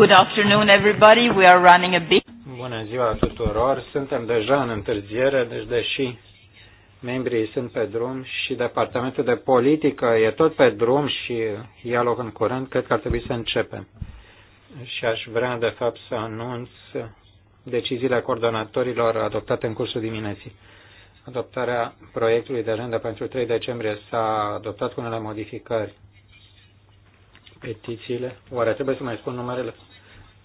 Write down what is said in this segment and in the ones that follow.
Good afternoon, everybody. We are running a bit. Bună ziua tuturor. Suntem deja în întârziere, deci deși membrii sunt pe drum și departamentul de politică e tot pe drum și ia loc în curând, cred că ar trebui să începem. Și aș vrea, de fapt, să anunț deciziile coordonatorilor adoptate în cursul dimineții. Adoptarea proiectului de agenda pentru 3 decembrie s-a adoptat cu unele modificări. Petițiile. Oare trebuie să mai spun numerele?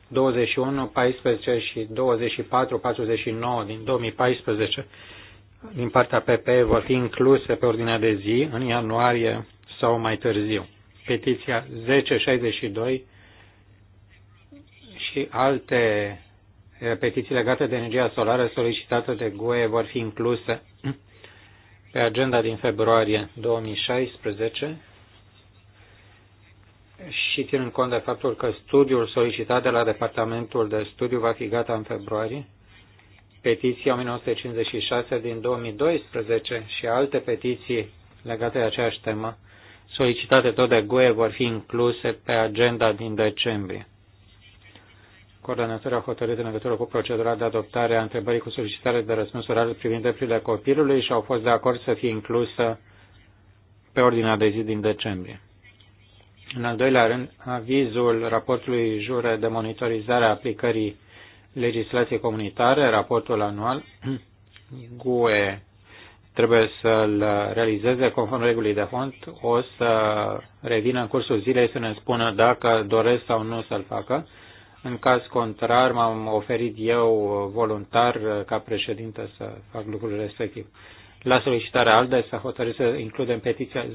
21, 14 și 24, 49 din 2014 din partea PP vor fi incluse pe ordinea de zi în ianuarie sau mai târziu. Petiția 1062 și alte eh, petiții legate de energia solară solicitată de GUE vor fi incluse pe agenda din februarie 2016 și ținând cont de faptul că studiul solicitat de la Departamentul de Studiu va fi gata în februarie, petiția 1956 din 2012 și alte petiții legate de aceeași temă, solicitate tot de GUE, vor fi incluse pe agenda din decembrie. Coordonatorul a hotărât în legătură cu procedura de adoptare a întrebării cu solicitare de răspuns oral privind drepturile copilului și au fost de acord să fie inclusă pe ordinea de zi din decembrie. În al doilea rând, avizul raportului jure de monitorizare a aplicării legislației comunitare, raportul anual, GUE trebuie să-l realizeze conform regulii de fond, o să revină în cursul zilei să ne spună dacă doresc sau nu să-l facă. În caz contrar, m-am oferit eu voluntar ca președinte să fac lucrul respectiv. La solicitarea ALDE s-a hotărât să includem petiția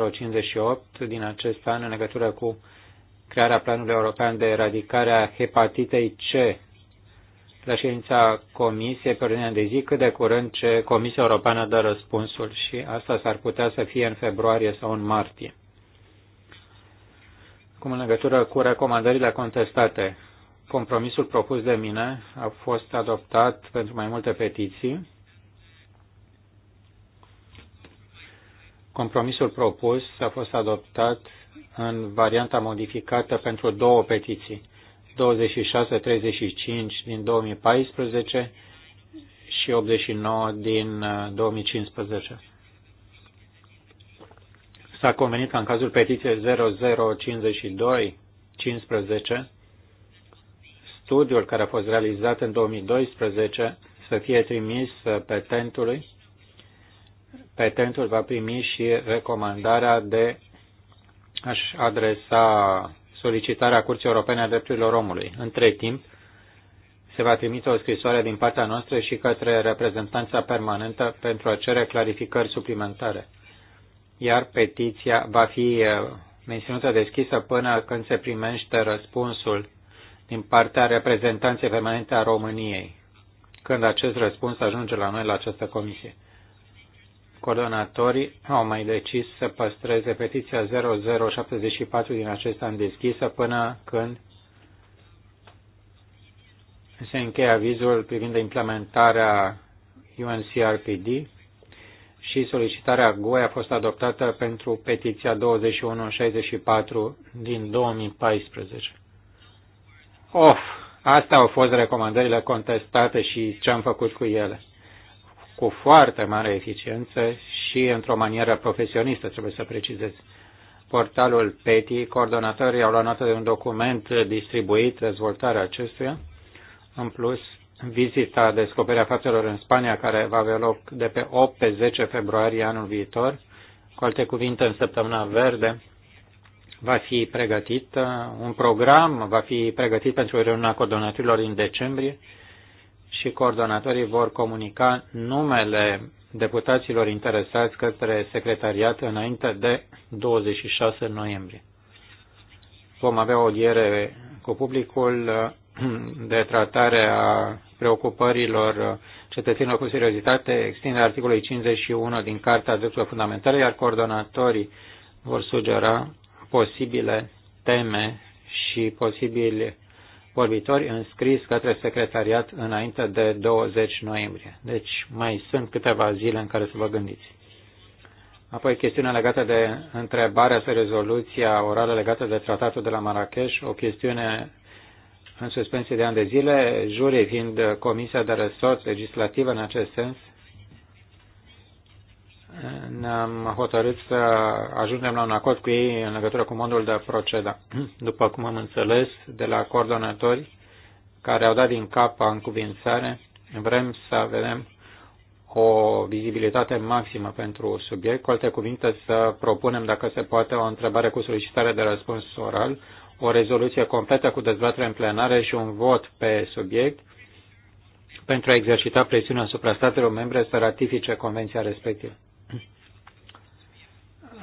00058 din acest an în legătură cu crearea planului european de eradicare a hepatitei C la ședința Comisiei pe ordinea de zi, cât de curând ce Comisia Europeană dă răspunsul și asta s-ar putea să fie în februarie sau în martie. Cum în legătură cu recomandările contestate, compromisul propus de mine a fost adoptat pentru mai multe petiții Compromisul propus a fost adoptat în varianta modificată pentru două petiții, 2635 din 2014 și 89 din 2015. Uh, S-a convenit că în cazul petiției 0052 15, studiul care a fost realizat în 2012 să fie trimis uh, petentului petentul va primi și recomandarea de a-și adresa solicitarea Curții Europene a Drepturilor Omului. Între timp, se va trimite o scrisoare din partea noastră și către reprezentanța permanentă pentru a cere clarificări suplimentare. Iar petiția va fi eh, menținută deschisă până când se primește răspunsul din partea reprezentanței permanente a României, când acest răspuns ajunge la noi la această comisie. Coordonatorii au mai decis să păstreze petiția 0074 din acest an deschisă până când se încheie avizul privind implementarea UNCRPD și solicitarea GUE a fost adoptată pentru petiția 2164 din 2014. Of, astea au fost recomandările contestate și ce am făcut cu ele cu foarte mare eficiență și într-o manieră profesionistă, trebuie să precizez. Portalul PETI, coordonatorii au luat notă de un document distribuit, dezvoltarea acestuia. În plus, vizita descoperirea faptelor în Spania, care va avea loc de pe 8 pe 10 februarie anul viitor, cu alte cuvinte, în săptămâna verde, va fi pregătit un program, va fi pregătit pentru reuniunea coordonatorilor în decembrie și coordonatorii vor comunica numele deputaților interesați către secretariat înainte de 26 noiembrie. Vom avea o liere cu publicul de tratare a preocupărilor cetățenilor cu seriozitate, extinderea articolului 51 din Carta Drepturilor Fundamentale, iar coordonatorii vor sugera posibile teme și posibili vorbitori înscris către secretariat înainte de 20 noiembrie. Deci mai sunt câteva zile în care să vă gândiți. Apoi chestiunea legată de întrebarea sau rezoluția orală legată de tratatul de la Marrakeș, o chestiune în suspensie de ani de zile, jurii fiind Comisia de Resort Legislativă în acest sens, ne-am hotărât să ajungem la un acord cu ei în legătură cu modul de a proceda. După cum am înțeles de la coordonatori care au dat din cap în cuvințare, vrem să vedem o vizibilitate maximă pentru subiect, cu alte cuvinte să propunem, dacă se poate, o întrebare cu solicitare de răspuns oral, o rezoluție completă cu dezbatere în plenare și un vot pe subiect pentru a exercita presiunea asupra statelor membre să ratifice convenția respectivă.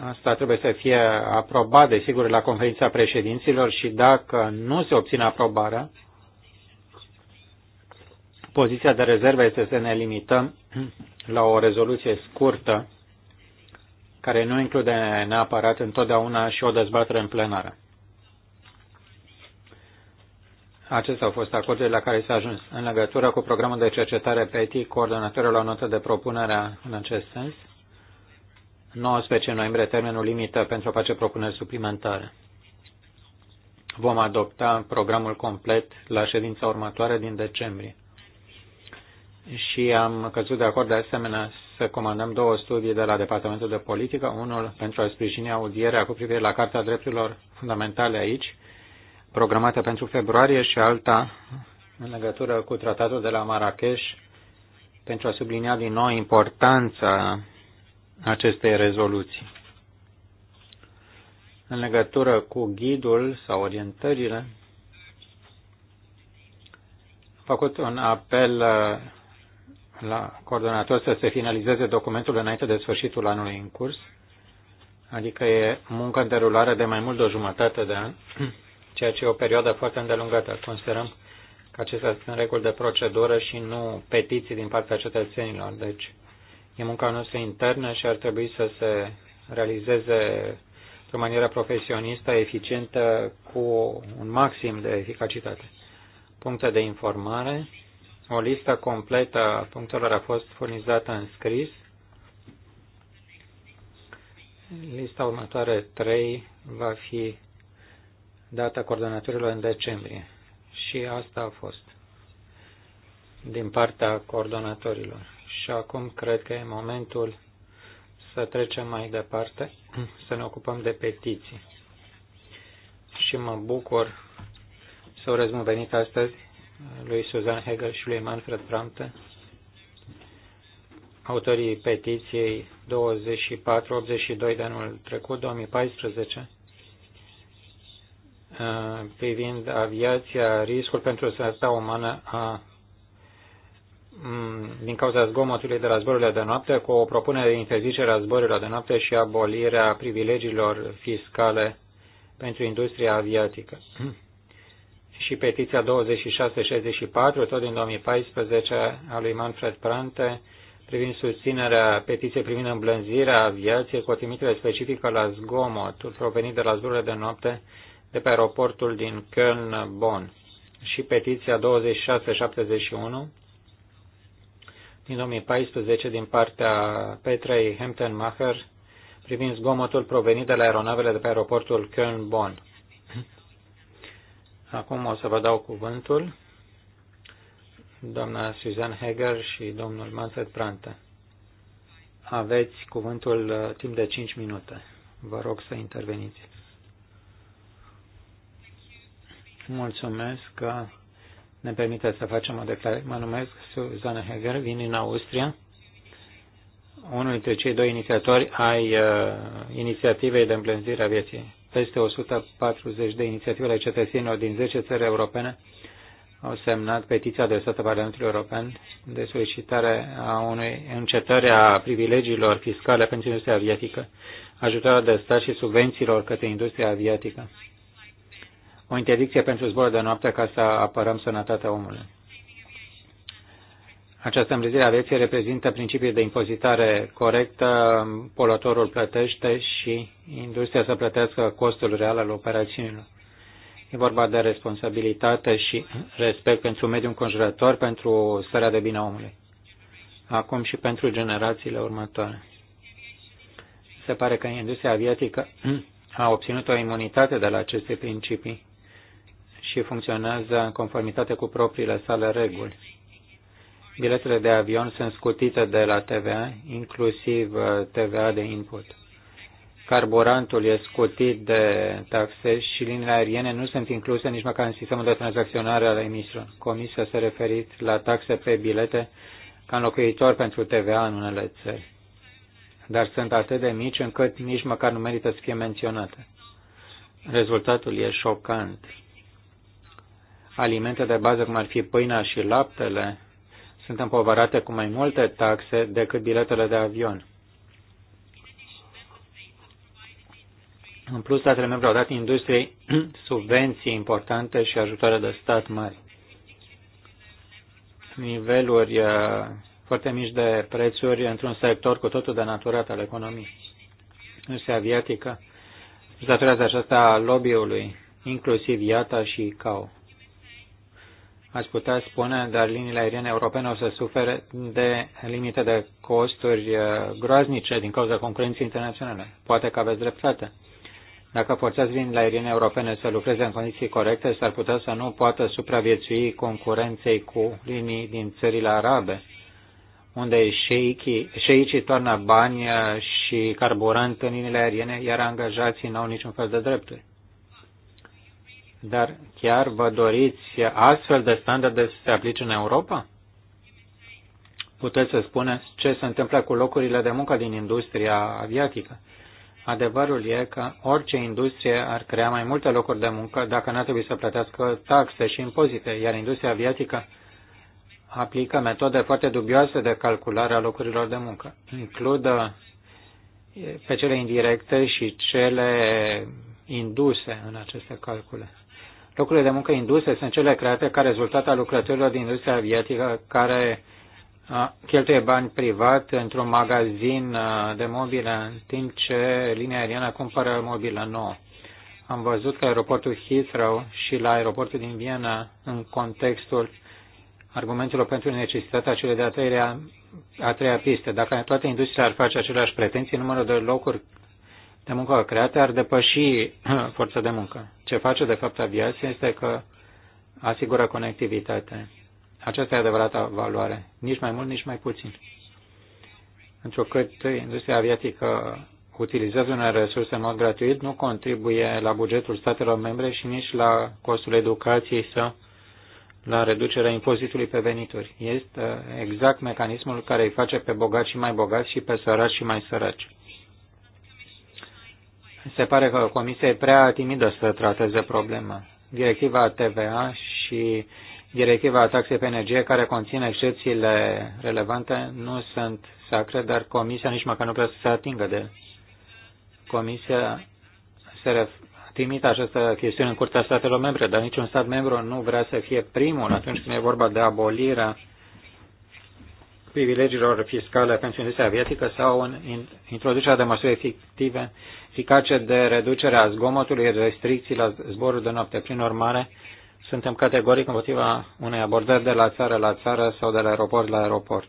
Asta trebuie să fie aprobat, desigur, la conferința președinților și dacă nu se obține aprobarea, poziția de rezervă este să ne limităm la o rezoluție scurtă care nu include neapărat întotdeauna și o dezbatere în plenară. Acestea au fost acordurile la care s-a ajuns în legătură cu programul de cercetare PETI, coordonatorul la notă de propunere în acest sens. 19 noiembrie termenul limită pentru a face propuneri suplimentare. Vom adopta programul complet la ședința următoare din decembrie. Și am căzut de acord de asemenea să comandăm două studii de la Departamentul de Politică, unul pentru a sprijini audierea cu privire la Carta Drepturilor Fundamentale aici, programată pentru februarie, și alta în legătură cu tratatul de la Marrakesh pentru a sublinia din nou importanța acestei rezoluții. În legătură cu ghidul sau orientările, am făcut un apel uh, la coordonator să se finalizeze documentul înainte de sfârșitul anului în curs, adică e muncă în derulare de mai mult de o jumătate de an, ceea ce e o perioadă foarte îndelungată. Considerăm că acestea sunt reguli de procedură și nu petiții din partea cetățenilor, deci E munca noastră internă și ar trebui să se realizeze într-o manieră profesionistă, eficientă, cu un maxim de eficacitate. Puncte de informare. O listă completă a punctelor a fost furnizată în scris. Lista următoare 3 va fi dată coordonatorilor în decembrie. Și asta a fost din partea coordonatorilor. Și acum cred că e momentul să trecem mai departe, să ne ocupăm de petiții. Și mă bucur să urez bun venit astăzi lui Suzanne Hegel și lui Manfred Bramte, autorii petiției 2482 de anul trecut, 2014, uh, privind aviația, riscul pentru sănătatea umană a Mm, din cauza zgomotului de la zborurile de noapte, cu o propunere de interzicere a zborurilor de noapte și abolirea privilegiilor fiscale pentru industria aviatică. și petiția 2664, tot din 2014, a lui Manfred Prante, privind susținerea petiției privind îmblânzirea aviației cu o trimitere specifică la zgomotul provenit de la zborurile de noapte de pe aeroportul din Köln-Bonn și petiția 2671 din 2014 din partea Petrei hampton macher privind zgomotul provenit de la aeronavele de pe aeroportul Köln-Bonn. Acum o să vă dau cuvântul doamna Suzanne Heger și domnul Manfred Prantă. Aveți cuvântul uh, timp de 5 minute. Vă rog să interveniți. Mulțumesc că ne permite să facem o declarație. Mă numesc Suzana Heger, vin din Austria, unul dintre cei doi inițiatori ai uh, inițiativei de împlânzire a vieții. Peste 140 de inițiative ale cetățenilor din 10 țări europene au semnat petiția de adresată Parlamentului European de solicitare a unei încetări a privilegiilor fiscale pentru industria aviatică, ajutorul de stat și subvențiilor către industria aviatică o interdicție pentru zborul de noapte ca să apărăm sănătatea omului. Această îmbrizire a vieții reprezintă principiul de impozitare corectă, polătorul plătește și industria să plătească costul real al operațiunilor. E vorba de responsabilitate și respect pentru mediul înconjurător, pentru starea de bine a omului. Acum și pentru generațiile următoare. Se pare că industria aviatică a obținut o imunitate de la aceste principii și funcționează în conformitate cu propriile sale reguli. Biletele de avion sunt scutite de la TVA, inclusiv uh, TVA de input. Carburantul e scutit de taxe și liniile aeriene nu sunt incluse nici măcar în sistemul de tranzacționare al emisiilor. Comisia s-a referit la taxe pe bilete ca înlocuitor pentru TVA în unele țări, dar sunt atât de mici încât nici măcar nu merită să fie menționate. Rezultatul e șocant alimente de bază, cum ar fi pâinea și laptele, sunt împovărate cu mai multe taxe decât biletele de avion. În plus, statele membre au dat industriei subvenții importante și ajutoare de stat mari. Niveluri uh, foarte mici de prețuri într-un sector cu totul naturat al economiei. Industria aviatică își datorează aceasta lobby-ului, inclusiv IATA și ICAO aș putea spune, dar liniile aeriene europene o să sufere de limite de costuri uh, groaznice din cauza concurenței internaționale. Poate că aveți dreptate. Dacă forțați liniile aeriene europene să lucreze în condiții corecte, s-ar putea să nu poată supraviețui concurenței cu linii din țările arabe, unde șeicii, șeicii toarnă bani uh, și carburant în liniile aeriene, iar angajații n-au niciun fel de drepturi. Dar chiar vă doriți astfel de standarde să se aplice în Europa? Puteți să spuneți ce se întâmplă cu locurile de muncă din industria aviatică. Adevărul e că orice industrie ar crea mai multe locuri de muncă dacă n-ar trebui să plătească taxe și impozite, iar industria aviatică aplică metode foarte dubioase de calculare a locurilor de muncă. Includă pe cele indirecte și cele induse în aceste calcule. Locurile de muncă induse sunt cele create ca rezultat al lucrătorilor din industria aviatică care cheltuie bani privat într-un magazin de mobilă, în timp ce linia aeriană cumpără mobilă nouă. Am văzut că aeroportul Heathrow și la aeroportul din Viena, în contextul argumentelor pentru necesitatea celei de-a treia, a treia piste. Dacă toate industriile ar face aceleași pretenții, numărul de locuri de muncă create ar depăși forța de muncă. Ce face, de fapt, aviația este că asigură conectivitate. Aceasta e adevărata valoare, nici mai mult, nici mai puțin. Pentru că industria aviatică utilizează unele resurse în mod gratuit, nu contribuie la bugetul statelor membre și nici la costul educației sau la reducerea impozitului pe venituri. Este exact mecanismul care îi face pe bogați și mai bogați și pe săraci și mai săraci. Se pare că Comisia e prea timidă să trateze problema. Directiva TVA și directiva taxei pe energie, care conține excepțiile relevante, nu sunt sacre, dar Comisia nici măcar nu vrea să se atingă de ele. Comisia se ref- trimite această chestiune în Curtea Statelor Membre, dar niciun stat membru nu vrea să fie primul atunci când e vorba de abolirea privilegiilor fiscale pentru industria aviatică sau în introducerea de măsuri efective eficace de reducere a zgomotului, restricții la zborul de noapte. Prin urmare, suntem categoric împotriva unei abordări de la țară la țară sau de la aeroport la aeroport.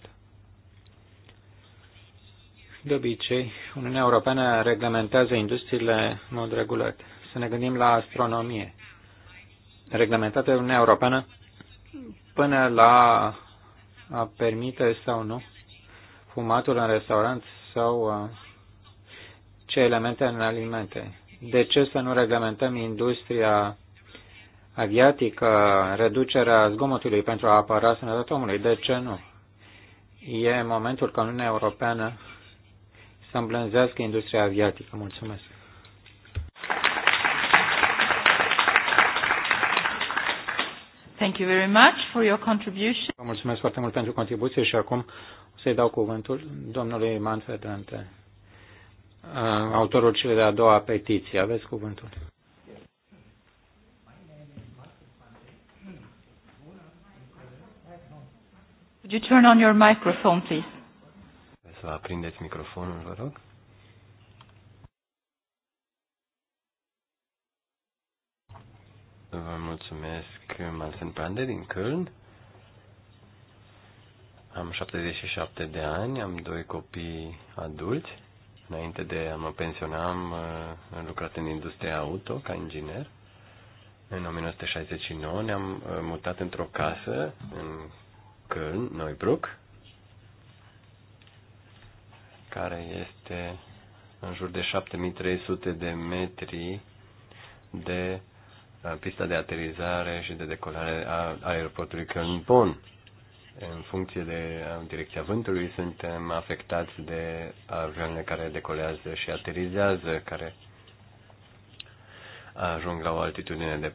De obicei, Uniunea Europeană reglementează industriile în mod regulat. Să ne gândim la astronomie. Reglementată Uniunea Europeană până la a permite sau nu fumatul în restaurant sau uh, ce elemente în alimente. De ce să nu reglementăm industria aviatică, reducerea zgomotului pentru a apăra sănătatea omului? De ce nu? E momentul ca Uniunea Europeană să îmblânzească industria aviatică. Mulțumesc. Thank you very much for your contribution. Vă mulțumesc foarte mult pentru contribuție și acum o să-i dau cuvântul domnului Manfred Dante, uh, autorul celei de-a doua petiție. Aveți cuvântul. Could you turn on your microphone, please? Să aprindeți microfonul, vă rog. Vă mulțumesc, Mansen Pande din Köln. Am 77 de ani, am doi copii adulți. Înainte de a mă pensiona, am uh, lucrat în industria auto ca inginer. În 1969 ne-am uh, mutat într-o casă în Köln, Neubruck, care este în jur de 7300 de metri de pista de aterizare și de decolare a aeroportului Köln-Bonn. În funcție de direcția vântului, suntem afectați de avioanele care decolează și aterizează, care ajung la o altitudine de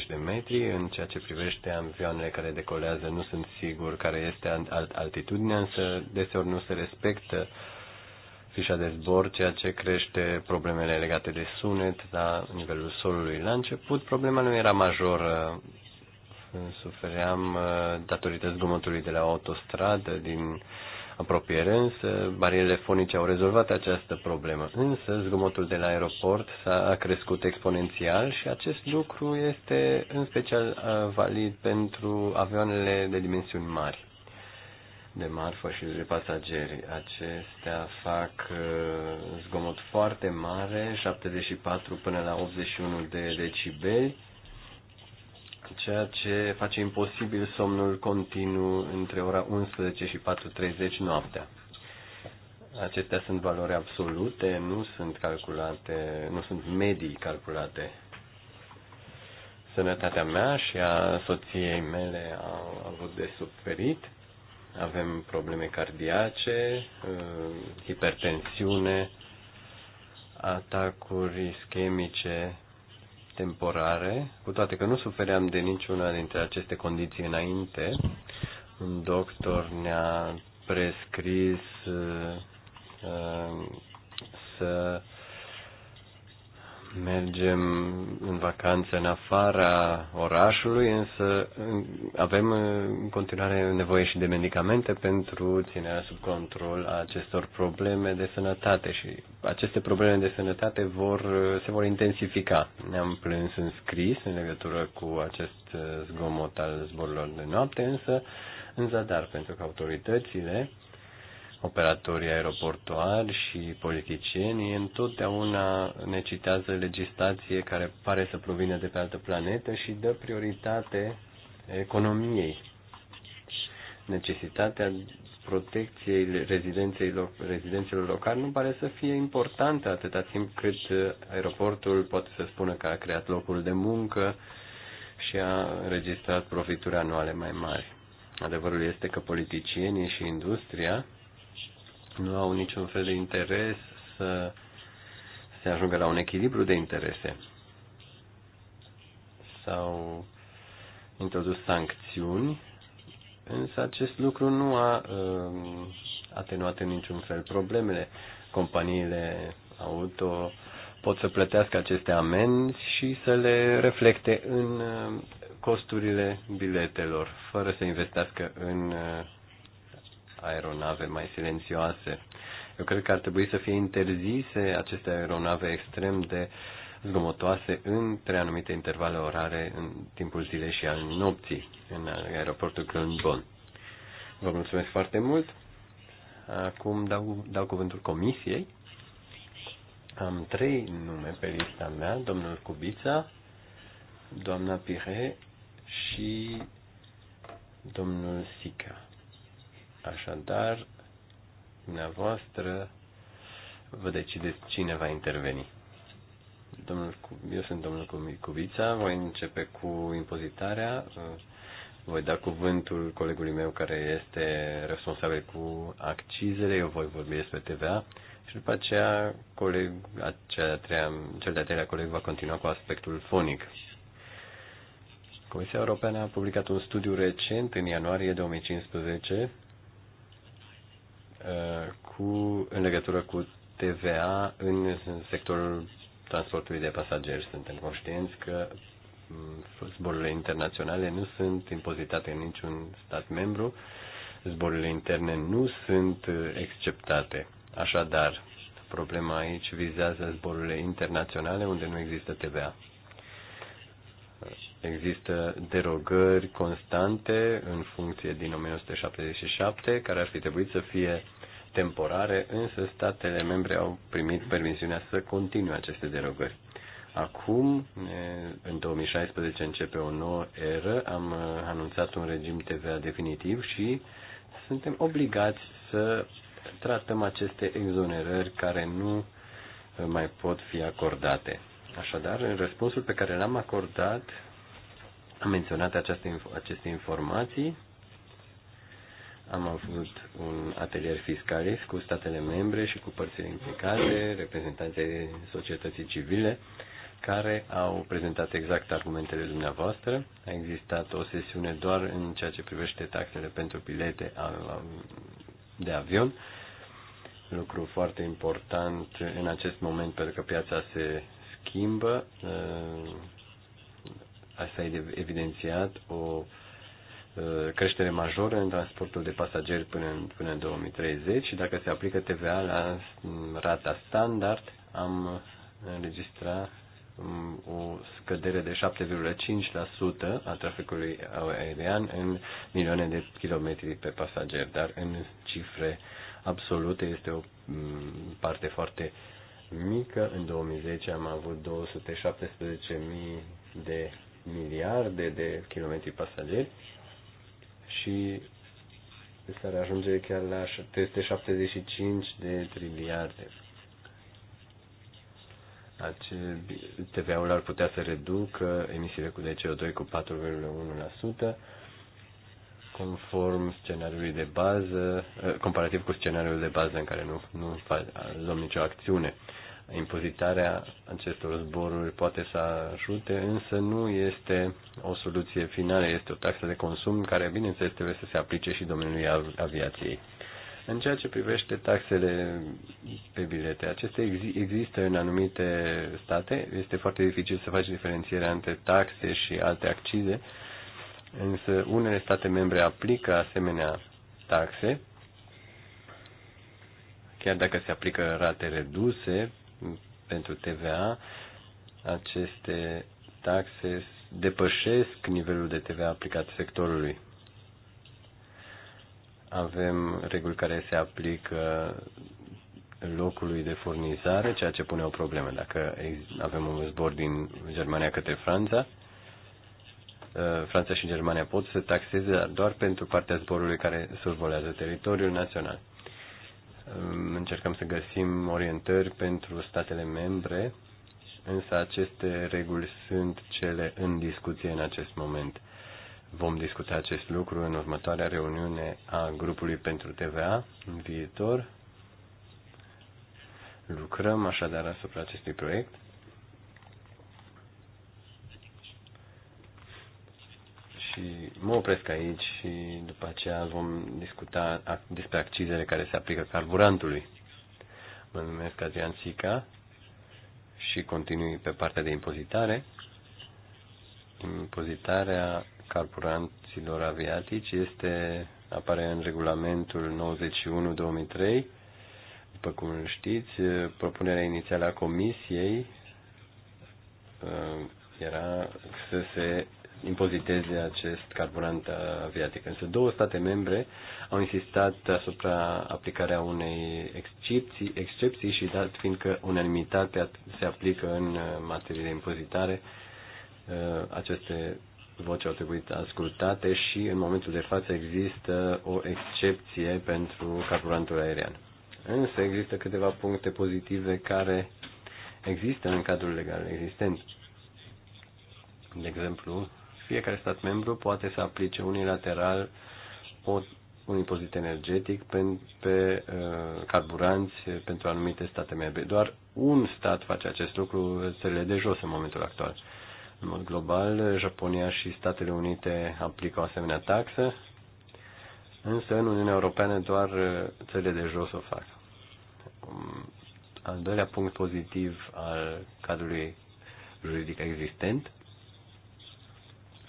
480-490 de metri. În ceea ce privește avioanele care decolează, nu sunt sigur care este altitudinea, însă deseori nu se respectă uh, fișa de zbor, ceea ce crește problemele legate de sunet la nivelul solului. La început problema nu era majoră, sufeream uh, datorită zgomotului de la autostradă din apropiere, însă barierele fonice au rezolvat această problemă. Însă zgomotul de la aeroport s-a crescut exponențial și acest lucru este în special uh, valid pentru avioanele de dimensiuni mari de marfă și de pasageri. Acestea fac uh, zgomot foarte mare, 74 până la 81 de decibeli, ceea ce face imposibil somnul continuu între ora 11 și 4.30 noaptea. Acestea sunt valori absolute, nu sunt calculate, nu sunt medii calculate. Sănătatea mea și a soției mele au avut de suferit avem probleme cardiace, uh, hipertensiune, atacuri ischemice temporare, cu toate că nu sufeream de niciuna dintre aceste condiții înainte. Un doctor ne-a prescris uh, uh, să mergem în vacanță în afara orașului, însă avem în continuare nevoie și de medicamente pentru ținerea sub control a acestor probleme de sănătate și aceste probleme de sănătate vor, se vor intensifica. Ne-am plâns în scris în legătură cu acest zgomot al zborurilor de noapte, însă în zadar, pentru că autoritățile operatorii aeroportuari și politicienii întotdeauna citează legislație care pare să provină de pe altă planetă și dă prioritate economiei. Necesitatea protecției rezidențelor, rezidențelor locale nu pare să fie importantă atâta timp cât aeroportul poate să spună că a creat locuri de muncă și a înregistrat profituri anuale mai mari. Adevărul este că politicienii și industria nu au niciun fel de interes să se ajungă la un echilibru de interese. S-au introdus sancțiuni, însă acest lucru nu a uh, atenuat în niciun fel problemele. Companiile auto pot să plătească aceste amenzi și să le reflecte în um, costurile biletelor, fără să investească în uh, aeronave mai silențioase. Eu cred că ar trebui să fie interzise aceste aeronave extrem de zgomotoase între anumite intervale orare în timpul zilei și al nopții în aeroportul cluj bonn Vă mulțumesc foarte mult. Acum dau, dau cuvântul comisiei. Am trei nume pe lista mea, domnul Cubița, doamna Pire și domnul Sica. Așadar, dumneavoastră vă decideți cine va interveni. Domnul, eu sunt domnul Cubița, voi începe cu impozitarea, voi da cuvântul colegului meu care este responsabil cu accizele, eu voi vorbi despre TVA și după aceea coleg, acea treia, cel de-a treia coleg va continua cu aspectul fonic. Comisia Europeană a publicat un studiu recent în ianuarie 2015 Uh, cu, în legătură cu TVA în sectorul transportului de pasageri. Suntem conștienți că zborurile mm, internaționale nu sunt impozitate în niciun stat membru, zborurile interne nu sunt uh, exceptate. Așadar, problema aici vizează zborurile internaționale unde nu există TVA. Există derogări constante în funcție din 1977, care ar fi trebuit să fie temporare, însă statele membre au primit permisiunea să continue aceste derogări. Acum, în 2016, începe o nouă eră, am uh, anunțat un regim TVA definitiv și suntem obligați să tratăm aceste exonerări care nu uh, mai pot fi acordate. Așadar, în răspunsul pe care l-am acordat, am menționat aceste, aceste informații. Am avut un atelier fiscalist cu statele membre și cu părțile implicate, reprezentanții societății civile, care au prezentat exact argumentele dumneavoastră. A existat o sesiune doar în ceea ce privește taxele pentru bilete de avion, lucru foarte important în acest moment pentru că piața se schimbă, ă, asta a evidențiat o uh, creștere majoră în transportul de pasageri până în, până în 2030 și dacă se aplică TVA la mm, rata standard, am înregistrat mm, o scădere de 7,5% a traficului aerian în milioane de kilometri pe pasager, dar în cifre absolute este o mm, parte foarte mică. În 2010 am avut 217.000 de miliarde de kilometri pasageri și s-ar ajunge chiar la 375 de triliarde. TVA-ul ar putea să reducă emisiile cu CO2 cu 4,1% conform scenariului de bază, eh, comparativ cu scenariul de bază în care nu, nu luăm nicio acțiune impozitarea acestor zboruri poate să ajute, însă nu este o soluție finală, este o taxă de consum care, bineînțeles, trebuie să se aplice și domeniului aviației. În ceea ce privește taxele pe bilete, acestea există în anumite state, este foarte dificil să faci diferențierea între taxe și alte accize, însă unele state membre aplică asemenea taxe, chiar dacă se aplică rate reduse pentru TVA, aceste taxe depășesc nivelul de TVA aplicat sectorului. Avem reguli care se aplică locului de furnizare, ceea ce pune o problemă. Dacă avem un zbor din Germania către Franța, uh, Franța și Germania pot să taxeze doar pentru partea zborului care survolează teritoriul național. Încercăm să găsim orientări pentru statele membre, însă aceste reguli sunt cele în discuție în acest moment. Vom discuta acest lucru în următoarea reuniune a grupului pentru TVA în viitor. Lucrăm așadar asupra acestui proiect și mă opresc aici și după aceea vom discuta despre accizele care se aplică carburantului. Mă numesc Adrian Sica și continui pe partea de impozitare. Impozitarea carburanților aviatici este apare în regulamentul 91-2003. După cum știți, propunerea inițială a Comisiei uh, era să se impoziteze acest carburant aviatic. Însă două state membre au insistat asupra aplicarea unei excepții, excepții și dat fiindcă unanimitatea se aplică în materie de impozitare, uh, aceste voci au trebuit ascultate și în momentul de față există o excepție pentru carburantul aerian. Însă există câteva puncte pozitive care există în cadrul legal existent. De exemplu, fiecare stat membru poate să aplice unilateral o, un impozit energetic pe, pe uh, carburanți pentru anumite state membre. Doar un stat face acest lucru, țările de jos în momentul actual. În mod global, Japonia și Statele Unite aplică o asemenea taxă, însă în Uniunea Europeană doar uh, țările de jos o fac. Um, al doilea punct pozitiv al cadrului juridic existent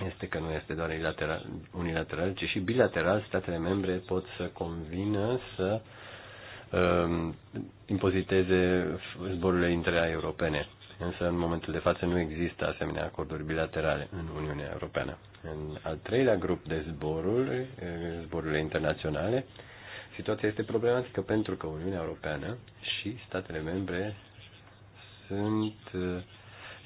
este că nu este doar unilateral, unilateral ci și bilateral. Statele membre pot să convină să uh, impoziteze zborurile între europene Însă, în momentul de față, nu există asemenea acorduri bilaterale în Uniunea Europeană. În al treilea grup de zboruri, zborurile internaționale, situația este problematică pentru că Uniunea Europeană și statele membre sunt uh,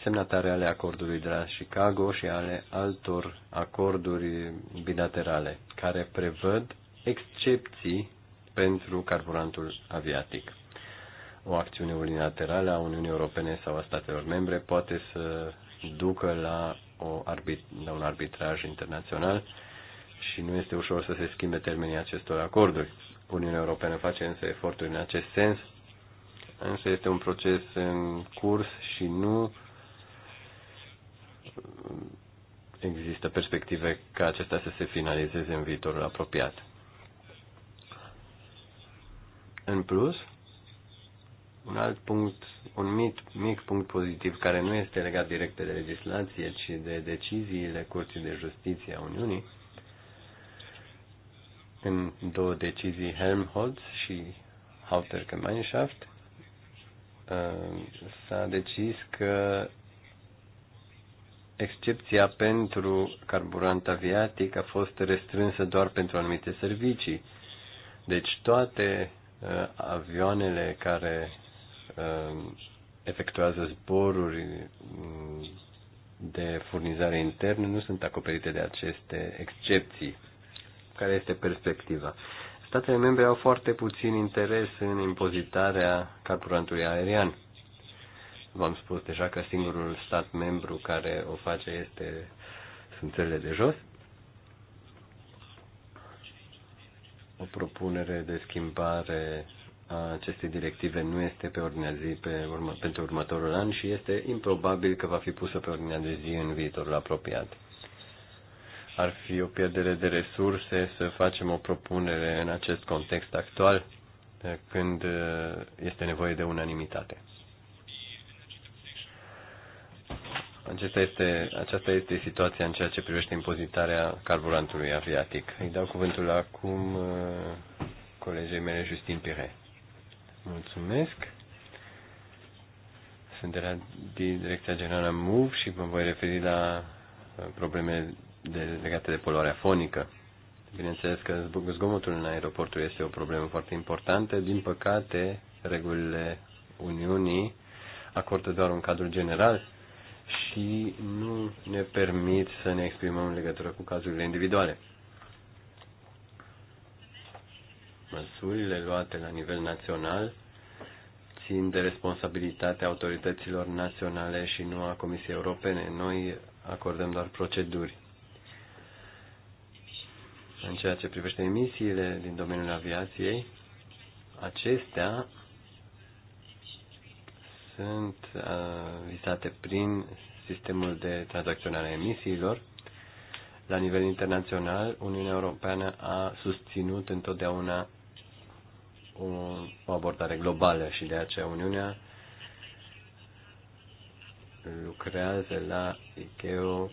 semnatare ale acordului de la Chicago și ale altor acorduri bilaterale care prevăd excepții pentru carburantul aviatic. O acțiune unilaterală a Uniunii Europene sau a statelor membre poate să ducă la, o arbit, la un arbitraj internațional și nu este ușor să se schimbe termenii acestor acorduri. Uniunea Europeană face însă eforturi în acest sens, însă este un proces în curs și nu există perspective ca acestea să se finalizeze în viitorul apropiat. În plus, un alt punct, un mic, mic punct pozitiv care nu este legat direct de legislație, ci de deciziile Curții de Justiție a Uniunii, în două decizii Helmholtz și Hauter Gemeinschaft, uh, s-a decis că excepția pentru carburant aviatic a fost restrânsă doar pentru anumite servicii. Deci toate uh, avioanele care uh, efectuează zboruri mm, de furnizare internă nu sunt acoperite de aceste excepții. Care este perspectiva? Statele membre au foarte puțin interes în impozitarea carburantului aerian. V-am spus deja că singurul stat membru care o face este, sunt țările de jos. O propunere de schimbare a acestei directive nu este pe ordinea zi pe urmă, pentru următorul an și este improbabil că va fi pusă pe ordinea de zi în viitorul apropiat ar fi o pierdere de resurse să facem o propunere în acest context actual, când este nevoie de unanimitate. Acesta este, aceasta este situația în ceea ce privește impozitarea carburantului aviatic. Îi dau cuvântul acum uh, colegei mele, Justin Pire. Mulțumesc. Sunt de la Direcția Generală MOVE și mă voi referi la uh, probleme de, legate de poluarea fonică. Bineînțeles că zgomotul în aeroportul este o problemă foarte importantă. Din păcate, regulile Uniunii acordă doar un cadru general și nu ne permit să ne exprimăm în legătură cu cazurile individuale. Măsurile luate la nivel național țin de responsabilitatea autorităților naționale și nu a Comisiei Europene. Noi acordăm doar proceduri. În ceea ce privește emisiile din domeniul aviației, acestea sunt uh, vizate prin sistemul de tranzacționare a emisiilor. La nivel internațional, Uniunea Europeană a susținut întotdeauna o, o abordare globală și de aceea Uniunea lucrează la ICAO,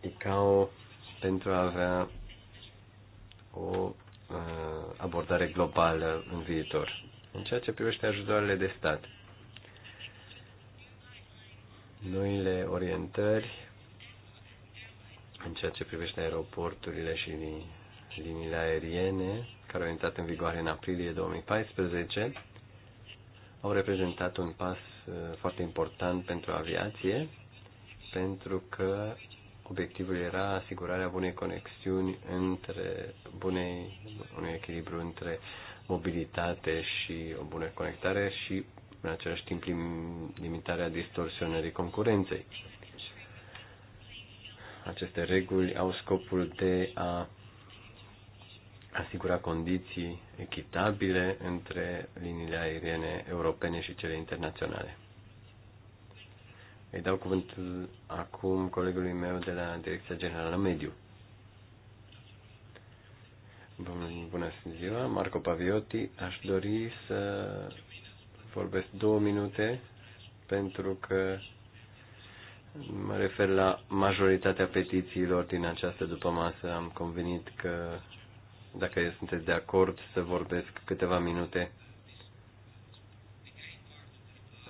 ICAO pentru a avea o uh, abordare globală în viitor. În ceea ce privește ajutoarele de stat, noile orientări în ceea ce privește aeroporturile și liniile aeriene, care au intrat în vigoare în aprilie 2014, au reprezentat un pas uh, foarte important pentru aviație, pentru că obiectivul era asigurarea bunei conexiuni între, bunei, unui echilibru între mobilitate și o bună conectare și în același timp limitarea distorsionării concurenței. Aceste reguli au scopul de a asigura condiții echitabile între liniile aeriene europene și cele internaționale. Îi dau cuvântul acum colegului meu de la Direcția Generală Mediu. Bună ziua, Marco Paviotti. Aș dori să vorbesc două minute pentru că mă refer la majoritatea petițiilor din această masă. Am convenit că dacă sunteți de acord să vorbesc câteva minute.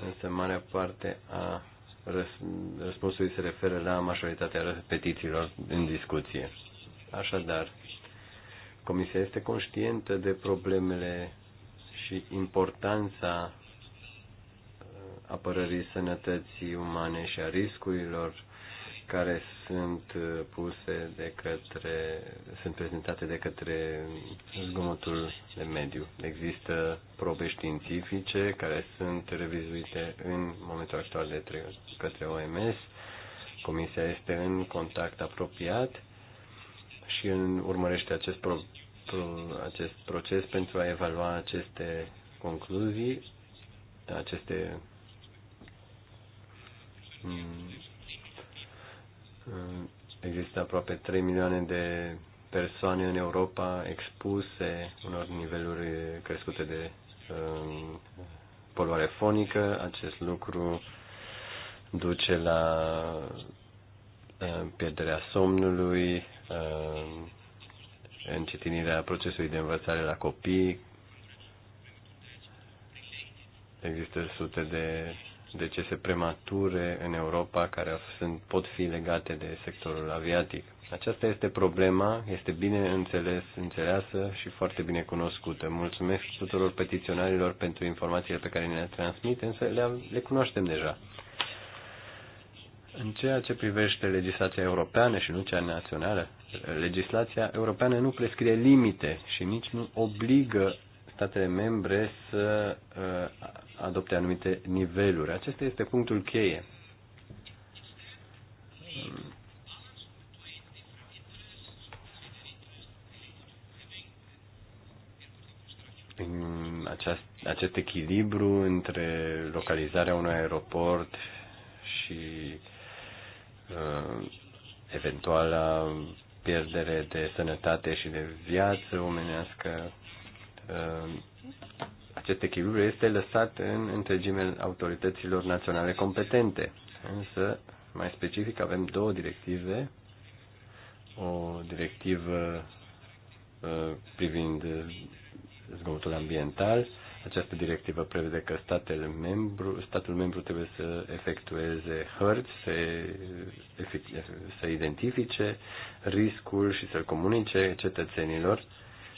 Însă marea parte a răspunsului se referă la majoritatea petițiilor în discuție. Așadar, Comisia este conștientă de problemele și importanța apărării sănătății umane și a riscurilor care sunt puse de către, sunt prezentate de către zgomotul de mediu. Există probe științifice care sunt revizuite în momentul actual de către OMS. Comisia este în contact apropiat și în, urmărește acest, pro, pro, acest proces pentru a evalua aceste concluzii, aceste Mm. Există aproape 3 milioane de persoane în Europa expuse unor niveluri crescute de um, poluare fonică. Acest lucru duce la uh, pierderea somnului, um, încetinirea procesului de învățare la copii. Există sute de decese premature în Europa care sunt, pot fi legate de sectorul aviatic. Aceasta este problema, este bine înțeles, înțeleasă și foarte bine cunoscută. Mulțumesc tuturor petiționarilor pentru informațiile pe care ne le transmit, însă le, le cunoaștem deja. În ceea ce privește legislația europeană și nu cea națională, legislația europeană nu prescrie limite și nici nu obligă statele membre să uh, adopte anumite niveluri. Acesta este punctul cheie. Aceast, acest echilibru între localizarea unui aeroport și uh, eventuala pierdere de sănătate și de viață omenească Um, acest echilibru este lăsat în întregime autorităților naționale competente. Însă, mai specific, avem două directive. O directivă uh, privind zgomotul ambiental. Această directivă prevede că statele membru, statul membru trebuie să efectueze hărți, să, să identifice riscul și să-l comunice cetățenilor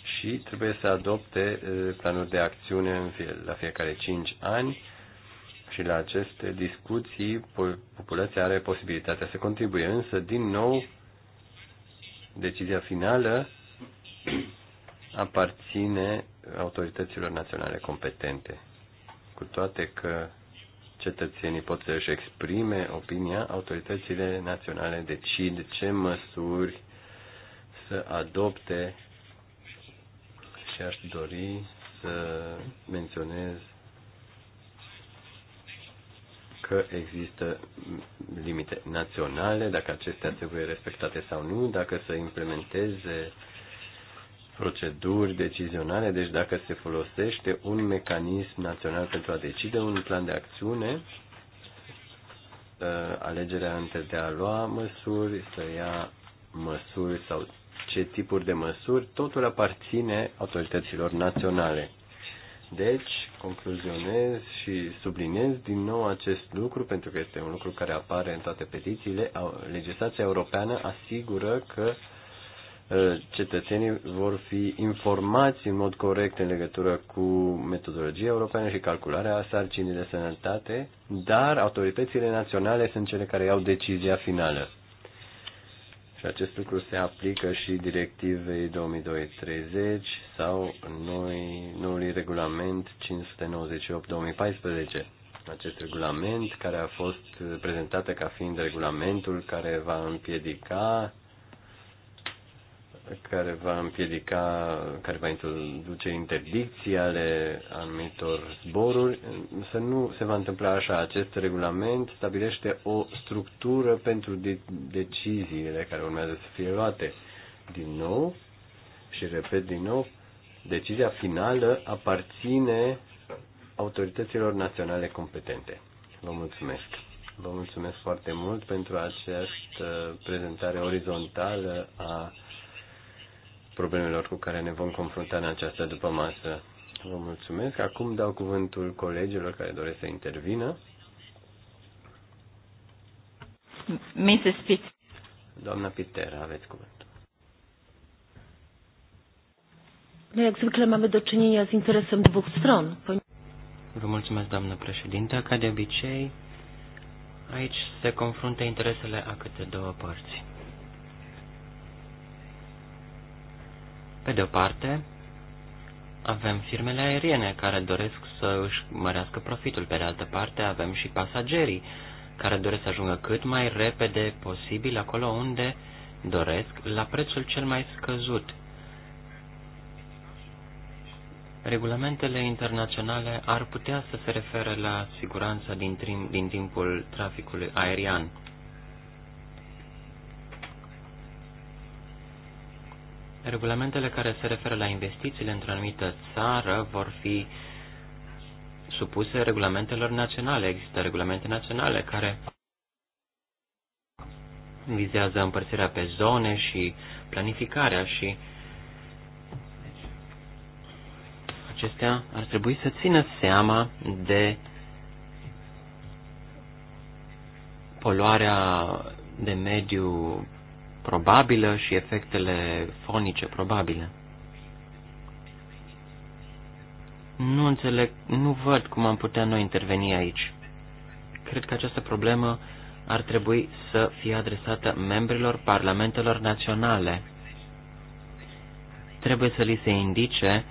și trebuie să adopte uh, planuri de acțiune la fiecare 5 ani și la aceste discuții populația are posibilitatea să contribuie. Însă, din nou, decizia finală aparține autorităților naționale competente. Cu toate că cetățenii pot să-și exprime opinia, autoritățile naționale decid ce măsuri să adopte aș dori să menționez că există limite naționale, dacă acestea trebuie respectate sau nu, dacă să implementeze proceduri decizionale, deci dacă se folosește un mecanism național pentru a decide un plan de acțiune, ă, alegerea între de a lua măsuri, să ia măsuri sau orice tipuri de măsuri, totul aparține autorităților naționale. Deci, concluzionez și subliniez din nou acest lucru, pentru că este un lucru care apare în toate petițiile. Legislația europeană asigură că ă, cetățenii vor fi informați în mod corect în legătură cu metodologia europeană și calcularea sarcinii de sănătate, dar autoritățile naționale sunt cele care iau decizia finală. Și acest lucru se aplică și directivei 2230 sau noi, noului regulament 598-2014. Acest regulament care a fost prezentat ca fiind regulamentul care va împiedica care va împiedica, care va introduce interdicții ale anumitor zboruri. Să nu se va întâmpla așa. Acest regulament stabilește o structură pentru de- deciziile care urmează să fie luate. Din nou, și repet din nou, decizia finală aparține autorităților naționale competente. Vă mulțumesc. Vă mulțumesc foarte mult pentru această prezentare orizontală a problemelor cu care ne vom confrunta în această după masă. Vă mulțumesc. Acum dau cuvântul colegilor care doresc să intervină. Mrs. Pitt. Doamna Peter, aveți cuvântul. No jak zwykle mamy do czynienia z interesem dwóch stron. Vă mulțumesc, doamnă președinte. Ca de obicei, aici se confruntă interesele a câte două părți. Pe de o parte, avem firmele aeriene care doresc să își mărească profitul. Pe de altă parte, avem și pasagerii care doresc să ajungă cât mai repede posibil acolo unde doresc, la prețul cel mai scăzut. Regulamentele internaționale ar putea să se refere la siguranța din, trim, din timpul traficului aerian. Regulamentele care se referă la investițiile într-o anumită țară vor fi supuse regulamentelor naționale. Există regulamente naționale care vizează împărțirea pe zone și planificarea și acestea ar trebui să țină seama de poluarea de mediu probabilă și efectele fonice probabile. Nu înțeleg, nu văd cum am putea noi interveni aici. Cred că această problemă ar trebui să fie adresată membrilor parlamentelor naționale. Trebuie să li se indice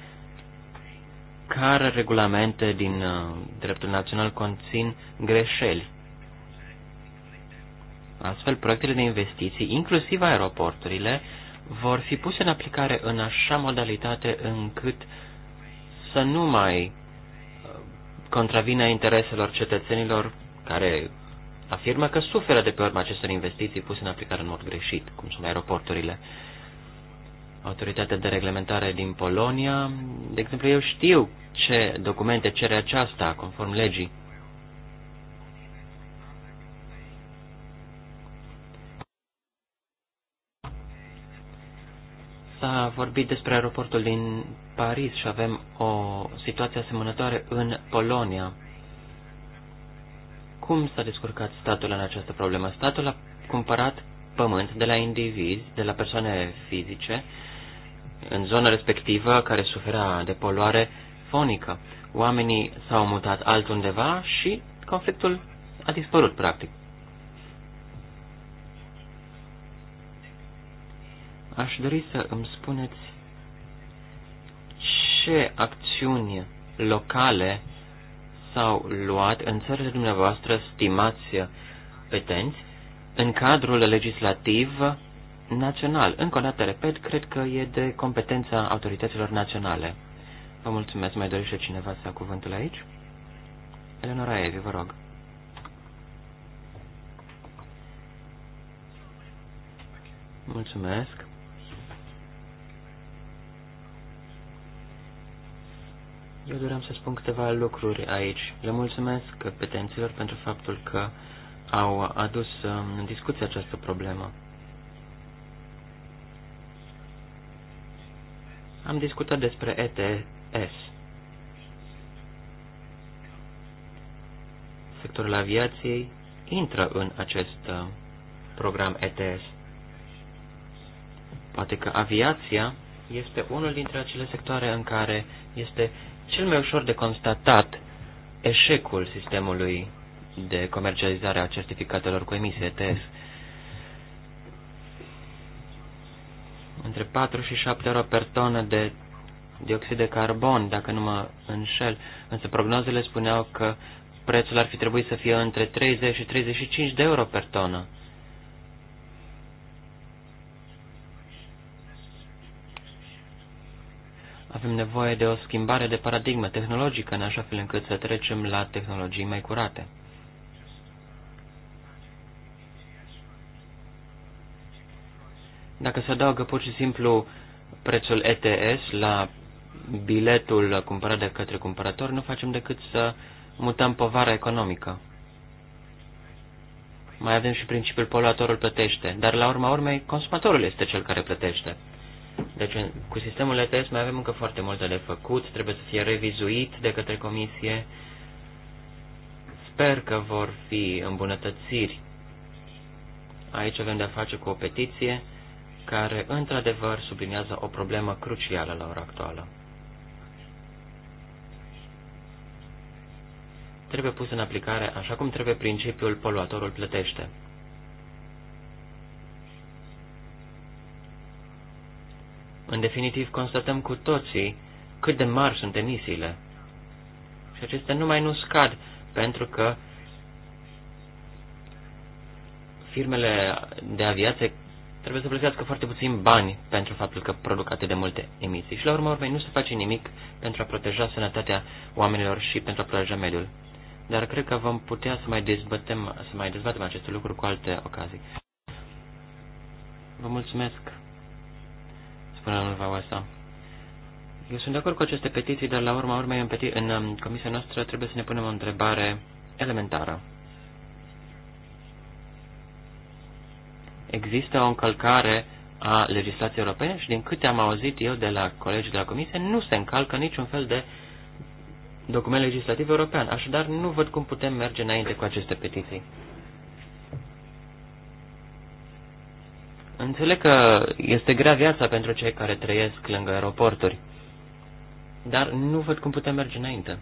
care regulamente din uh, dreptul național conțin greșeli Astfel, proiectele de investiții, inclusiv aeroporturile, vor fi puse în aplicare în așa modalitate încât să nu mai uh, contravină intereselor cetățenilor care afirmă că suferă de pe urma acestor investiții puse în aplicare în mod greșit, cum sunt aeroporturile. Autoritatea de reglementare din Polonia, de exemplu, eu știu ce documente cere aceasta, conform legii. s-a vorbit despre aeroportul din Paris și avem o situație asemănătoare în Polonia. Cum s-a descurcat statul în această problemă? Statul a cumpărat pământ de la indivizi, de la persoane fizice, în zona respectivă care suferea de poluare fonică. Oamenii s-au mutat altundeva și conflictul a dispărut, practic. Aș dori să îmi spuneți ce acțiuni locale s-au luat în țările dumneavoastră, stimați petenți, în cadrul legislativ național. Încă o dată, repet, cred că e de competența autorităților naționale. Vă mulțumesc. Mai dorește cineva să ia cuvântul aici? Eleonora Evi, vă rog. Mulțumesc. Eu doream să spun câteva lucruri aici. Le mulțumesc petenților pentru faptul că au adus în discuție această problemă. Am discutat despre ETS. Sectorul aviației intră în acest uh, program ETS. Poate că aviația este unul dintre acele sectoare în care este cel mai ușor de constatat eșecul sistemului de comercializare a certificatelor cu emisie ETS. Între 4 și 7 euro per tonă de dioxid de carbon, dacă nu mă înșel, însă prognozele spuneau că prețul ar fi trebuit să fie între 30 și 35 de euro per tonă. Avem nevoie de o schimbare de paradigmă tehnologică, în așa fel încât să trecem la tehnologii mai curate. Dacă se adaugă pur și simplu prețul ETS la biletul cumpărat de către cumpărător, nu facem decât să mutăm povara economică. Mai avem și principiul poluatorul plătește, dar la urma urmei consumatorul este cel care plătește. Deci, cu sistemul ETS mai avem încă foarte multe de făcut, trebuie să fie revizuit de către comisie. Sper că vor fi îmbunătățiri. Aici avem de-a face cu o petiție care, într-adevăr, subliniază o problemă crucială la ora actuală. Trebuie pus în aplicare, așa cum trebuie, principiul poluatorul plătește. În definitiv, constatăm cu toții cât de mari sunt emisiile. Și acestea numai nu scad, pentru că firmele de aviație trebuie să plătească foarte puțin bani pentru faptul că produc atât de multe emisii. Și la urma urmei nu se face nimic pentru a proteja sănătatea oamenilor și pentru a proteja mediul. Dar cred că vom putea să mai dezbatem, să mai dezbatem aceste lucruri cu alte ocazii. Vă mulțumesc! spune domnul asta. Eu sunt de acord cu aceste petiții, dar la urma urmei în, peti- în um, comisia noastră trebuie să ne punem o întrebare elementară. Există o încălcare a legislației europene și din câte am auzit eu de la colegii de la comisie, nu se încalcă niciun fel de document legislativ european. Așadar, nu văd cum putem merge înainte cu aceste petiții. Înțeleg că este grea viața pentru cei care trăiesc lângă aeroporturi, dar nu văd cum putem merge înainte.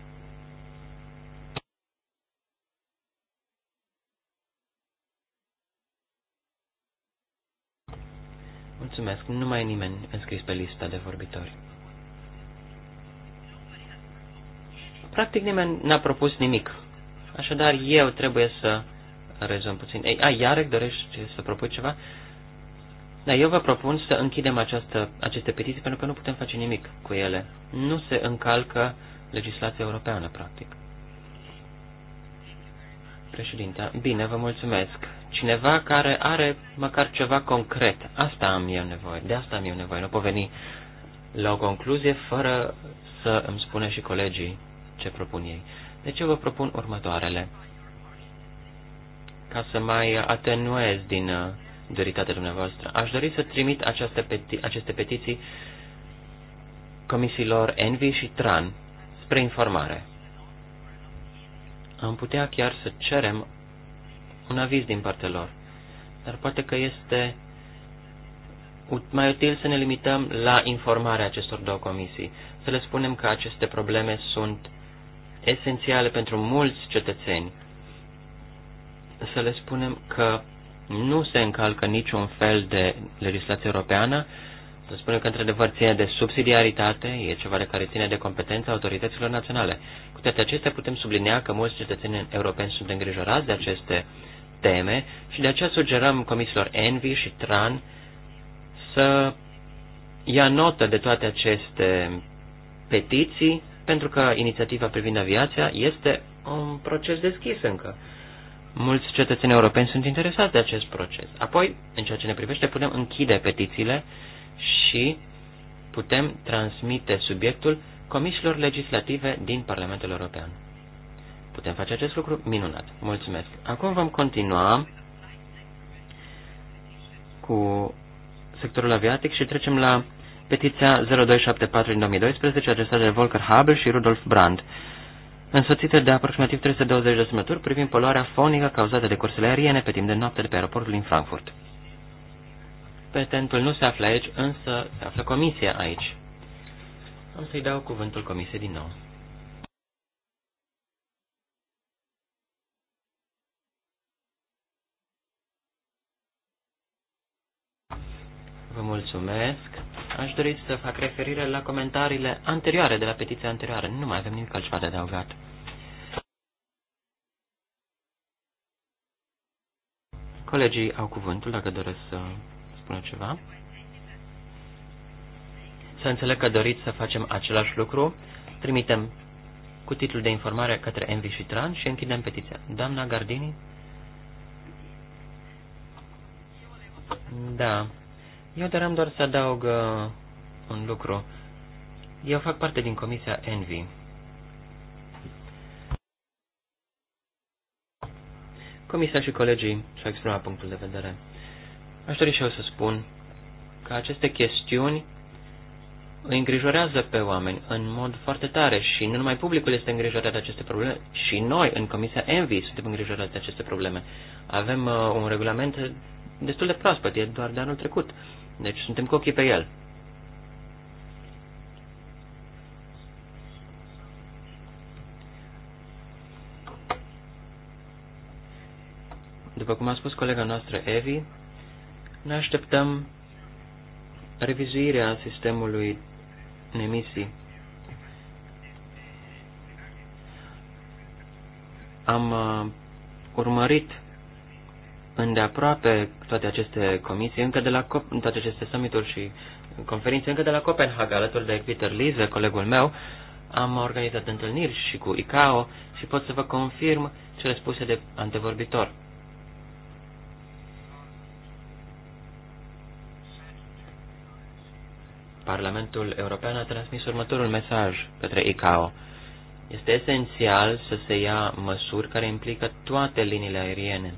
Mulțumesc, nu mai e nimeni înscris pe lista de vorbitori. Practic nimeni n-a propus nimic, așadar eu trebuie să rezum puțin. Ei, a, Iarec, dorești să propui ceva? Uh, dar eu vă propun să închidem această, aceste petiții pentru că nu putem face nimic cu ele. Nu se încalcă legislația europeană, practic. Președinte, bine, vă mulțumesc. Cineva care are măcar ceva concret. Asta am eu nevoie, de asta am eu nevoie. Nu pot veni la o concluzie fără să îmi spune și colegii ce propun ei. Deci eu vă propun următoarele. Ca să mai atenuez din uh, doritatea dumneavoastră. Aș dori să trimit această peti- aceste petiții comisiilor Envi și Tran spre informare. Am putea chiar să cerem un aviz din partea lor, dar poate că este mai util să ne limităm la informarea acestor două comisii, să le spunem că aceste probleme sunt esențiale pentru mulți cetățeni, să le spunem că nu se încalcă niciun fel de legislație europeană. Să spunem că, într-adevăr, ține de subsidiaritate, e ceva de care ține de competența autorităților naționale. Cu toate acestea, putem sublinia că mulți cetățeni europeni sunt îngrijorați de aceste teme și de aceea sugerăm comisilor Envi și TRAN să ia notă de toate aceste petiții, pentru că inițiativa privind aviația este un proces deschis încă mulți cetățeni europeni sunt interesați de acest proces. Apoi, în ceea ce ne privește, putem închide petițiile și putem transmite subiectul comisiilor legislative din Parlamentul European. Putem face acest lucru minunat. Mulțumesc. Acum vom continua cu sectorul aviatic și trecem la petiția 0274 din 2012, adresată de Volker Habel și Rudolf Brandt însoțită de aproximativ 320 de semnături privind poluarea fonică cauzată de cursele aeriene pe timp de noapte de pe aeroportul din Frankfurt. Petentul nu se află aici, însă se află comisia aici. Am să-i dau cuvântul comisiei din nou. Vă mulțumesc aș dori să fac referire la comentariile anterioare de la petiția anterioară. Nu mai avem nimic altceva de adăugat. Colegii au cuvântul dacă doresc să spună ceva. Să înțeleg că doriți să facem același lucru. Trimitem cu titlul de informare către Envi și Tran și închidem petiția. Doamna Gardini? Da. Eu doream doar să adaug uh, un lucru. Eu fac parte din comisia Envy. Comisia și colegii și-au exprimat punctul de vedere. Aș dori și eu să spun că aceste chestiuni îi îngrijorează pe oameni în mod foarte tare și nu numai publicul este îngrijorat de aceste probleme, și noi în Comisia Envy suntem îngrijorați de aceste probleme. Avem uh, un regulament destul de proaspăt, e doar de anul trecut. Deci suntem cu ochii pe el. După cum a spus colega noastră Evi, ne așteptăm revizuirea sistemului în emisii. Am uh, urmărit îndeaproape toate aceste comisii, încă de la cop, toate aceste summituri și conferințe, încă de la Copenhaga, alături de Peter Lise, colegul meu, am organizat întâlniri și cu ICAO și pot să vă confirm cele spuse de antevorbitor. Parlamentul European a transmis următorul mesaj către ICAO. Este esențial să se ia măsuri care implică toate liniile aeriene.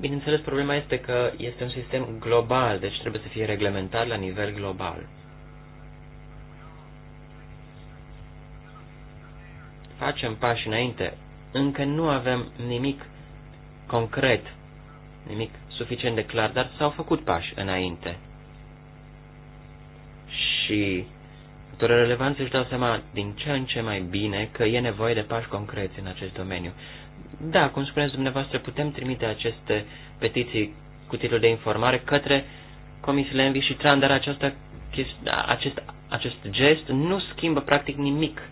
Bineînțeles, problema este că este un sistem global, deci trebuie să fie reglementat la nivel global. Facem pași înainte. Încă nu avem nimic concret, nimic suficient de clar, dar s-au făcut pași înainte. Și autorul relevanță își dau seama din ce în ce mai bine că e nevoie de pași concreți în acest domeniu da, cum spuneți dumneavoastră, putem trimite aceste petiții cu titlul de informare către comisiile Envi și Tran, dar această, da, acest, acest gest nu schimbă practic nimic.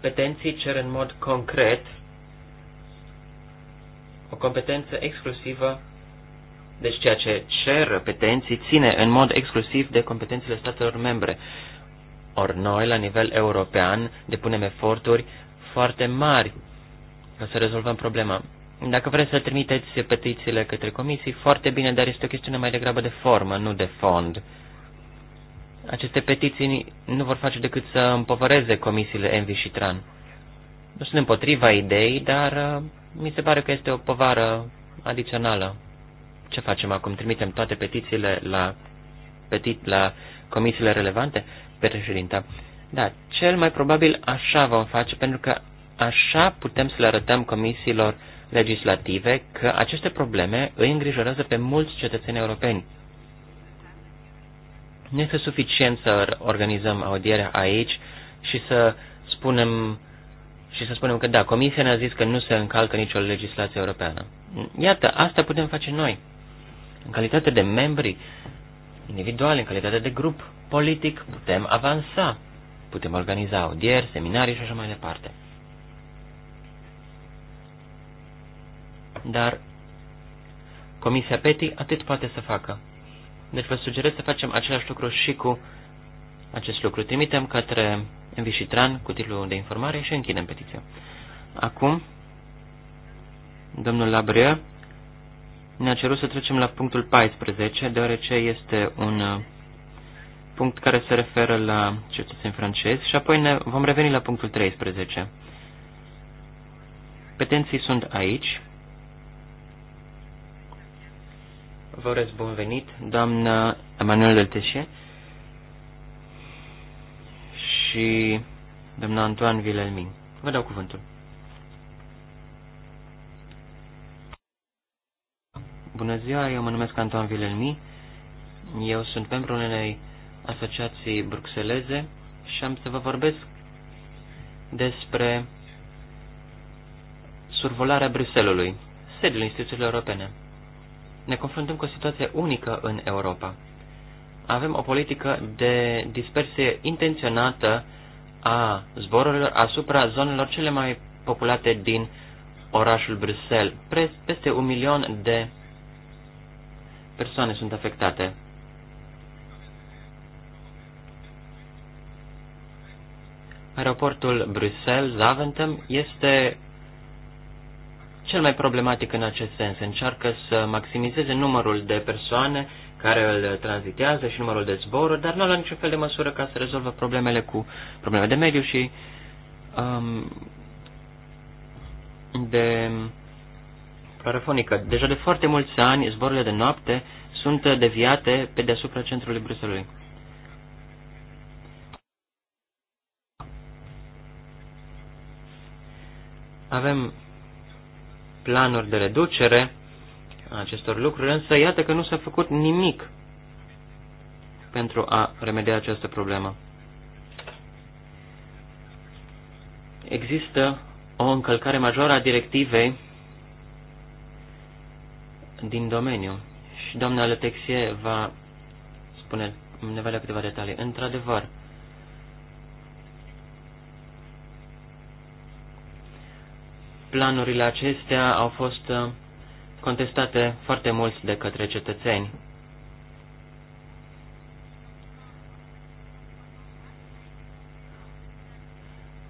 Petenții cer în mod concret o competență exclusivă, deci ceea ce cer petenții ține în mod exclusiv de competențele statelor membre. Ori noi, la nivel european, depunem eforturi foarte mari ca să rezolvăm problema. Dacă vreți să trimiteți petițiile către comisii, foarte bine, dar este o chestiune mai degrabă de formă, nu de fond. Aceste petiții nu vor face decât să împovăreze comisiile Envi și Tran. Nu sunt împotriva ideii, dar uh, mi se pare că este o povară adițională. Ce facem acum? Trimitem toate petițiile la, petit, la comisiile relevante? președinta. Da, cel mai probabil așa vom face, pentru că așa putem să le arătăm comisiilor legislative că aceste probleme îi îngrijorează pe mulți cetățeni europeni. Nu este suficient să organizăm audierea aici și să spunem și să spunem că da, Comisia ne-a zis că nu se încalcă nicio legislație europeană. Iată, asta putem face noi. În calitate de membri individual în calitate de grup politic, putem avansa, putem organiza audieri, seminarii și așa mai departe. Dar Comisia PETI atât poate să facă. Deci vă sugerez să facem același lucru și cu acest lucru. Trimitem către Învișitran cu titlul de informare și închidem petiția. Acum, domnul Labrea. Ne-a cerut să trecem la punctul 14, deoarece este un uh, punct care se referă la cetățeni francezi și apoi ne vom reveni la punctul 13. Petenții sunt aici. Vă urez bun venit, doamnă Emanuel Delteșe și doamna Antoine Vilelmin. Vă dau cuvântul. Bună ziua, eu mă numesc Anton Vilelmi, eu sunt membru unei asociații bruxeleze și am să vă vorbesc despre survolarea Bruselului, sediul instituțiilor europene. Ne confruntăm cu o situație unică în Europa. Avem o politică de dispersie intenționată a zborurilor asupra zonelor cele mai populate din orașul Bruxelles, peste un milion de persoane sunt afectate. Aeroportul Bruxelles-Zaventem este cel mai problematic în acest sens. Încearcă să maximizeze numărul de persoane care îl tranzitează și numărul de zboruri, dar nu la niciun fel de măsură ca să rezolvă problemele cu probleme de mediu și um, de parafonică. Deja de foarte mulți ani, zborurile de noapte sunt deviate pe deasupra centrului Bruselui. Avem planuri de reducere a acestor lucruri, însă iată că nu s-a făcut nimic pentru a remedia această problemă. Există o încălcare majoră a directivei din domeniu și doamna Letexie va spune, ne va câteva detalii. Într-adevăr, planurile acestea au fost uh, contestate foarte mulți de către cetățeni.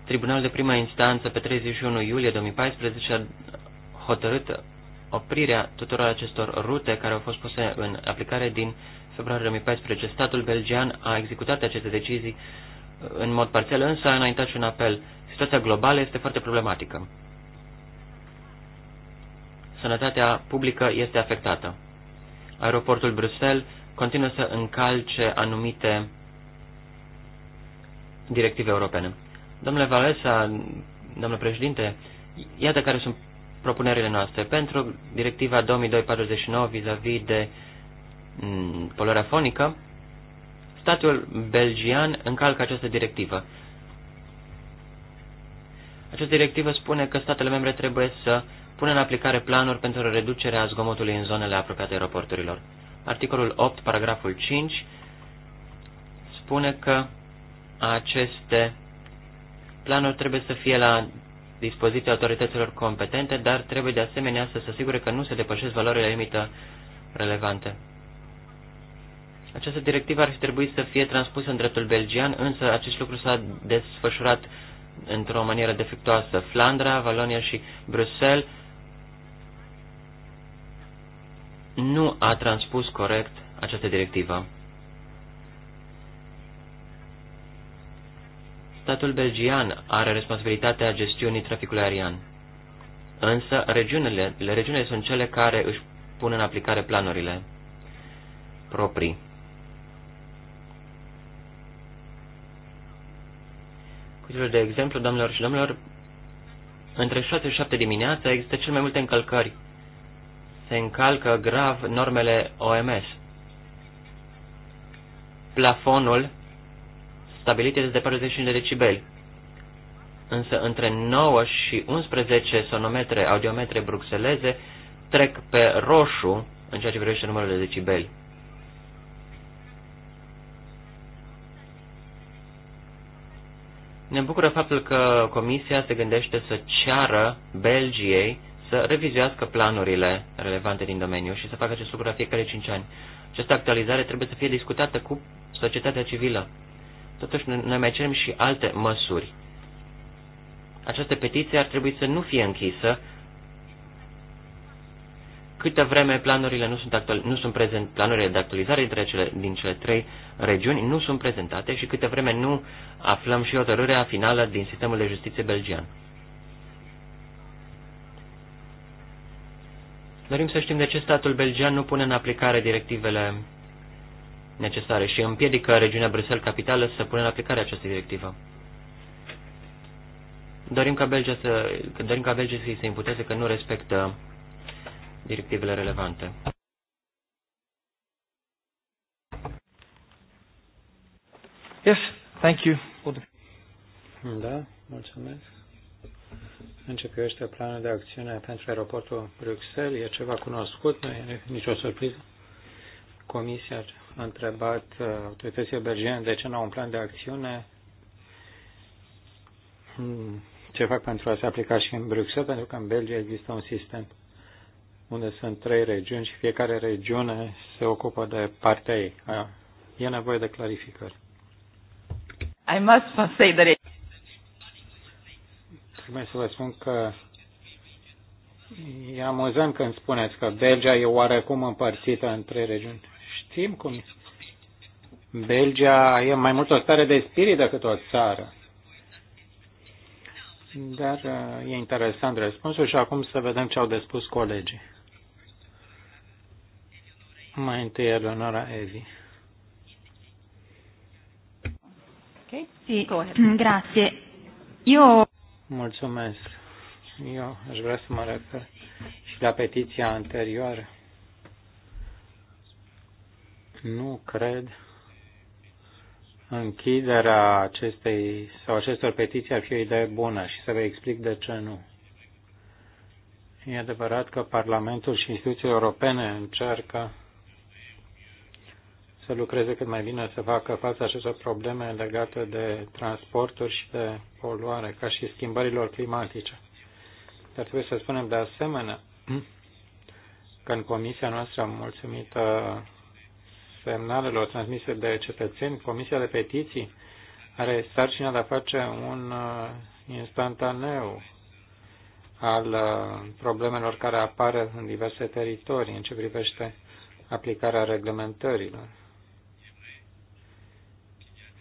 Tribunalul de prima instanță pe 31 iulie 2014 a hotărât oprirea tuturor acestor rute care au fost puse în aplicare din februarie 2014. Statul belgian a executat aceste decizii uh, în mod parțial, însă a înaintat și un apel. Situația globală este foarte problematică. Sănătatea publică este afectată. Aeroportul Bruxelles continuă să încalce anumite directive europene. Domnule Valesa, domnule președinte, iată care sunt propunerile noastre. Pentru directiva 2249 vis-a-vis de mm, poluarea fonică, statul belgian încalcă această directivă. Această directivă spune că statele membre trebuie să pună în aplicare planuri pentru reducerea zgomotului în zonele apropiate aeroporturilor. Articolul 8, paragraful 5, spune că aceste planuri trebuie să fie la dispoziția autorităților competente, dar trebuie de asemenea să se asigure că nu se depășesc valorile limită relevante. Această directivă ar fi trebuit să fie transpusă în dreptul belgian, însă acest lucru s-a desfășurat într-o manieră defectuoasă. Flandra, Valonia și Bruxelles nu a transpus corect această directivă. statul belgian are responsabilitatea gestiunii traficului aerian. Însă, regiunile, regiunile sunt cele care își pun în aplicare planurile proprii. Cu de exemplu, domnilor și domnilor, între 6 și 7 dimineața există cel mai multe încălcări. Se încalcă grav normele OMS. Plafonul stabilite de 45 de decibeli. Însă între 9 și 11 sonometre, audiometre bruxeleze trec pe roșu în ceea ce privește numărul de decibeli. Ne bucură faptul că Comisia se gândește să ceară Belgiei să revizuiască planurile relevante din domeniu și să facă acest lucru la fiecare 5 ani. Această actualizare trebuie să fie discutată cu societatea civilă. Totuși, noi mai cerem și alte măsuri. Această petiție ar trebui să nu fie închisă câtă vreme planurile nu sunt, actual, nu sunt prezent, planurile de actualizare dintre cele, din cele trei regiuni nu sunt prezentate și câtă vreme nu aflăm și hotărârea finală din sistemul de justiție belgian. Dorim să știm de ce statul belgian nu pune în aplicare directivele necesare și împiedică regiunea Bruxelles Capitală să pună în aplicare această directivă. Dorim ca Belgia să, dorim ca Belgia să se imputeze că nu respectă directivele relevante. Yes, thank you. Da, mulțumesc. este planul de acțiune pentru aeroportul Bruxelles. E ceva cunoscut, nu e nicio surpriză. Comisia a întrebat uh, autoritățile belgiene de ce nu au un plan de acțiune, hmm, ce fac pentru a se aplica și în Bruxelles, pentru că în Belgia există un sistem unde sunt trei regiuni și fiecare regiune se ocupă de partea ei. E nevoie de clarificări. I must say that it... Trebuie să vă spun că e amuzant când spuneți că Belgia e oarecum împărțită în trei regiuni. Știm cum Belgia e mai mult o stare de spirit decât o țară. Dar uh, e interesant răspunsul și acum să vedem ce au de spus colegii. Mai întâi Eleonora Evi. Okay. Sì, grazie. Eu... Mulțumesc. Eu aș vrea să mă refer și la petiția anterioară nu cred închiderea acestei sau acestor petiții ar fi o idee bună și să vă explic de ce nu. E adevărat că Parlamentul și instituțiile europene încearcă să lucreze cât mai bine, să facă față acestor probleme legate de transporturi și de poluare, ca și schimbărilor climatice. Dar trebuie să spunem de asemenea că în comisia noastră, mulțumită semnalelor transmise de cetățeni, Comisia de Petiții are sarcina de a face un uh, instantaneu al uh, problemelor care apar în diverse teritorii în ce privește aplicarea reglementărilor.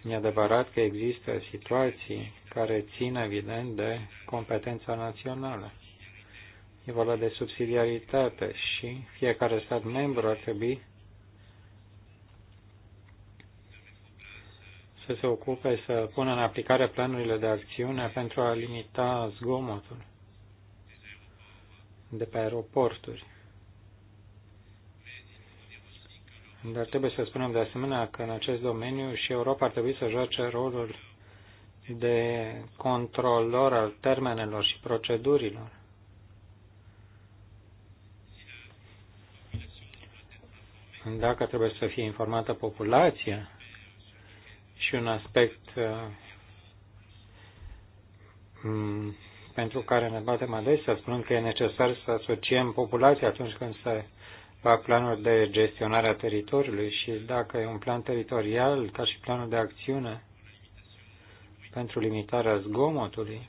E adevărat că există situații care țin evident de competența națională. E vorba de subsidiaritate și fiecare stat membru ar trebui să se ocupe să pună în aplicare planurile de acțiune pentru a limita zgomotul de pe aeroporturi. Dar trebuie să spunem de asemenea că în acest domeniu și Europa ar trebui să joace rolul de controlor al termenelor și procedurilor. Dacă trebuie să fie informată populația, și un aspect uh, pentru care ne batem adesea, spunând că e necesar să asociem populația atunci când se fac planuri de gestionare a teritoriului și dacă e un plan teritorial, ca și planul de acțiune pentru limitarea zgomotului.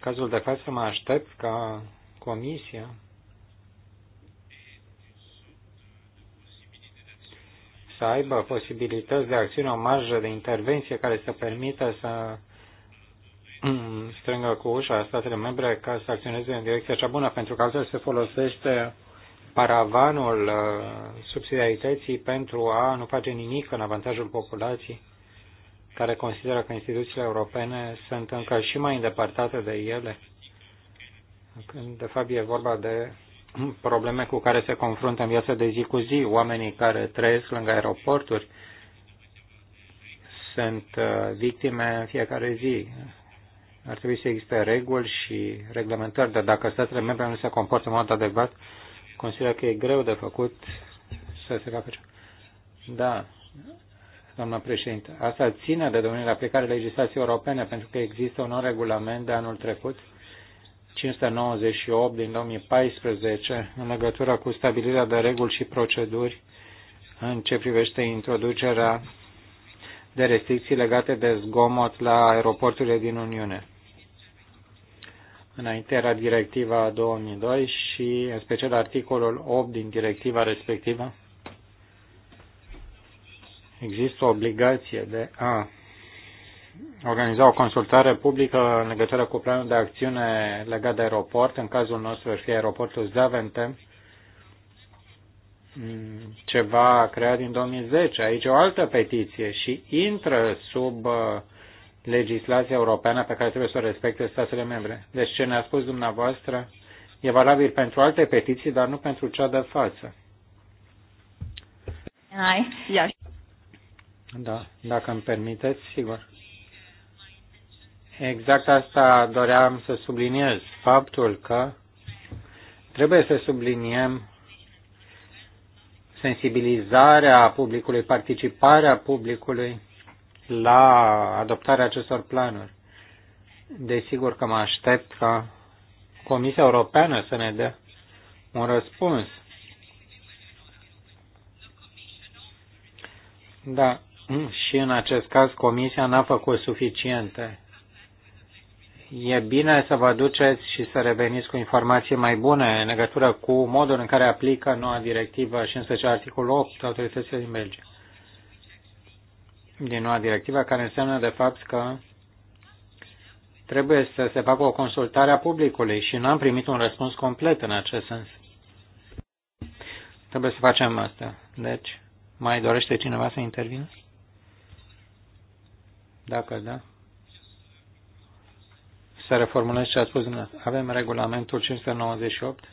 Cazul de față mă aștept ca comisia să aibă posibilități de acțiune, o marjă de intervenție care să permită să mm, strângă cu ușa statele membre ca să acționeze în direcția cea bună, pentru că altfel se folosește paravanul uh, subsidiarității pentru a nu face nimic în avantajul populației care consideră că instituțiile europene sunt încă și mai îndepărtate de ele, când de fapt e vorba de probleme cu care se confruntă în viața de zi cu zi. Oamenii care trăiesc lângă aeroporturi sunt uh, victime în fiecare zi. Ar trebui să existe reguli și reglementări, dar dacă statele membre nu se comportă în mod adecvat, consider că e greu de făcut să se facă Da, doamna președinte. Asta ține de domeniul aplicare legislației europene, pentru că există un nou regulament de anul trecut 598 din 2014 în legătură cu stabilirea de reguli și proceduri în ce privește introducerea de restricții legate de zgomot la aeroporturile din Uniune. Înainte era directiva 2002 și în special articolul 8 din directiva respectivă există o obligație de a organiza o consultare publică în legătură cu planul de acțiune legat de aeroport. În cazul nostru ar fi aeroportul Zaventem, mm, ceva creat din 2010. Aici o altă petiție și intră sub uh, legislația europeană pe care trebuie să o respecte statele membre. Deci ce ne-a spus dumneavoastră e valabil pentru alte petiții, dar nu pentru cea de față. Ai, Da, dacă îmi permiteți, sigur. Exact asta doream să subliniez, faptul că trebuie să subliniem sensibilizarea publicului, participarea publicului la adoptarea acestor planuri. Desigur că mă aștept ca Comisia Europeană să ne dea un răspuns. Da, și în acest caz Comisia n-a făcut suficiente e bine să vă duceți și să reveniți cu informații mai bune în legătură cu modul în care aplică noua directivă și în special articolul 8 autorității din Belgia. Din noua directivă, care înseamnă de fapt că trebuie să se facă o consultare a publicului și n-am primit un răspuns complet în acest sens. Trebuie să facem asta. Deci, mai dorește cineva să intervină? Dacă da să reformulez ce a spus dumneavoastră. Avem regulamentul 598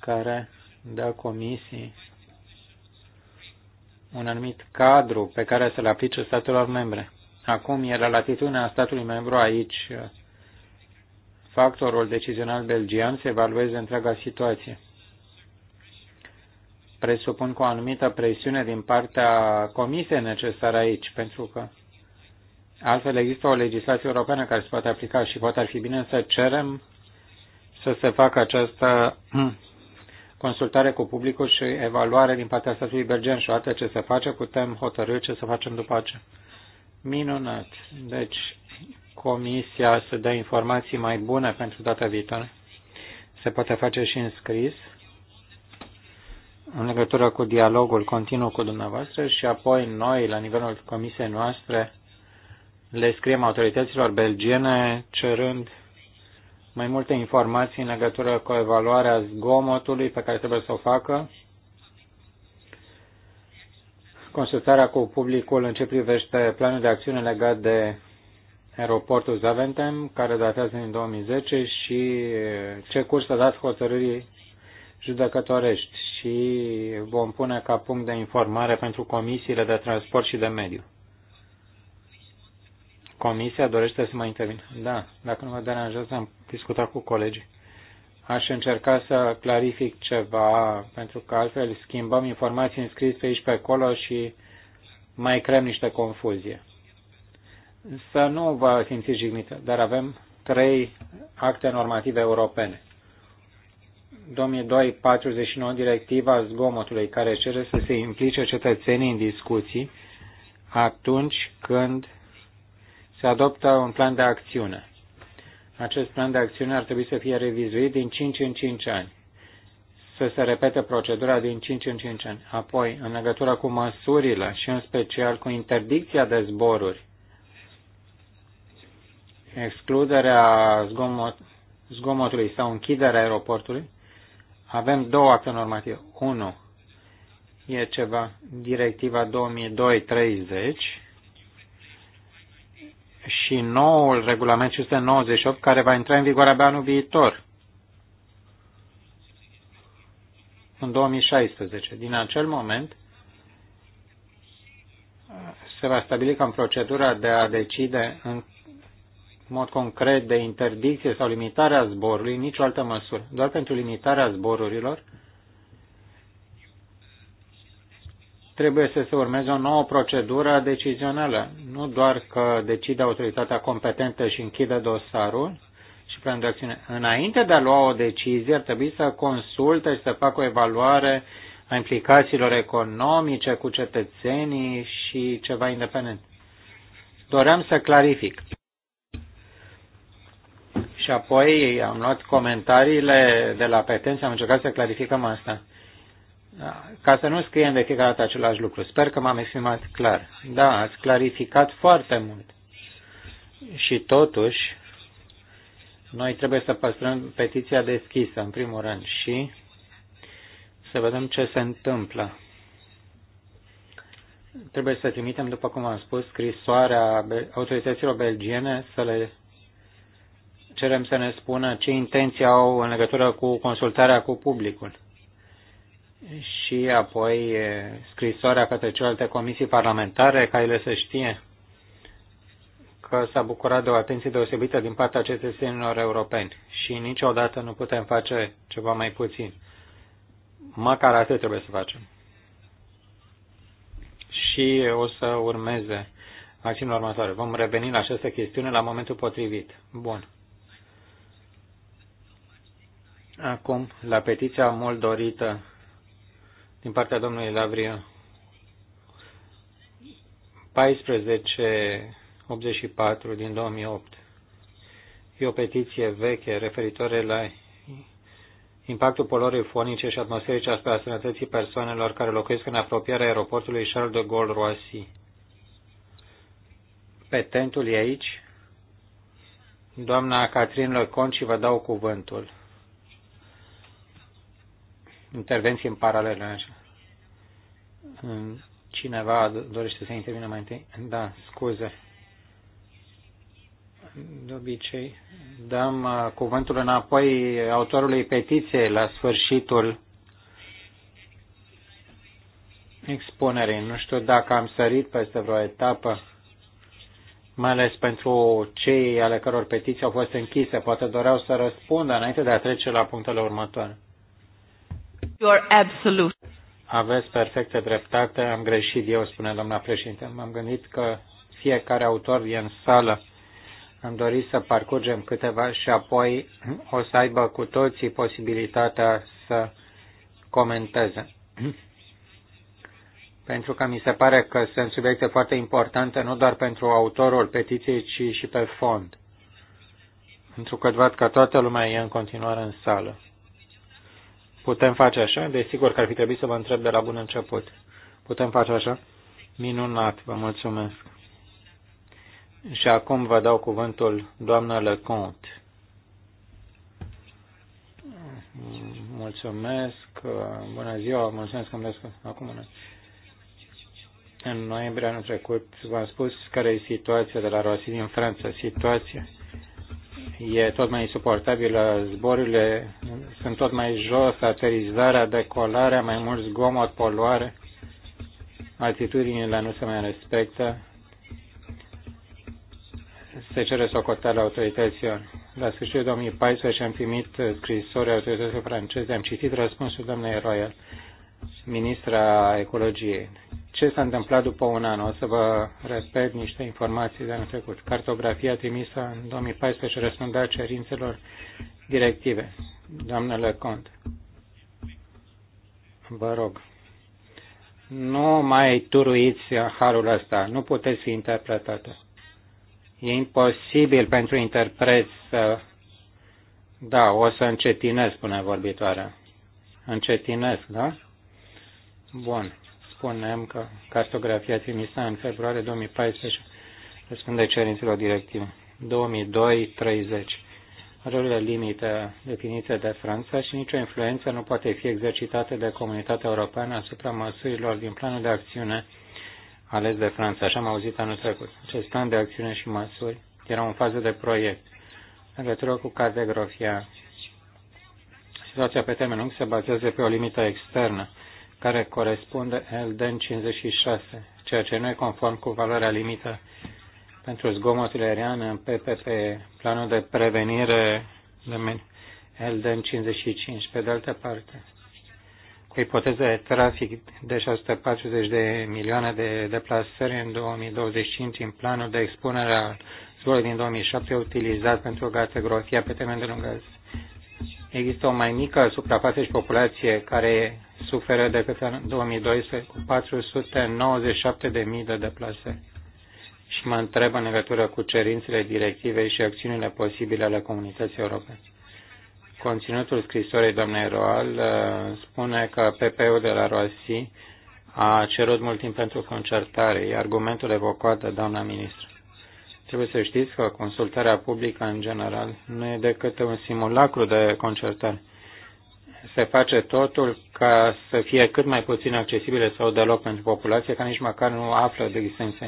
care dă comisii un anumit cadru pe care să-l aplice statelor membre. Acum e la latitudinea statului membru aici. Factorul decizional belgian se evalueze întreaga situație. Presupun cu o anumită presiune din partea comisiei necesară aici, pentru că Altfel există o legislație europeană care se poate aplica și poate ar fi bine să cerem să se facă această consultare cu publicul și evaluare din partea statului belgen și odată ce se face, putem hotărâi ce să facem după aceea. Minunat. Deci, comisia să dea informații mai bune pentru data viitoare. Se poate face și în scris, în legătură cu dialogul continuu cu dumneavoastră și apoi noi, la nivelul comisiei noastre, le scriem autorităților belgiene cerând mai multe informații în legătură cu evaluarea zgomotului pe care trebuie să o facă, consultarea cu publicul în ce privește planul de acțiune legat de aeroportul Zaventem, care datează din 2010, și ce curs a dat hotărârii judecătorești și vom pune ca punct de informare pentru comisiile de transport și de mediu. Comisia dorește să mai intervin. Da, dacă nu vă deranjează, am discutat cu colegii. Aș încerca să clarific ceva, pentru că altfel schimbăm informații înscris pe aici pe acolo și mai creăm niște confuzie. Să nu vă simțiți jignită, dar avem trei acte normative europene. 2002-49, directiva zgomotului, care cere să se implice cetățenii în discuții atunci când se adoptă un plan de acțiune. Acest plan de acțiune ar trebui să fie revizuit din 5 în 5 ani, să se repete procedura din 5 în 5 ani. Apoi, în legătură cu măsurile și în special cu interdicția de zboruri, excluderea zgomot, zgomotului sau închiderea aeroportului, avem două acte normative. Unu, e ceva, directiva 2230, și noul regulament 598 care va intra în vigoare abia anul viitor, în 2016. Din acel moment se va stabili că în procedura de a decide în mod concret de interdicție sau limitarea zborului, nicio altă măsură, doar pentru limitarea zborurilor, trebuie să se urmeze o nouă procedură decizională. Nu doar că decide autoritatea competentă și închide dosarul și prende acțiune. Înainte de a lua o decizie, ar trebui să consulte și să facă o evaluare a implicațiilor economice cu cetățenii și ceva independent. Doream să clarific. Și apoi am luat comentariile de la petenție, am încercat să clarificăm asta ca să nu scriem de fiecare dată același lucru. Sper că m-am exprimat clar. Da, ați clarificat foarte mult. Și totuși, noi trebuie să păstrăm petiția deschisă, în primul rând, și să vedem ce se întâmplă. Trebuie să trimitem, după cum am spus, scrisoarea autorităților belgiene să le cerem să ne spună ce intenții au în legătură cu consultarea cu publicul și apoi scrisoarea către celelalte comisii parlamentare, ca ele să știe că s-a bucurat de o atenție deosebită din partea cetățenilor europeni și niciodată nu putem face ceva mai puțin. Măcar atât trebuie să facem. Și o să urmeze acțiunile următoare. Vom reveni la această chestiune la momentul potrivit. Bun. Acum, la petiția mult dorită din partea domnului Lavria 1484 din 2008. E o petiție veche referitoare la impactul polorii fonice și atmosferice asupra sănătății persoanelor care locuiesc în apropierea aeroportului Charles de Gaulle Roissy. Petentul e aici. Doamna Catherine Lăconci vă dau cuvântul intervenții în paralel. Așa. Cineva dorește să intervină mai întâi? Da, scuze. De obicei, dăm uh, cuvântul înapoi autorului petiției la sfârșitul expunerii. Nu știu dacă am sărit peste vreo etapă, mai ales pentru cei ale căror petiții au fost închise. Poate doreau să răspundă înainte de a trece la punctele următoare. You are absolute. Aveți perfectă dreptate, am greșit eu, spune doamna președinte. M-am gândit că fiecare autor e în sală. Am dorit să parcurgem câteva și apoi o să aibă cu toții posibilitatea să comenteze. Pentru că mi se pare că sunt subiecte foarte importante, nu doar pentru autorul petiției, ci și pe fond. Pentru că văd că toată lumea e în continuare în sală. Putem face așa? Desigur că ar fi trebuit să vă întreb de la bun început. Putem face așa? Minunat, vă mulțumesc. Și acum vă dau cuvântul doamnă Leconte. Mulțumesc, bună ziua, mulțumesc că îmi dați acum bună. În noiembrie anul trecut v-am spus care e situația de la Roasie din Franța. Situația e tot mai insuportabilă, zborurile sunt tot mai jos, aterizarea, decolarea, mai mult zgomot, poluare, atitudinile nu se mai respectă, se cere socoteala autorităților. La sfârșitul 2014 am primit scrisorii autorităților franceze, am citit răspunsul doamnei Royal, ministra ecologiei ce s-a întâmplat după un an. O să vă repet niște informații de anul trecut. Cartografia trimisă în 2014 răspundea cerințelor directive. Doamnele Cont, vă rog, nu mai turuiți harul ăsta, nu puteți fi interpretată. E imposibil pentru interpret să... Da, o să încetinesc, spune vorbitoarea. Încetinesc, da? Bun spunem că cartografia trimisă în februarie 2014 răspunde cerințelor directive 2002-30, o limite definite de Franța și nicio influență nu poate fi exercitată de comunitatea europeană asupra măsurilor din planul de acțiune ales de Franța. Așa am auzit anul trecut. Acest plan de acțiune și măsuri era în fază de proiect în legătură cu cartografia. Situația pe termen lung se bazează pe o limită externă care corespunde LDN 56, ceea ce nu e conform cu valoarea limită pentru zgomotul aerian în PPP, planul de prevenire de LDN 55. Pe de altă parte, cu ipoteza de trafic de 640 de milioane de deplasări în 2025 în planul de expunere a zborului din 2007 utilizat pentru cartografia pe termen de lungat Există o mai mică suprafață și populație care suferă de pe 2012 cu 497.000 de deplase. Și mă întreb în legătură cu cerințele directivei și acțiunile posibile ale comunității europene. Conținutul scrisorii doamnei Roal uh, spune că ppu ul de la Roasi a cerut mult timp pentru concertare, e argumentul evocat de doamna ministru. Trebuie să știți că consultarea publică, în general, nu e decât un simulacru de concertare. Se face totul ca să fie cât mai puțin accesibile sau deloc pentru populație, ca nici măcar nu află de existență.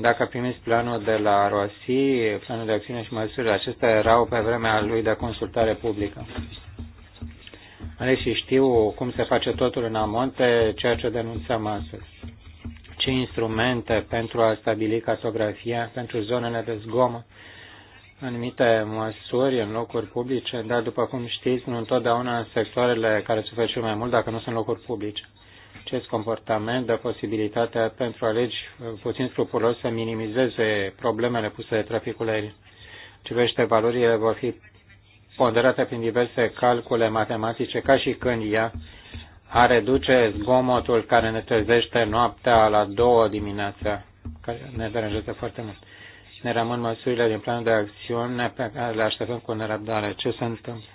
Dacă primiți planul de la Rosi, planul de acțiune și măsuri, acestea erau pe vremea lui de consultare publică. Și știu cum se face totul în amonte, ceea ce denunțăm astăzi ce instrumente pentru a stabili cartografia pentru zonele de zgomă, anumite măsuri în locuri publice, dar după cum știți, nu întotdeauna în sectoarele care suferă cel mai mult dacă nu sunt locuri publice. Acest comportament dă posibilitatea pentru a alegi puțin scrupulos să minimizeze problemele puse de traficul aerian. Civește valorile vor fi ponderate prin diverse calcule matematice, ca și când ea a reduce zgomotul care ne trezește noaptea la două dimineața, care ne deranjează foarte mult. Ne rămân măsurile din planul de acțiune pe care le așteptăm cu nerăbdare. Ce se întâmplă?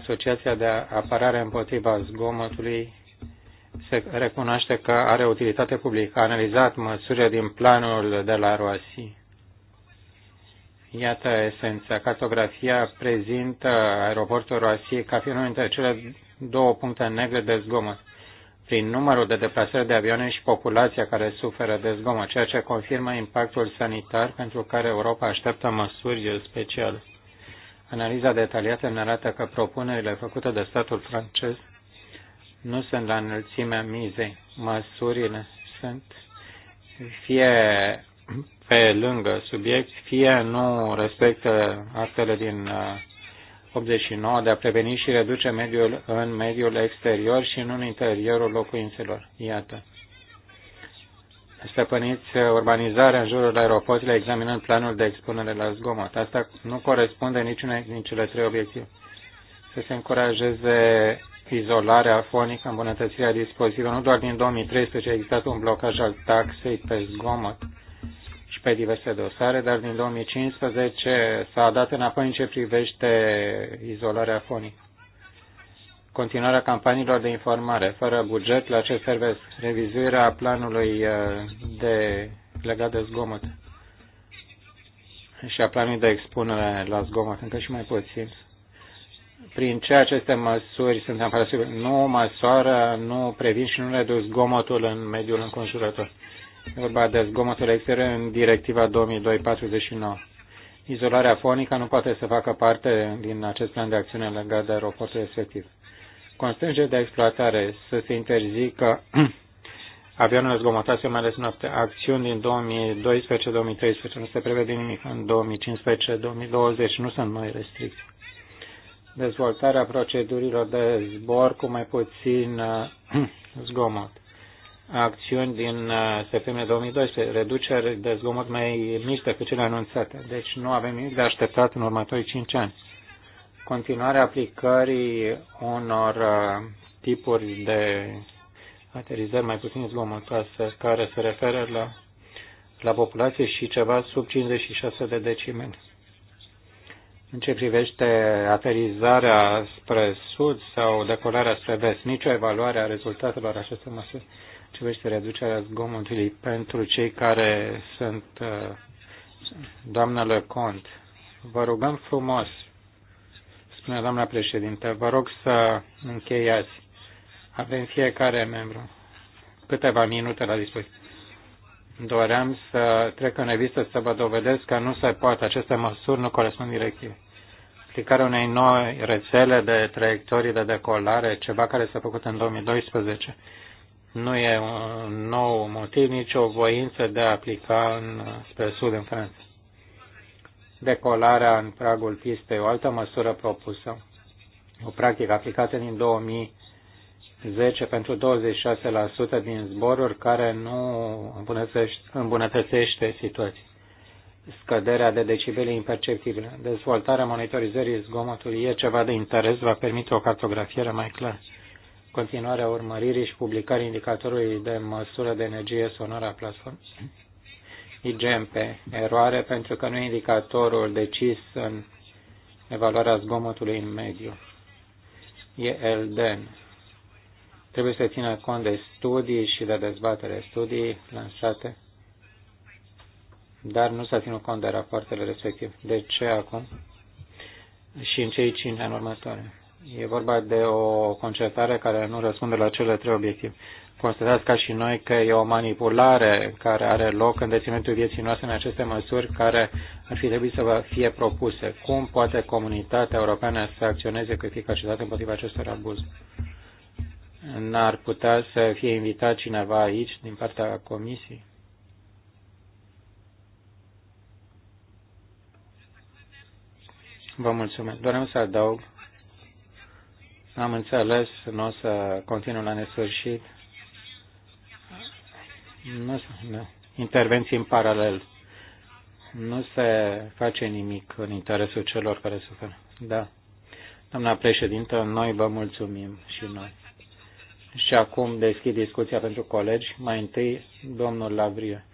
Asociația de apărare împotriva zgomotului se recunoaște că are utilitate publică. A analizat măsurile din planul de la Roasie Iată esența. Cartografia prezintă aeroportul Roasie ca fiind unul dintre cele două puncte negre de zgomot, prin numărul de deplasări de avioane și populația care suferă de zgomot, ceea ce confirmă impactul sanitar pentru care Europa așteaptă măsuri speciale. Analiza detaliată ne arată că propunerile făcute de statul francez nu sunt la înălțimea mizei. Măsurile sunt fie pe lângă subiect, fie nu respectă actele din 89 uh, de a preveni și reduce mediul în mediul exterior și nu în interiorul locuințelor. Iată. Stăpâniți urbanizarea în jurul aeroportului examinând planul de expunere la zgomot. Asta nu corespunde niciunei din cele trei obiective. Să se încurajeze izolarea fonică, îmbunătățirea dispozitivelor. Nu doar din 2013 a existat un blocaj al taxei pe zgomot pe diverse dosare, dar din 2015 s-a dat înapoi în ce privește izolarea fonii. Continuarea campaniilor de informare fără buget la ce servesc revizuirea planului uh, de legat de zgomot și a planului de expunere la zgomot, încă și mai puțin. Prin ce aceste măsuri sunt amparate? Nu măsoară, nu previn și nu reduc zgomotul în mediul înconjurător. E vorba de zgomotul exterior în directiva 2002-49. Izolarea fonică nu poate să facă parte din acest plan de acțiune legat de aeroportul respectiv. Constrângeri de exploatare să se interzică avioanele zgomotase, mai ales noapte, acțiuni din 2012-2013. Nu se prevede nimic în 2015-2020, nu sunt noi restricții. Dezvoltarea procedurilor de zbor cu mai puțin zgomot acțiuni din uh, SFM 2012, reduceri de zgomot mai mici decât cele anunțate. Deci nu avem nimic de așteptat în următorii 5 ani. Continuarea aplicării unor uh, tipuri de aterizări mai puțin zgomotoase care se referă la, la populație și ceva sub 56 de decimeni. În ce privește aterizarea spre sud sau decolarea spre vest, nicio evaluare a rezultatelor acestei măsuri ce privește reducerea zgomotului pentru cei care sunt uh, doamnele cont. Vă rugăm frumos, spune doamna președinte, vă rog să încheiați. Avem fiecare membru câteva minute la dispoziție. Doream să trec în revistă să vă dovedesc că nu se poate. Aceste măsuri nu corespund directive. Aplicarea unei noi rețele de traiectorii de decolare, ceva care s-a făcut în 2012 nu e un nou motiv, nici o voință de a aplica în, spre sud, în Franța. Decolarea în pragul pistei, o altă măsură propusă, o practică aplicată din 2010 pentru 26% din zboruri care nu îmbunătățește, îmbunătățește situația scăderea de decibeli imperceptibilă. Dezvoltarea monitorizării zgomotului e ceva de interes, va permite o cartografiere mai clară continuarea urmăririi și publicării indicatorului de măsură de energie sonoră a platformei, IGMP, eroare pentru că nu e indicatorul decis în evaluarea zgomotului în mediu. ELDEN. Trebuie să țină cont de studii și de dezbatere studii lansate, dar nu s-a ținut cont de rapoartele respective. De ce acum? Și în cei cinci ani următoare. E vorba de o concertare care nu răspunde la cele trei obiective. Constatați ca și noi că e o manipulare care are loc în deținutul vieții noastre în aceste măsuri care ar fi trebuit să vă fie propuse. Cum poate comunitatea europeană să acționeze cu eficacitate împotriva acestor abuz? N-ar putea să fie invitat cineva aici din partea comisiei? Vă mulțumesc. Doream să adaug am înțeles, nu o să continu la nesfârșit. Nu, nu. Intervenții în paralel. Nu se face nimic în interesul celor care suferă. Da. Doamna președintă, noi vă mulțumim și noi. Și acum deschid discuția pentru colegi. Mai întâi, domnul Lavrie.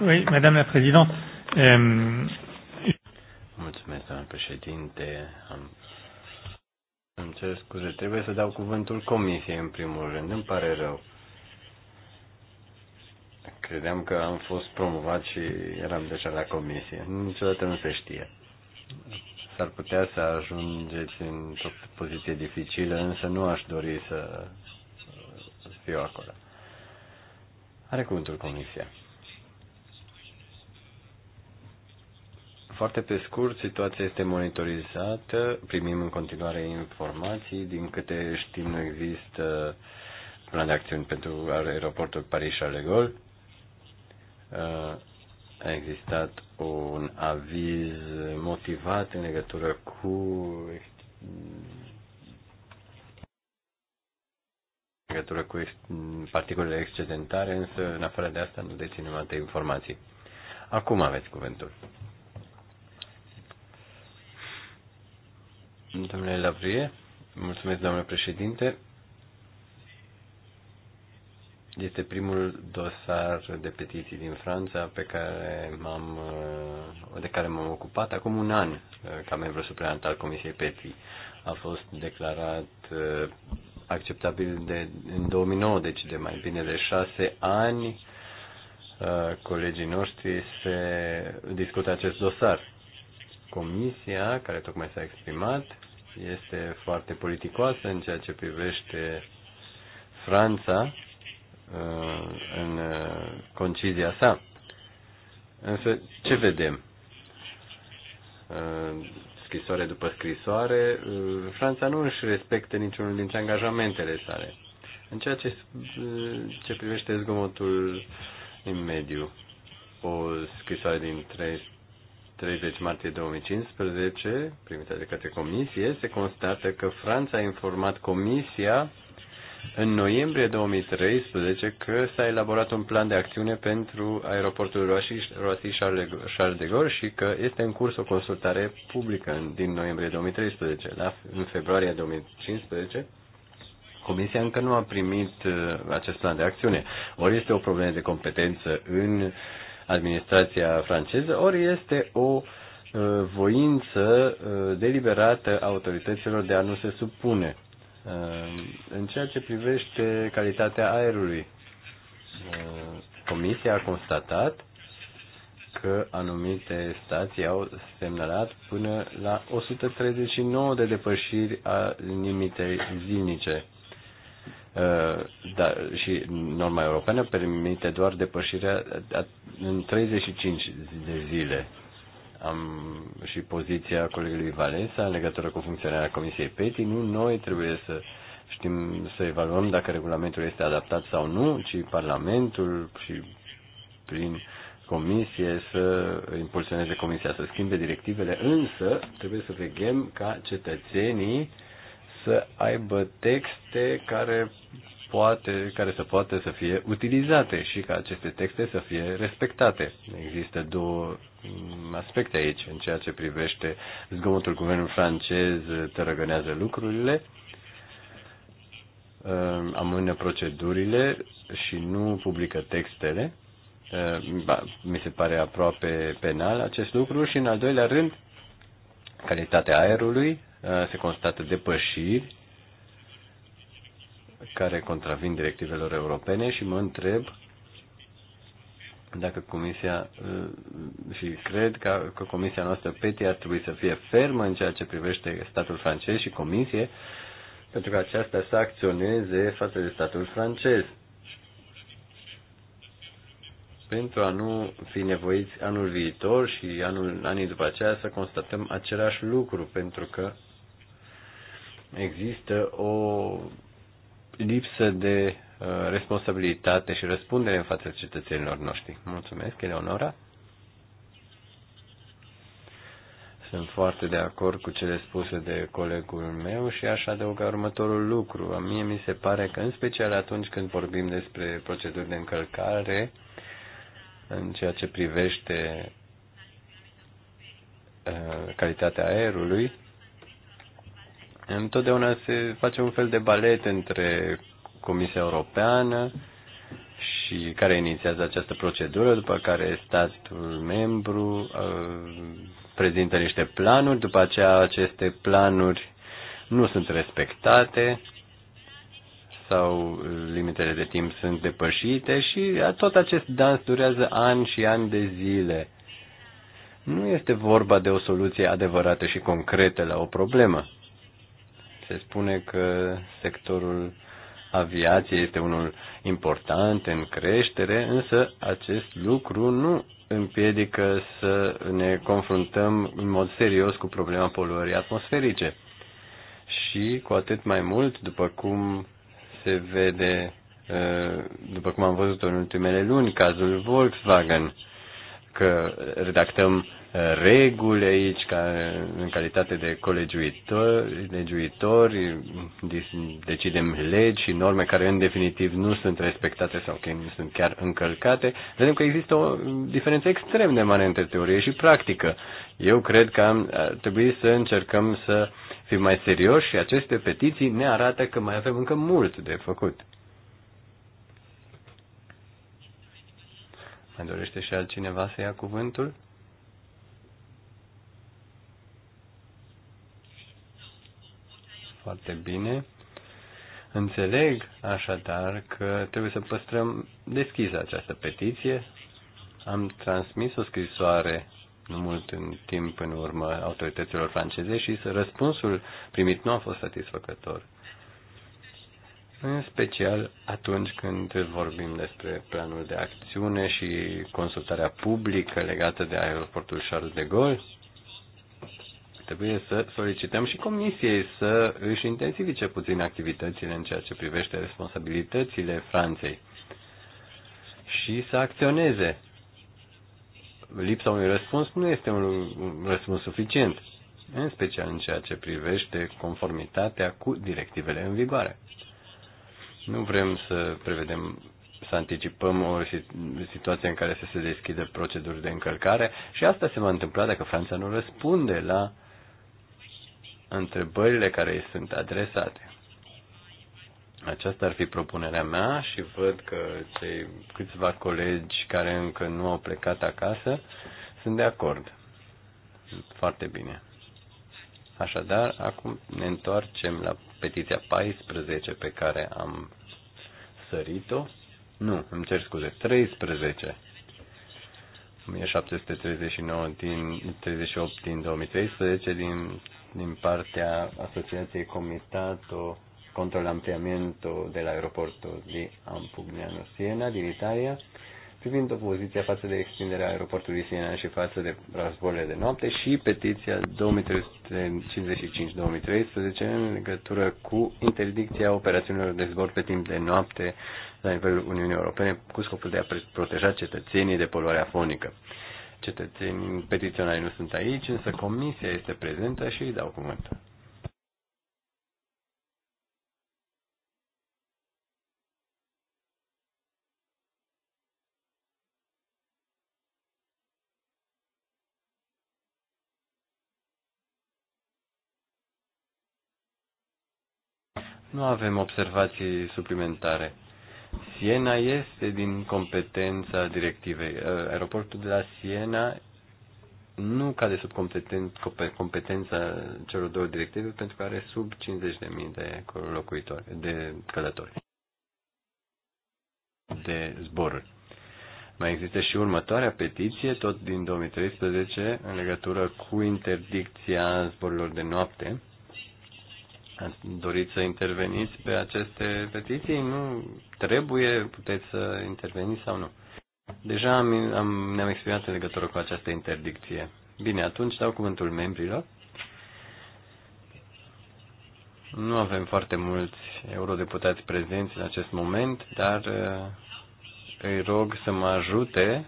Oui, madame la présidente. Um... Mulțumesc, doamnă președinte. Am îmi cer scuze, trebuie să dau cuvântul comisiei în primul rând, îmi pare rău. Credeam că am fost promovat și eram deja la comisie. Niciodată nu se știe. S-ar putea să ajungeți într-o poziție dificilă, însă nu aș dori să fiu acolo. Are cuvântul comisia. Foarte pe scurt, situația este monitorizată, primim în continuare informații, din câte știm nu există plan de acțiuni pentru aeroportul Paris-Charles de Gaulle. Uh, a existat un aviz motivat în legătură cu în legătură cu particulele excedentare, însă în afară de asta nu deținem alte informații. Acum aveți cuvântul. Domnule Lavrie, mulțumesc, domnule președinte. Este primul dosar de petiții din Franța pe care m-am, de care m-am ocupat acum un an uh, ca membru suplimentar al Comisiei Petiții A fost declarat uh, acceptabil de, în 2009, deci de mai bine de șase ani uh, colegii noștri se discută acest dosar. Comisia, care tocmai s-a exprimat, este foarte politicoasă în ceea ce privește Franța uh, în uh, concizia sa. Însă, ce vedem? Uh, scrisoare după scrisoare, Franța nu își respectă niciunul dintre angajamentele sale. În ceea ce, ce privește zgomotul în mediu, o scrisoare din 3 30 martie 2015, primită de către Comisie, se constată că Franța a informat Comisia în noiembrie 2013 că s-a elaborat un plan de acțiune pentru aeroportul Roissy-Charles de Gaulle și că este în curs o consultare publică din noiembrie 2013. La, în februarie 2015, Comisia încă nu a primit uh, acest plan de acțiune. Ori este o problemă de competență în uh, administrația franceză, ori este o uh, voință uh, deliberată a autorităților de a nu se supune. Uh, în ceea ce privește calitatea aerului, Comisia a constatat că anumite stații au semnalat până la 139 de depășiri a limitei zilnice. Eh, da, și norma europeană permite doar depășirea în 35 de zile. Am și poziția colegului Valensa în legătură cu funcționarea Comisiei PETI. Nu noi trebuie să știm să evaluăm dacă regulamentul este adaptat sau nu, ci Parlamentul și prin comisie să impulsioneze comisia să schimbe directivele, însă trebuie să veghem ca cetățenii să aibă texte care poate, care să poată să fie utilizate și ca aceste texte să fie respectate. Există două mm, aspecte aici în ceea ce privește zgomotul guvernului francez tărăgânează lucrurile, uh, amână procedurile și nu publică textele. Uh, mi se pare aproape penal acest lucru și în al doilea rând calitatea aerului Uh, se constată depășiri care contravin directivelor europene și mă întreb dacă comisia uh, și cred că, că comisia noastră PETI ar trebui să fie fermă în ceea ce privește statul francez și comisie pentru că aceasta să acționeze față de statul francez pentru a nu fi nevoiți anul viitor și anul, anii după aceea să constatăm același lucru, pentru că există o lipsă de uh, responsabilitate și răspundere în fața cetățenilor noștri. Mulțumesc, Eleonora. Sunt foarte de acord cu cele spuse de colegul meu și aș adăuga următorul lucru. A mie mi se pare că, în special atunci când vorbim despre proceduri de încălcare, în ceea ce privește uh, calitatea aerului, întotdeauna se face un fel de balet între Comisia Europeană și care inițiază această procedură, după care statul membru uh, prezintă niște planuri, după aceea aceste planuri nu sunt respectate sau limitele de timp sunt depășite și tot acest dans durează ani și ani de zile. Nu este vorba de o soluție adevărată și concretă la o problemă se spune că sectorul aviației este unul important în creștere, însă acest lucru nu împiedică să ne confruntăm în mod serios cu problema poluării atmosferice. Și cu atât mai mult, după cum se vede, ă, după cum am văzut în ultimele luni, cazul Volkswagen, că redactăm reguli aici ca, în calitate de colegiuitori, decidem legi și norme care în definitiv nu sunt respectate sau că nu sunt chiar încălcate, vedem că există o diferență extrem de mare între teorie și practică. Eu cred că am, ar trebui să încercăm să fim mai serioși și aceste petiții ne arată că mai avem încă mult de făcut. Mai dorește și altcineva să ia cuvântul? foarte bine. Înțeleg așadar că trebuie să păstrăm deschisă această petiție. Am transmis o scrisoare nu mult în timp în urmă autorităților franceze și răspunsul primit nu a fost satisfăcător. În special atunci când vorbim despre planul de acțiune și consultarea publică legată de aeroportul Charles de Gaulle, Trebuie să solicităm și Comisiei să își intensifice puțin activitățile în ceea ce privește responsabilitățile Franței și să acționeze. Lipsa unui răspuns nu este un răspuns suficient, în special în ceea ce privește conformitatea cu directivele în vigoare. Nu vrem să prevedem să anticipăm o situație în care să se deschidă proceduri de încălcare și asta se va întâmpla dacă Franța nu răspunde la întrebările care îi sunt adresate. Aceasta ar fi propunerea mea și văd că cei câțiva colegi care încă nu au plecat acasă sunt de acord. Foarte bine. Așadar, acum ne întoarcem la petiția 14 pe care am sărit-o. Nu, îmi cer scuze, 13. 1739 din 38 din 2013 din din partea Asociației Comitato contro l'ampliamento dell'aeroporto di Ampugnano Siena din Italia, privind opoziția față de extinderea aeroportului Siena și față de războiile de noapte și petiția 2355-2013 în legătură cu interdicția operațiunilor de zbor pe timp de noapte la nivelul Uniunii Europene cu scopul de a proteja cetățenii de poluarea fonică cetățenii petiționari nu sunt aici, însă comisia este prezentă și îi dau cuvântul. Nu avem observații suplimentare. Siena este din competența directivei. Uh, aeroportul de la Siena nu cade sub competența celor două directive pentru că are sub 50.000 de locuitori, de călători, de zboruri. Mai există și următoarea petiție, tot din 2013, în legătură cu interdicția zborurilor de noapte. Ați dorit să interveniți pe aceste petiții? Nu trebuie, puteți să interveniți sau nu. Deja am, am, ne-am exprimat în legătură cu această interdicție. Bine, atunci dau cuvântul membrilor. Nu avem foarte mulți eurodeputați prezenți în acest moment, dar uh, îi rog să mă ajute,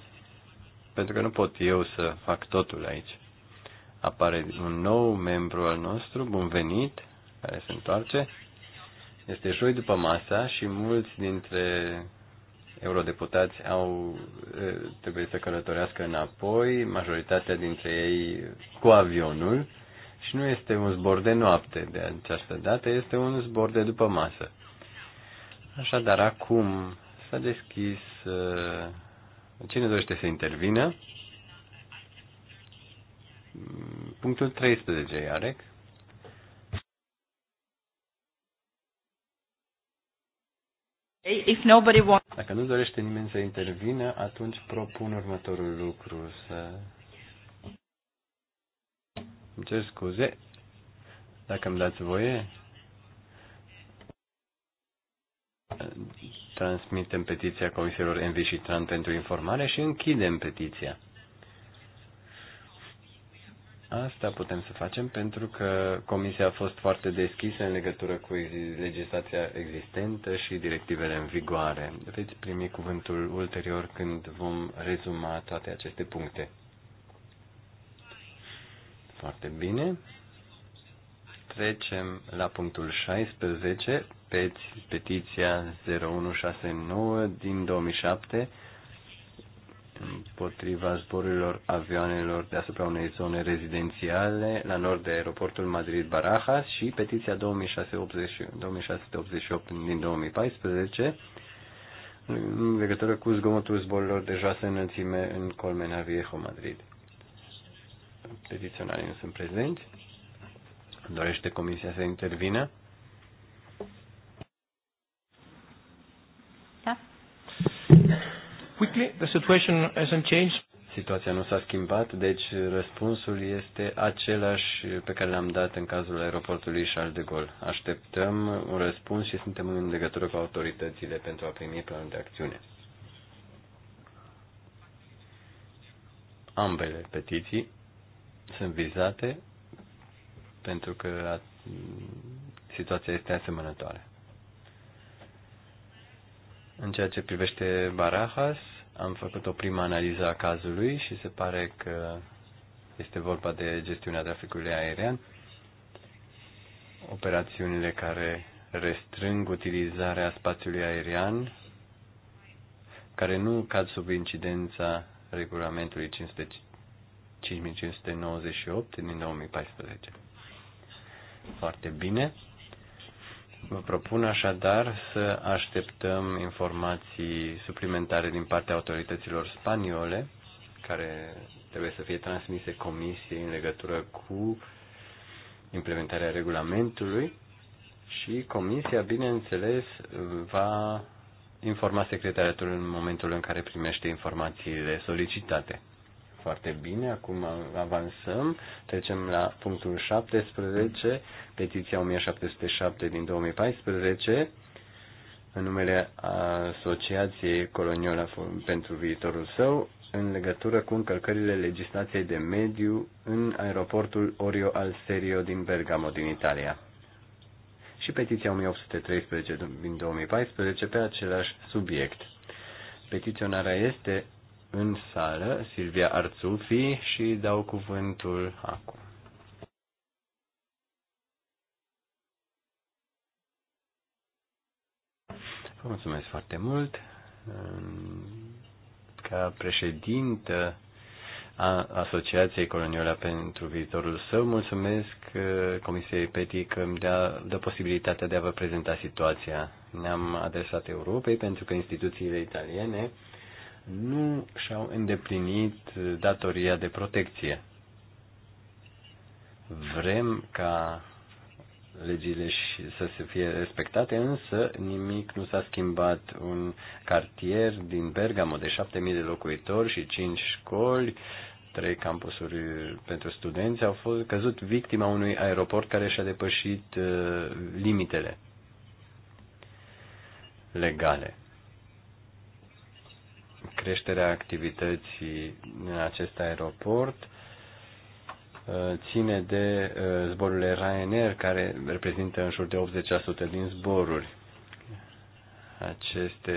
pentru că nu pot eu să fac totul aici. Apare un nou membru al nostru, bun venit, care se întoarce. Este joi după masa și mulți dintre eurodeputați au, trebuie să călătorească înapoi, majoritatea dintre ei cu avionul și nu este un zbor de noapte de această dată, este un zbor de după masă. Așadar, acum s-a deschis. Cine dorește să intervină? Punctul 13, Iarec. If nobody wants... Dacă nu dorește nimeni să intervină, atunci propun următorul lucru să... Îmi cer scuze, dacă îmi dați voie. Transmitem petiția Comisiilor Envi și Tran pentru informare și închidem petiția. Asta putem să facem pentru că Comisia a fost foarte deschisă în legătură cu legislația existentă și directivele în vigoare. Veți primi cuvântul ulterior când vom rezuma toate aceste puncte. Foarte bine. Trecem la punctul 16, peți, petiția 0169 din 2007 împotriva zborurilor avioanelor deasupra unei zone rezidențiale la nord de aeroportul Madrid-Barajas și petiția 2688 din 2014 în legătură cu zgomotul zborurilor de joasă înălțime în Colmena Viejo, Madrid. Petiționarii nu sunt prezenți. Dorește comisia să intervină? quickly, the situation hasn't changed. Situația nu s-a schimbat, deci răspunsul este același pe care l-am dat în cazul aeroportului Charles de Gaulle. Așteptăm un răspuns și suntem în legătură cu autoritățile pentru a primi planul de acțiune. Ambele petiții sunt vizate pentru că situația este asemănătoare. În ceea ce privește Barajas, am făcut o primă analiză a cazului și se pare că este vorba de gestiunea traficului aerian, operațiunile care restrâng utilizarea spațiului aerian, care nu cad sub incidența regulamentului 5598 din 2014. Foarte bine. Vă propun așadar să așteptăm informații suplimentare din partea autorităților spaniole, care trebuie să fie transmise comisiei în legătură cu implementarea regulamentului și comisia, bineînțeles, va informa secretariatul în momentul în care primește informațiile solicitate. Foarte bine, acum avansăm. Trecem la punctul 17, petiția 1707 din 2014, în numele Asociației Coloniola pentru viitorul său, în legătură cu încălcările legislației de mediu în aeroportul Orio al Serio din Bergamo, din Italia. Și petiția 1813 din 2014 pe același subiect. Petiționarea este în sală, Silvia Arțufi, și dau cuvântul acum. Vă mulțumesc foarte mult. Ca președintă a Asociației Coloniola pentru viitorul său, mulțumesc uh, Comisiei PETI că îmi dă, dă posibilitatea de a vă prezenta situația. Ne-am adresat Europei pentru că instituțiile italiene nu și-au îndeplinit datoria de protecție. Vrem ca legile să se fie respectate, însă nimic nu s-a schimbat. Un cartier din Bergamo de 7000 de locuitori și 5 școli, trei campusuri pentru studenți au fost căzut victima unui aeroport care și-a depășit uh, limitele legale creșterea activității în acest aeroport uh, ține de uh, zborurile Ryanair, care reprezintă în jur de 80% din zboruri. Aceste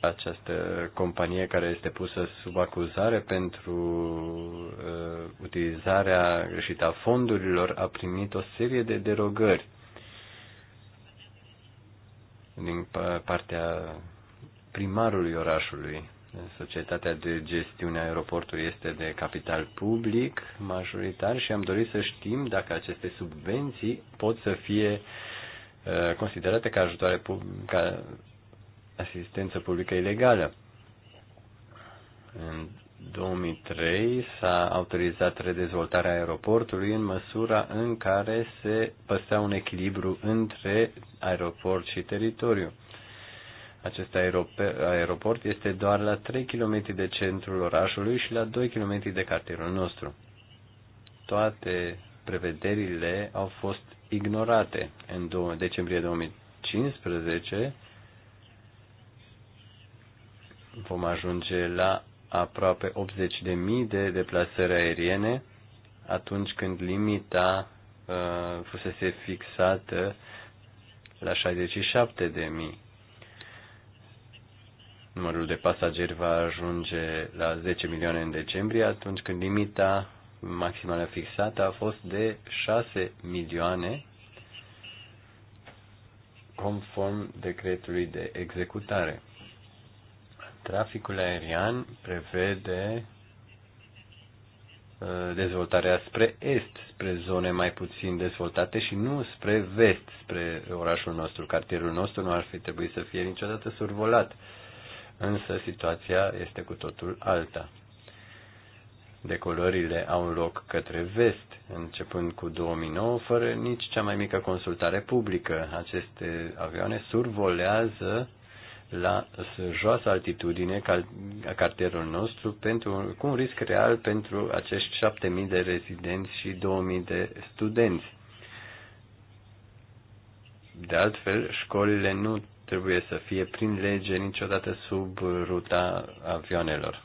această companie care este pusă sub acuzare pentru uh, utilizarea greșită a fondurilor a primit o serie de derogări din partea primarului orașului. Societatea de gestiune a aeroportului este de capital public majoritar și am dorit să știm dacă aceste subvenții pot să fie uh, considerate ca ajutoare ca asistență publică ilegală. În 2003 s-a autorizat redezvoltarea aeroportului în măsura în care se păstra un echilibru între aeroport și teritoriu. Acest aeroport este doar la 3 km de centrul orașului și la 2 km de cartierul nostru. Toate prevederile au fost ignorate. În decembrie 2015 vom ajunge la aproape 80.000 de deplasări aeriene atunci când limita uh, fusese fixată la 67.000 numărul de pasageri va ajunge la 10 milioane în decembrie, atunci când limita maximală fixată a fost de 6 milioane conform decretului de executare. Traficul aerian prevede uh, dezvoltarea spre est, spre zone mai puțin dezvoltate și nu spre vest, spre orașul nostru. Cartierul nostru nu ar fi trebuit să fie niciodată survolat însă situația este cu totul alta. Decolările au loc către vest, începând cu 2009, fără nici cea mai mică consultare publică. Aceste avioane survolează la joasă altitudine cartierul nostru pentru, cu un risc real pentru acești 7000 de rezidenți și 2000 de studenți. De altfel, școlile nu trebuie să fie prin lege niciodată sub ruta avioanelor.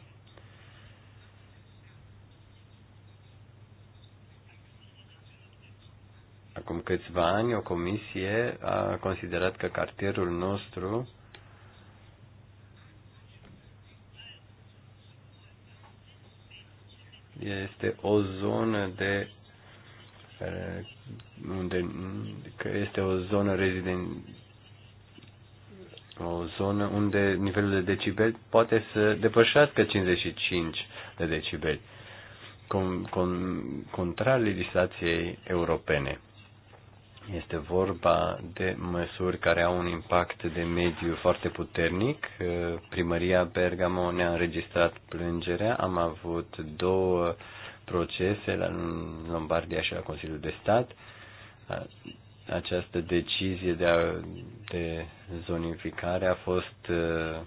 Acum câțiva ani, o comisie a considerat că cartierul nostru este o zonă de eh, unde că este o zonă reziden, o zonă unde nivelul de decibeli poate să depășească 55 de decibeli, con, con, contrar legislației europene. Este vorba de măsuri care au un impact de mediu foarte puternic. Primăria Bergamo ne-a înregistrat plângerea. Am avut două procese la Lombardia și la Consiliul de Stat această decizie de, a, de zonificare a fost uh,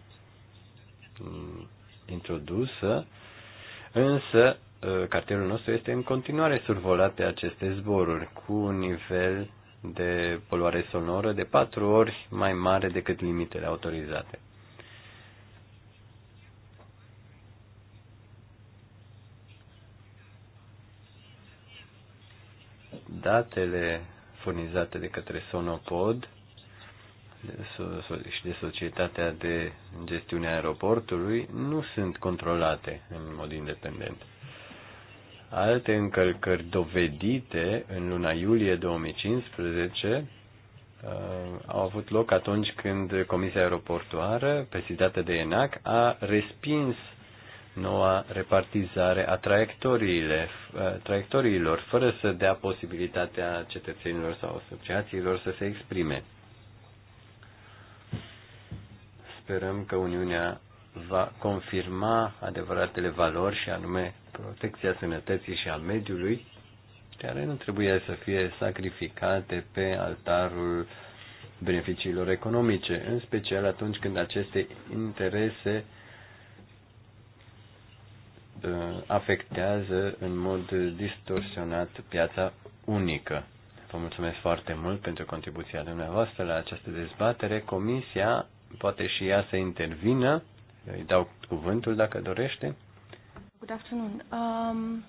introdusă, însă uh, cartierul nostru este în continuare survolat de aceste zboruri, cu un nivel de poluare sonoră de patru ori mai mare decât limitele autorizate. Datele furnizate de către Sonopod și de Societatea de Gestiune a Aeroportului nu sunt controlate în mod independent. Alte încălcări dovedite în luna iulie 2015 uh, au avut loc atunci când Comisia Aeroportuară, pe de ENAC, a respins noua repartizare a traiectoriile, traiectoriilor, fără să dea posibilitatea cetățenilor sau asociațiilor să se exprime. Sperăm că Uniunea va confirma adevăratele valori și anume protecția sănătății și a mediului, care nu trebuie să fie sacrificate pe altarul beneficiilor economice, în special atunci când aceste interese Uh, afectează în mod distorsionat piața unică. Vă mulțumesc foarte mult pentru contribuția dumneavoastră la această dezbatere. Comisia poate și ea să intervină. Îi dau cuvântul dacă dorește. Good afternoon. Um,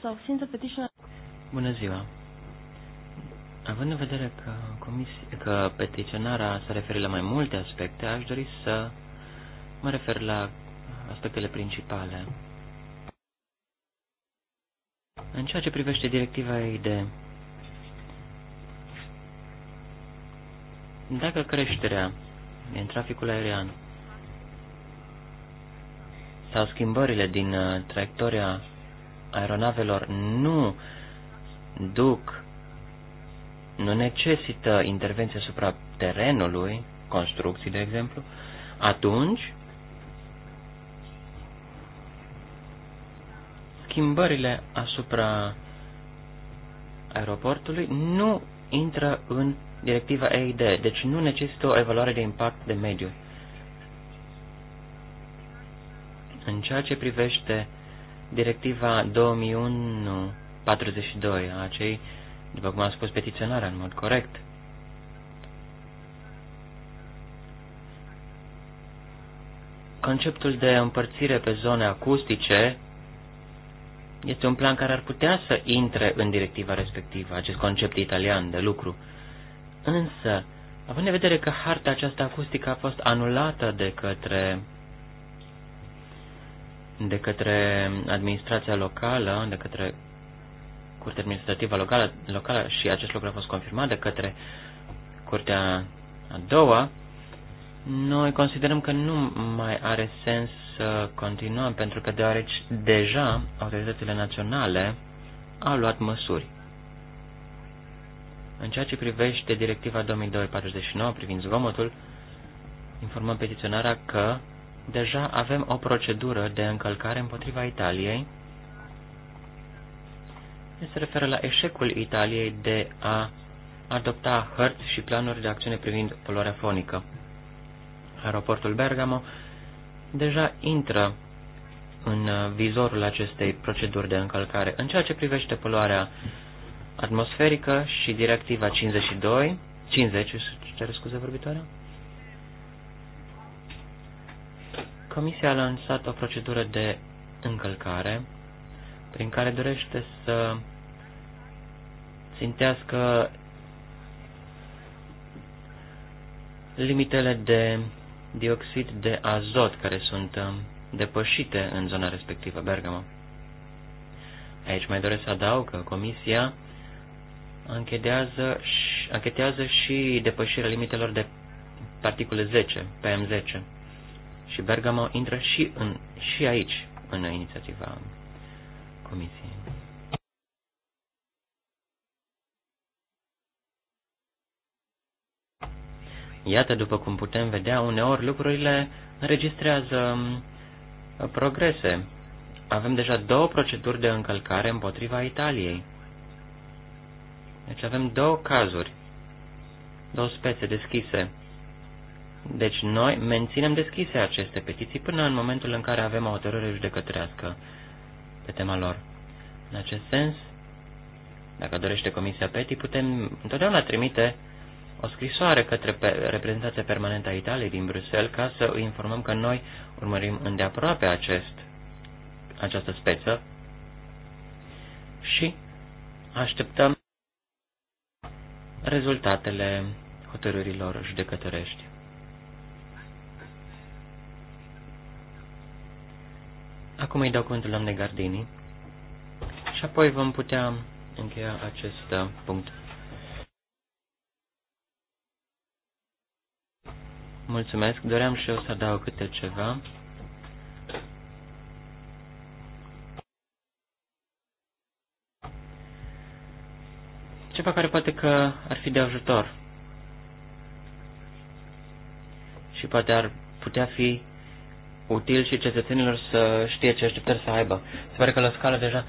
so, since the petition... Bună ziua. Având în vedere că, comisia, că petiționarea se referă la mai multe aspecte, aș dori să mă refer la aspectele principale. În ceea ce privește directiva EID, dacă creșterea în traficul aerian sau schimbările din uh, traiectoria aeronavelor nu duc, nu necesită intervenție asupra terenului, construcții, de exemplu, atunci schimbările asupra aeroportului nu intră în directiva EID, deci nu necesită o evaluare de impact de mediu. În ceea ce privește directiva 2001-42, acei, după cum am spus petiționarea în mod corect, conceptul de împărțire pe zone acustice este un plan care ar putea să intre în directiva respectivă, acest concept italian de lucru. Însă, având în vedere că harta aceasta acustică a fost anulată de către de către administrația locală, de către Curtea Administrativă locală, locală și acest lucru a fost confirmat de către Curtea a doua, noi considerăm că nu mai are sens să continuăm, pentru că deoarece deja autoritățile naționale au luat măsuri. În ceea ce privește directiva 2249 privind zgomotul, informăm petiționarea că deja avem o procedură de încălcare împotriva Italiei. Se referă la eșecul Italiei de a adopta hărți și planuri de acțiune privind poluarea fonică. Aeroportul Bergamo deja intră în uh, vizorul acestei proceduri de încălcare. În ceea ce privește poluarea atmosferică și directiva 52, 50, cer scuze vorbitoarea, Comisia a lansat o procedură de încălcare prin care dorește să țintească limitele de dioxid de azot care sunt um, depășite în zona respectivă, Bergamo. Aici mai doresc să adaug că Comisia anchetează și, și depășirea limitelor de particule 10, PM10. Și Bergamo intră și, în, și aici, în inițiativa Comisiei. Iată, după cum putem vedea, uneori lucrurile înregistrează uh, progrese. Avem deja două proceduri de încălcare împotriva Italiei. Deci avem două cazuri, două spețe deschise. Deci noi menținem deschise aceste petiții până în momentul în care avem o hotărâre judecătorească pe tema lor. În acest sens, dacă dorește Comisia PETI, putem întotdeauna trimite o scrisoare către reprezentația permanentă a Italiei din Bruxelles ca să îi informăm că noi urmărim îndeaproape acest, această speță și așteptăm rezultatele hotărârilor judecătorești. Acum îi dau cuvântul doamnei Gardini și apoi vom putea încheia acest punct. Mulțumesc, doream și eu să adaug câte ceva. Ceva care poate că ar fi de ajutor și poate ar putea fi util și cetățenilor să știe ce așteptări să aibă. Se pare că la scală deja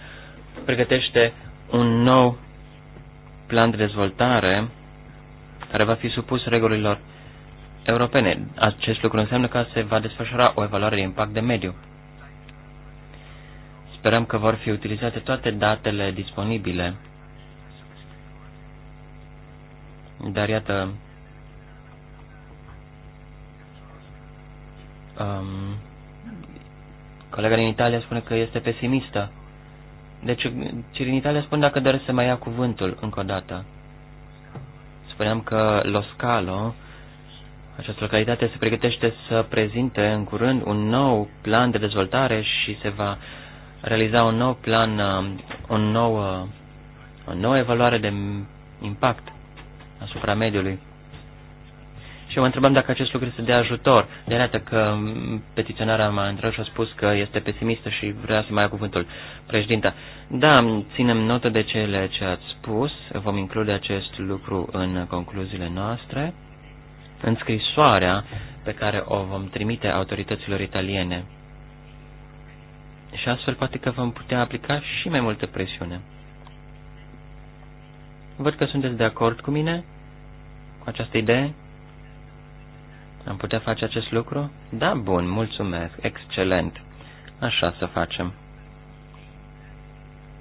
pregătește un nou plan de dezvoltare care va fi supus regulilor europene. Acest lucru înseamnă că se va desfășura o evaluare de impact de mediu. Sperăm că vor fi utilizate toate datele disponibile. Dar iată, um, colega din Italia spune că este pesimistă. Deci, ce din Italia spun dacă doresc să mai ia cuvântul încă o dată. Spuneam că Loscalo Scalo această localitate se pregătește să prezinte în curând un nou plan de dezvoltare și se va realiza un nou plan, um, un nou, uh, o nouă evaluare de impact asupra mediului. Și mă întrebam dacă acest lucru este de ajutor. De arată că petiționarea m-a întrebat și a spus că este pesimistă și vrea să mai ia cuvântul președinta. Da, ținem notă de cele ce ați spus, vom include acest lucru în concluziile noastre în scrisoarea pe care o vom trimite autorităților italiene. Și astfel poate că vom putea aplica și mai multă presiune. Văd că sunteți de acord cu mine, cu această idee. Am putea face acest lucru? Da, bun, mulțumesc, excelent. Așa să facem.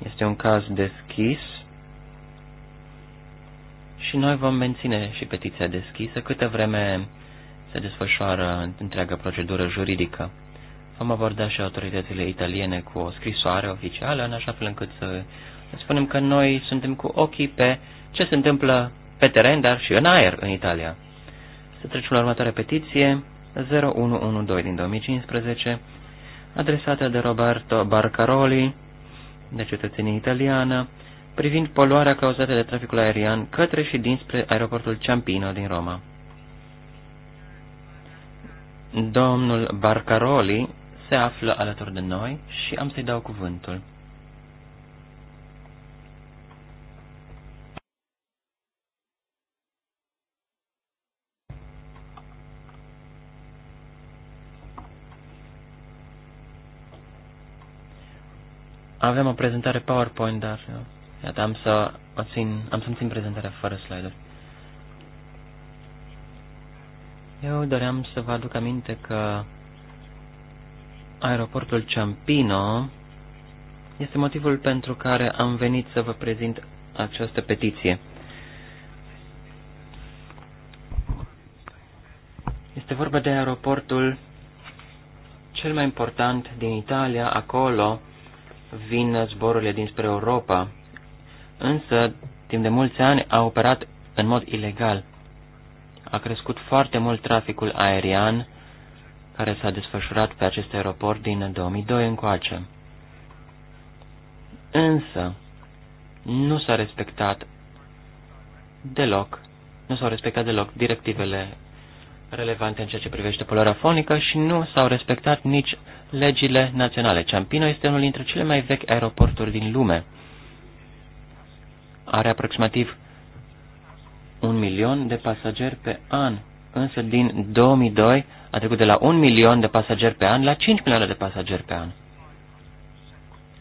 Este un caz deschis și noi vom menține și petiția deschisă câtă vreme se desfășoară întreaga procedură juridică. Vom aborda și autoritățile italiene cu o scrisoare oficială, în așa fel încât să spunem că noi suntem cu ochii pe ce se întâmplă pe teren, dar și în aer în Italia. Să trecem la următoarea petiție, 0112 din 2015, adresată de Roberto Barcaroli, de cetățenie italiană, privind poluarea cauzată de traficul aerian către și dinspre aeroportul Ciampino din Roma. Domnul Barcaroli se află alături de noi și am să-i dau cuvântul. Avem o prezentare PowerPoint, dar Iată, am să, o țin, am să țin prezentarea fără slide-uri. Eu doream să vă aduc aminte că aeroportul Ciampino este motivul pentru care am venit să vă prezint această petiție. Este vorba de aeroportul cel mai important din Italia, acolo vin zborurile dinspre Europa însă timp de mulți ani a operat în mod ilegal. A crescut foarte mult traficul aerian care s-a desfășurat pe acest aeroport din 2002 încoace. Însă, nu s-a respectat deloc, nu s-au respectat deloc directivele relevante în ceea ce privește poluarea fonică și nu s-au respectat nici legile naționale. Ciampino este unul dintre cele mai vechi aeroporturi din lume are aproximativ un milion de pasageri pe an, însă din 2002 a trecut de la un milion de pasageri pe an la 5 milioane de pasageri pe an.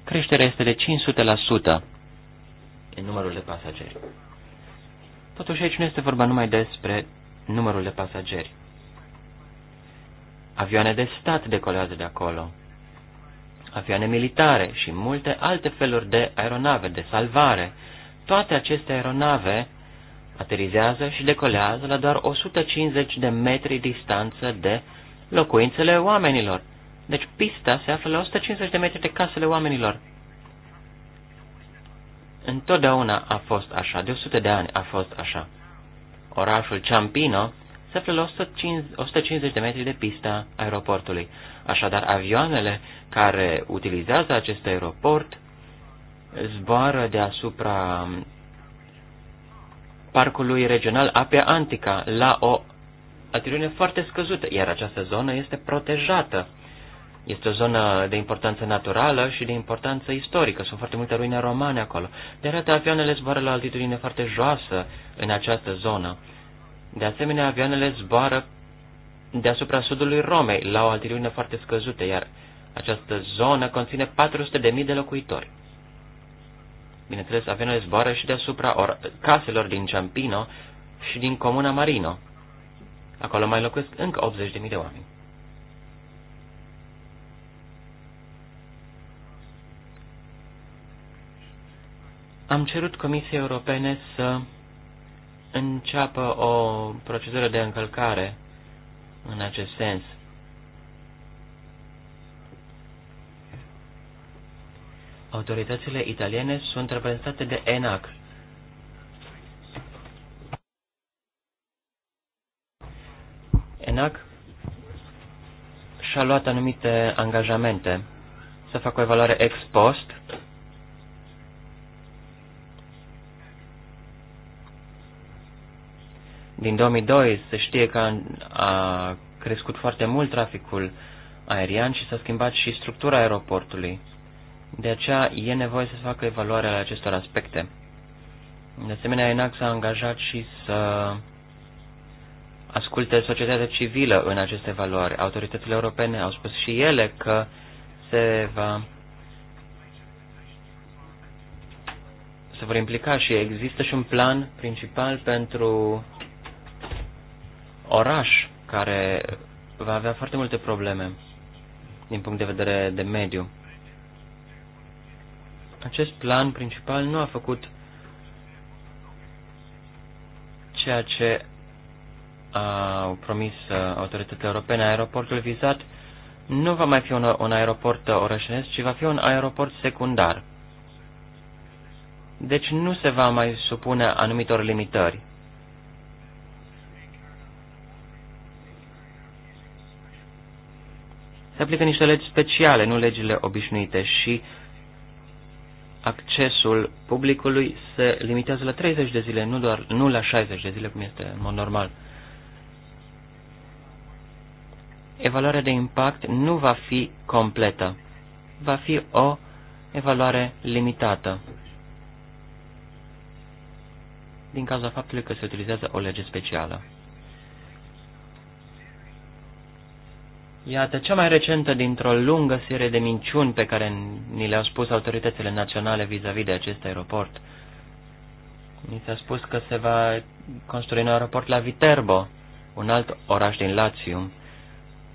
Creșterea este de 500% în numărul de pasageri. Totuși aici nu este vorba numai despre numărul de pasageri. Avioane de stat decolează de acolo, avioane militare și multe alte feluri de aeronave de salvare, toate aceste aeronave aterizează și decolează la doar 150 de metri distanță de locuințele oamenilor. Deci pista se află la 150 de metri de casele oamenilor. Întotdeauna a fost așa, de 100 de ani a fost așa. Orașul Ciampino se află la 150, 150 de metri de pista aeroportului. Așadar, avioanele care utilizează acest aeroport zboară deasupra parcului regional Apia Antica, la o altitudine foarte scăzută, iar această zonă este protejată. Este o zonă de importanță naturală și de importanță istorică. Sunt foarte multe ruine romane acolo. De arată avioanele zboară la altitudine foarte joasă în această zonă. De asemenea, avioanele zboară deasupra sudului Romei, la o altitudine foarte scăzută, iar această zonă conține 400.000 de locuitori. Bineînțeles, de zboară și deasupra or caselor din Ciampino și din comuna Marino. Acolo mai locuiesc încă 80.000 de oameni. Am cerut Comisiei Europene să înceapă o procedură de încălcare în acest sens. Autoritățile italiene sunt reprezentate de ENAC. ENAC și-a luat anumite angajamente să facă o evaluare ex post din 2002 se știe că a crescut foarte mult traficul aerian și s-a schimbat și structura aeroportului. De aceea e nevoie să se facă evaluarea acestor aspecte. De asemenea, ENAC s-a angajat și să asculte societatea civilă în aceste valori. Autoritățile europene au spus și ele că se va se vor implica și există și un plan principal pentru oraș care va avea foarte multe probleme din punct de vedere de mediu. Acest plan principal nu a făcut ceea ce au promis uh, autoritățile europene. Aeroportul vizat nu va mai fi un, un aeroport orășenesc, ci va fi un aeroport secundar. Deci nu se va mai supune anumitor limitări. Se aplică niște legi speciale, nu legile obișnuite și uh, accesul publicului se limitează la 30 de zile, nu, doar, nu la 60 de zile, cum este în mod normal. Evaluarea de impact nu va fi completă, va fi o evaluare limitată din cauza faptului că se utilizează o lege specială. Iată, cea mai recentă dintr-o lungă serie de minciuni pe care ni le-au spus autoritățile naționale vis-a-vis -vis de acest aeroport. Ni s-a spus că se va construi un aeroport la Viterbo, un alt oraș din Lațiu,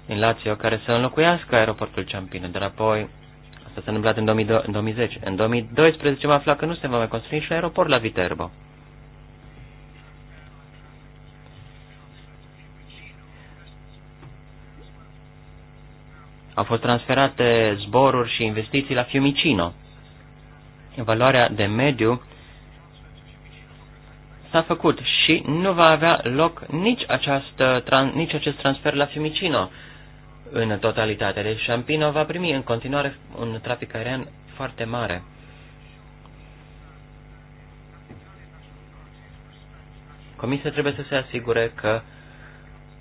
din Lazio, care să înlocuiască aeroportul Ciampino. Dar apoi, asta s-a întâmplat în, 2000, în 2010. În 2012 a aflat că nu se va mai construi și aeroport la Viterbo. Au fost transferate zboruri și investiții la Fiumicino. Valoarea de mediu s-a făcut și nu va avea loc nici, această, nici acest transfer la Fiumicino în totalitate. Deci Șampino va primi în continuare un trafic aerian foarte mare. Comisia trebuie să se asigure că uh,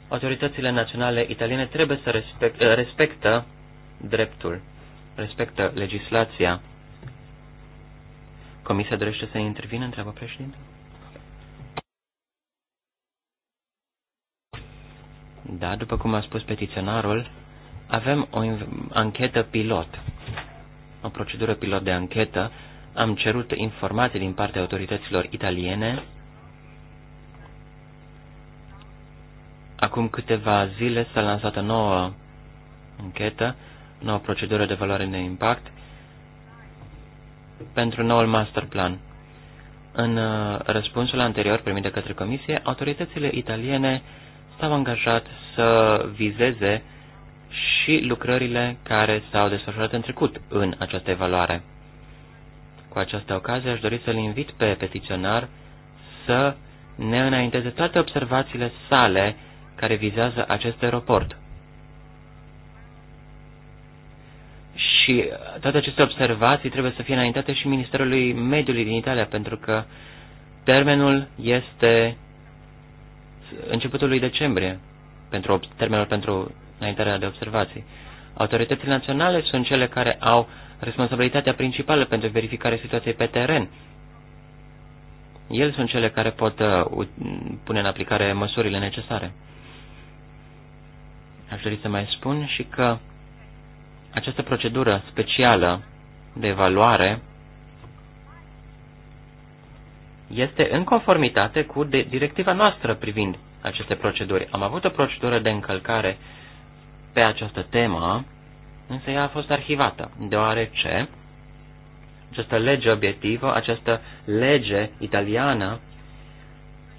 autoritățile naționale italiene trebuie să respect, eh, respectă dreptul, respectă legislația. Comisia dorește să intervină, întreabă președinte? Da, după cum a spus petiționarul, avem o anchetă pilot, o procedură pilot de anchetă. Am cerut informații din partea autorităților italiene Acum câteva zile s-a lansat o nouă închetă, nouă procedură de valoare de impact pentru noul master plan. În uh, răspunsul anterior primit de către Comisie, autoritățile italiene s-au angajat să vizeze și lucrările care s-au desfășurat în trecut în această evaluare. Cu această ocazie aș dori să-l invit pe petiționar să ne înainteze toate observațiile sale care vizează acest aeroport. Și toate aceste observații trebuie să fie înaintate și Ministerului Mediului din Italia, pentru că termenul este începutul lui decembrie, pentru termenul pentru înaintarea de observații. Autoritățile naționale sunt cele care au responsabilitatea principală pentru verificarea situației pe teren. Ele sunt cele care pot uh, pune în aplicare măsurile necesare. Aș dori să mai spun și că această procedură specială de evaluare este în conformitate cu directiva noastră privind aceste proceduri. Am avut o procedură de încălcare pe această temă, însă ea a fost arhivată, deoarece această lege obiectivă, această lege italiană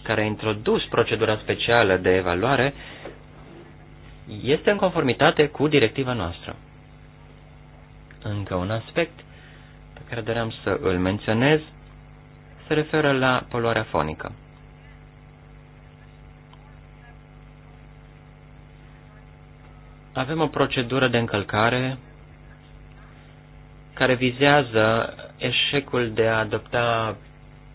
care a introdus procedura specială de evaluare, este în conformitate cu directiva noastră. Încă un aspect pe care doream să îl menționez se referă la poluarea fonică. Avem o procedură de încălcare care vizează eșecul de a adopta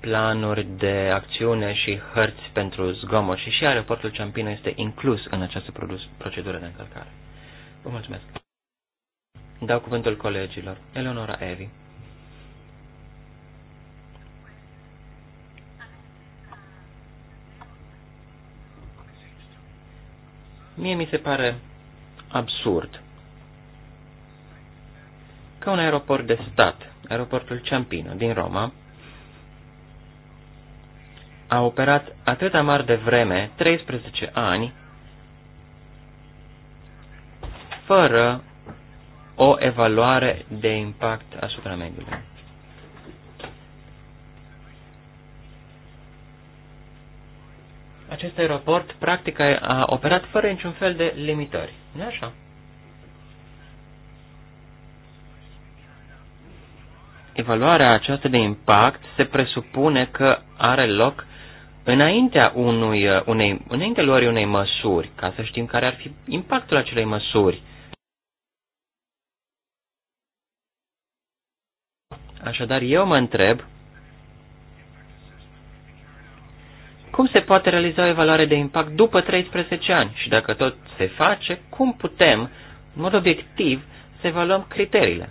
planuri de acțiune și hărți pentru zgomot și și aeroportul Ciampino este inclus în această procedură de încălcare. Vă mulțumesc. Dau cuvântul colegilor. Eleonora Evi. Mie mi se pare absurd că un aeroport de stat, aeroportul Ciampino din Roma, a operat atâta mari de vreme, 13 ani, fără o evaluare de impact asupra mediului. Acest aeroport, practic, a operat fără niciun fel de limitări. nu așa? Evaluarea aceasta de impact se presupune că are loc înaintea unui, uh, unei, înainte luării unei măsuri, ca să știm care ar fi impactul acelei măsuri. Așadar, eu mă întreb cum se poate realiza o evaluare de impact după 13 ani și dacă tot se face, cum putem, în mod obiectiv, să evaluăm criteriile.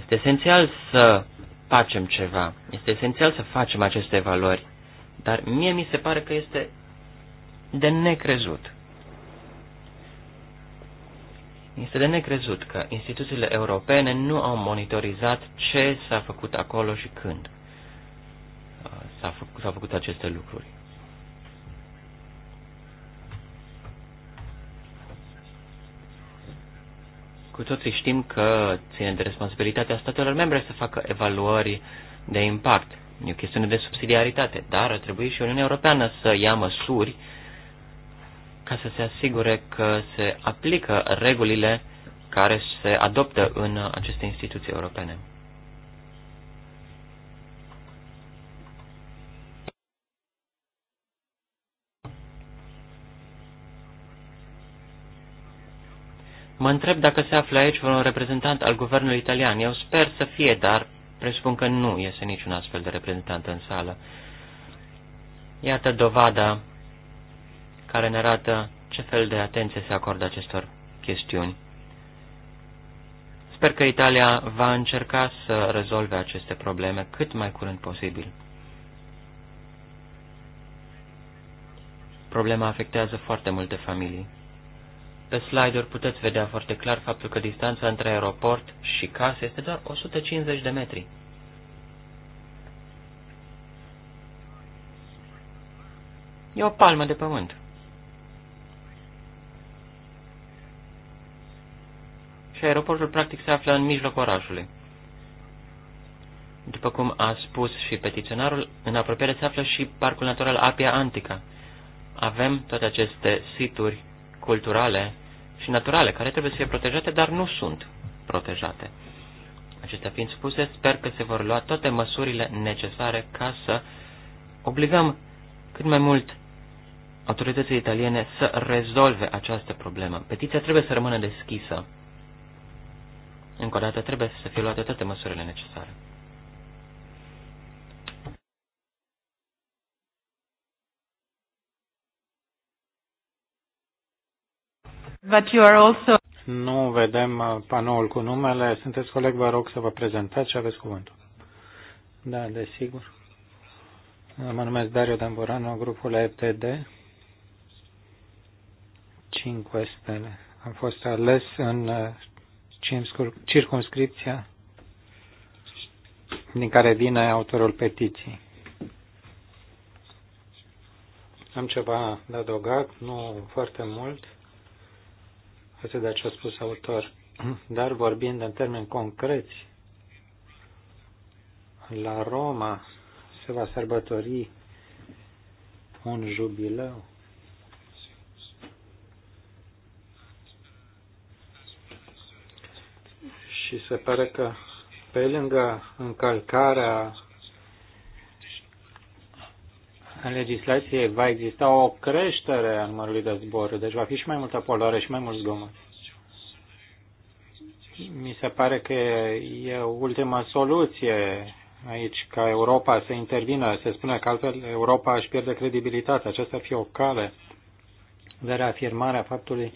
Este esențial să facem ceva. Este esențial să facem aceste valori. Dar mie mi se pare că este de necrezut. Este de necrezut că instituțiile europene nu au monitorizat ce s-a făcut acolo și când s-au făcut, făcut aceste lucruri. Cu toții știm că ține de responsabilitatea statelor membre să facă evaluări de impact. E o chestiune de subsidiaritate, dar ar trebui și Uniunea Europeană să ia măsuri ca să se asigure că se aplică regulile care se adoptă în aceste instituții europene. Mă întreb dacă se află aici vreun reprezentant al guvernului italian. Eu sper să fie, dar presupun că nu este niciun astfel de reprezentant în sală. Iată dovada care ne arată ce fel de atenție se acordă acestor chestiuni. Sper că Italia va încerca să rezolve aceste probleme cât mai curând posibil. Problema afectează foarte multe familii. Pe slider puteți vedea foarte clar faptul că distanța între aeroport și casă este doar 150 de metri. E o palmă de pământ. Și aeroportul practic se află în mijlocul orașului. După cum a spus și petiționarul, în apropiere se află și Parcul Natural Apia Antica. Avem toate aceste situri culturale și naturale, care trebuie să fie protejate, dar nu sunt protejate. Acestea fiind spuse, sper că se vor lua toate măsurile necesare ca să obligăm cât mai mult autoritățile italiene să rezolve această problemă. Petiția trebuie să rămână deschisă. Încă o dată trebuie să fie luate toate măsurile necesare. But you are also... Nu vedem uh, panoul cu numele. Sunteți coleg, vă rog să vă prezentați și aveți cuvântul. Da, desigur. Mă numesc Dario Damborano, grupul FTD. 5 stele. Am fost ales în uh, circumscripția din care vine autorul petiției. Am ceva de adăugat, nu foarte mult față de ce a spus autor. Dar vorbind în termeni concreți, la Roma se va sărbători un jubileu. Și se pare că pe lângă încălcarea în legislație va exista o creștere a numărului de zboruri, deci va fi și mai multă poluare și mai mult zgomot. Mi se pare că e ultima soluție aici ca Europa să intervină. Se spune că altfel Europa își pierde credibilitatea. Aceasta ar fi o cale de reafirmare a faptului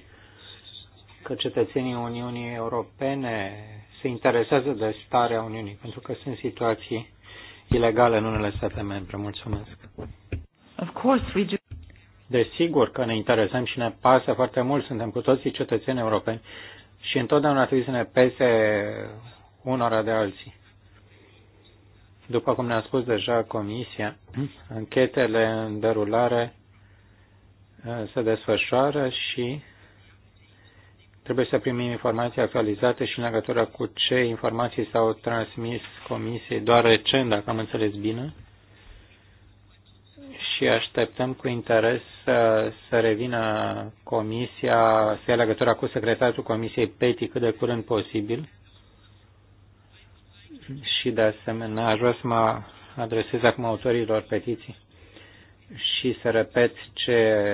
că cetățenii Uniunii Europene se interesează de starea Uniunii, pentru că sunt situații ilegale în unele state membre. Mulțumesc. Of course we do. Desigur că ne interesăm și ne pasă foarte mult, suntem cu toții cetățeni europeni și întotdeauna trebuie să ne pese unora de alții. După cum ne-a spus deja Comisia, anchetele în derulare eh, se desfășoară și Trebuie să primim informații actualizate și în legătură cu ce informații s-au transmis comisiei doar recent, dacă am înțeles bine. Și așteptăm cu interes să, să revină comisia, să ia legătura cu secretarul comisiei PETI cât de curând posibil. Și de asemenea, aș vrea să mă adresez acum autorilor petiții și să repet ce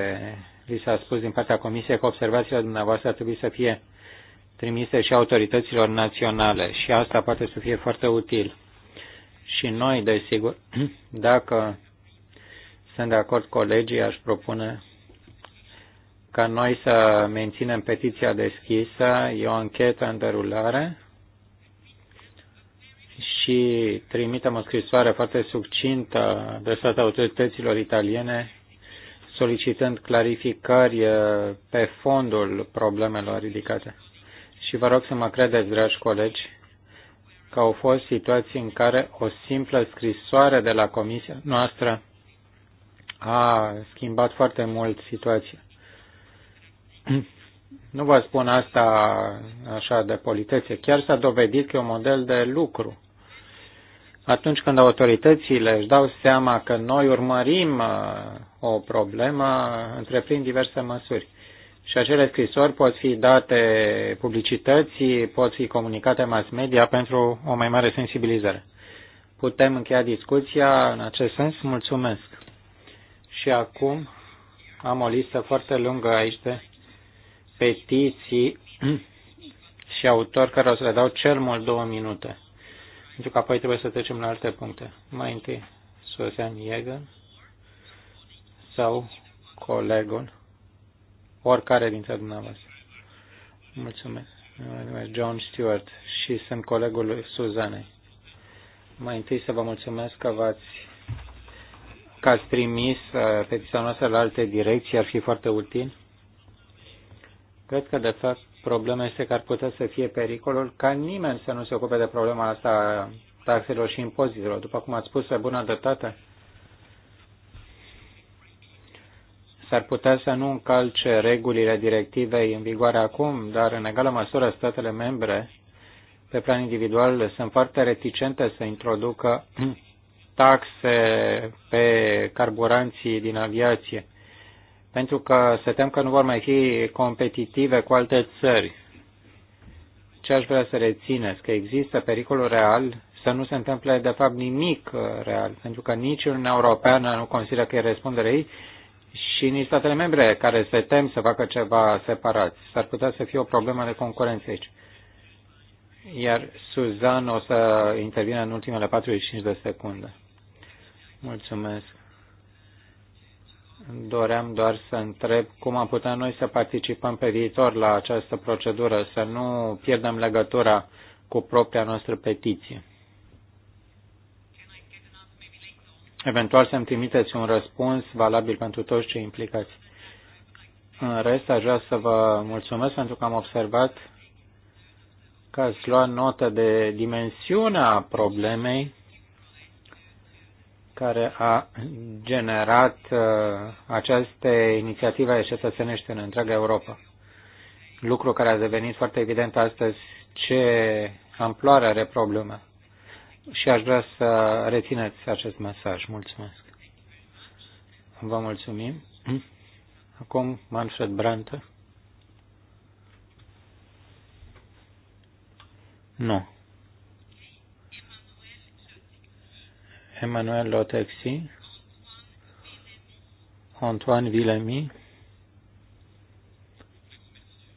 li s-a spus din partea Comisiei că observațiile dumneavoastră trebuie să fie trimise și autorităților naționale și asta poate să fie foarte util. Și noi, desigur, dacă sunt de acord colegii, aș propune ca noi să menținem petiția deschisă, e o anchetă în derulare și trimitem o scrisoare foarte succintă adresată autorităților italiene solicitând clarificări uh, pe fondul problemelor ridicate. Și vă rog să mă credeți, dragi colegi, că au fost situații în care o simplă scrisoare de la comisia noastră a schimbat foarte mult situația. Nu vă spun asta așa de politețe. Chiar s-a dovedit că e un model de lucru atunci când autoritățile își dau seama că noi urmărim uh, o problemă, întreprind diverse măsuri. Și acele scrisori pot fi date publicității, pot fi comunicate mass media pentru o mai mare sensibilizare. Putem încheia discuția în acest sens? Mulțumesc! Și acum am o listă foarte lungă aici de petiții și autori care o să le dau cel mult două minute pentru că apoi trebuie să trecem la alte puncte. Mai întâi, Susan Yegan sau colegul, oricare dintre dumneavoastră. Mulțumesc. John Stewart și sunt colegul lui Suzanne. Mai întâi să vă mulțumesc că v-ați că ați trimis uh, petiția noastră la alte direcții, ar fi foarte util. Cred că, de fapt, Problema este că ar putea să fie pericolul ca nimeni să nu se ocupe de problema asta a taxelor și impozitelor. După cum ați spus, pe bună dreptate, s-ar putea să nu încalce regulile directivei în vigoare acum, dar în egală măsură statele membre, pe plan individual, sunt foarte reticente să introducă taxe pe carburanții din aviație pentru că se tem că nu vor mai fi competitive cu alte țări. Ce aș vrea să rețineți? Că există pericolul real să nu se întâmple de fapt nimic uh, real, pentru că nici Uniunea Europeană nu consideră că e răspunderea ei și nici statele membre care se tem să facă ceva separat. S-ar putea să fie o problemă de concurență aici. Iar Suzan o să intervină în ultimele 45 de secunde. Mulțumesc doream doar să întreb cum am putea noi să participăm pe viitor la această procedură, să nu pierdem legătura cu propria noastră petiție. Eventual să-mi trimiteți un răspuns valabil pentru toți cei implicați. În rest, aș vrea să vă mulțumesc pentru că am observat că ați luat notă de dimensiunea problemei care a generat uh, această inițiativă cetățenește în întreaga Europa. Lucru care a devenit foarte evident astăzi ce amploare are problema. Și aș vrea să rețineți acest mesaj. Mulțumesc. Vă mulțumim. Acum Manfred Brandt. Nu. Emmanuel Lotexi, Antoine Villemi.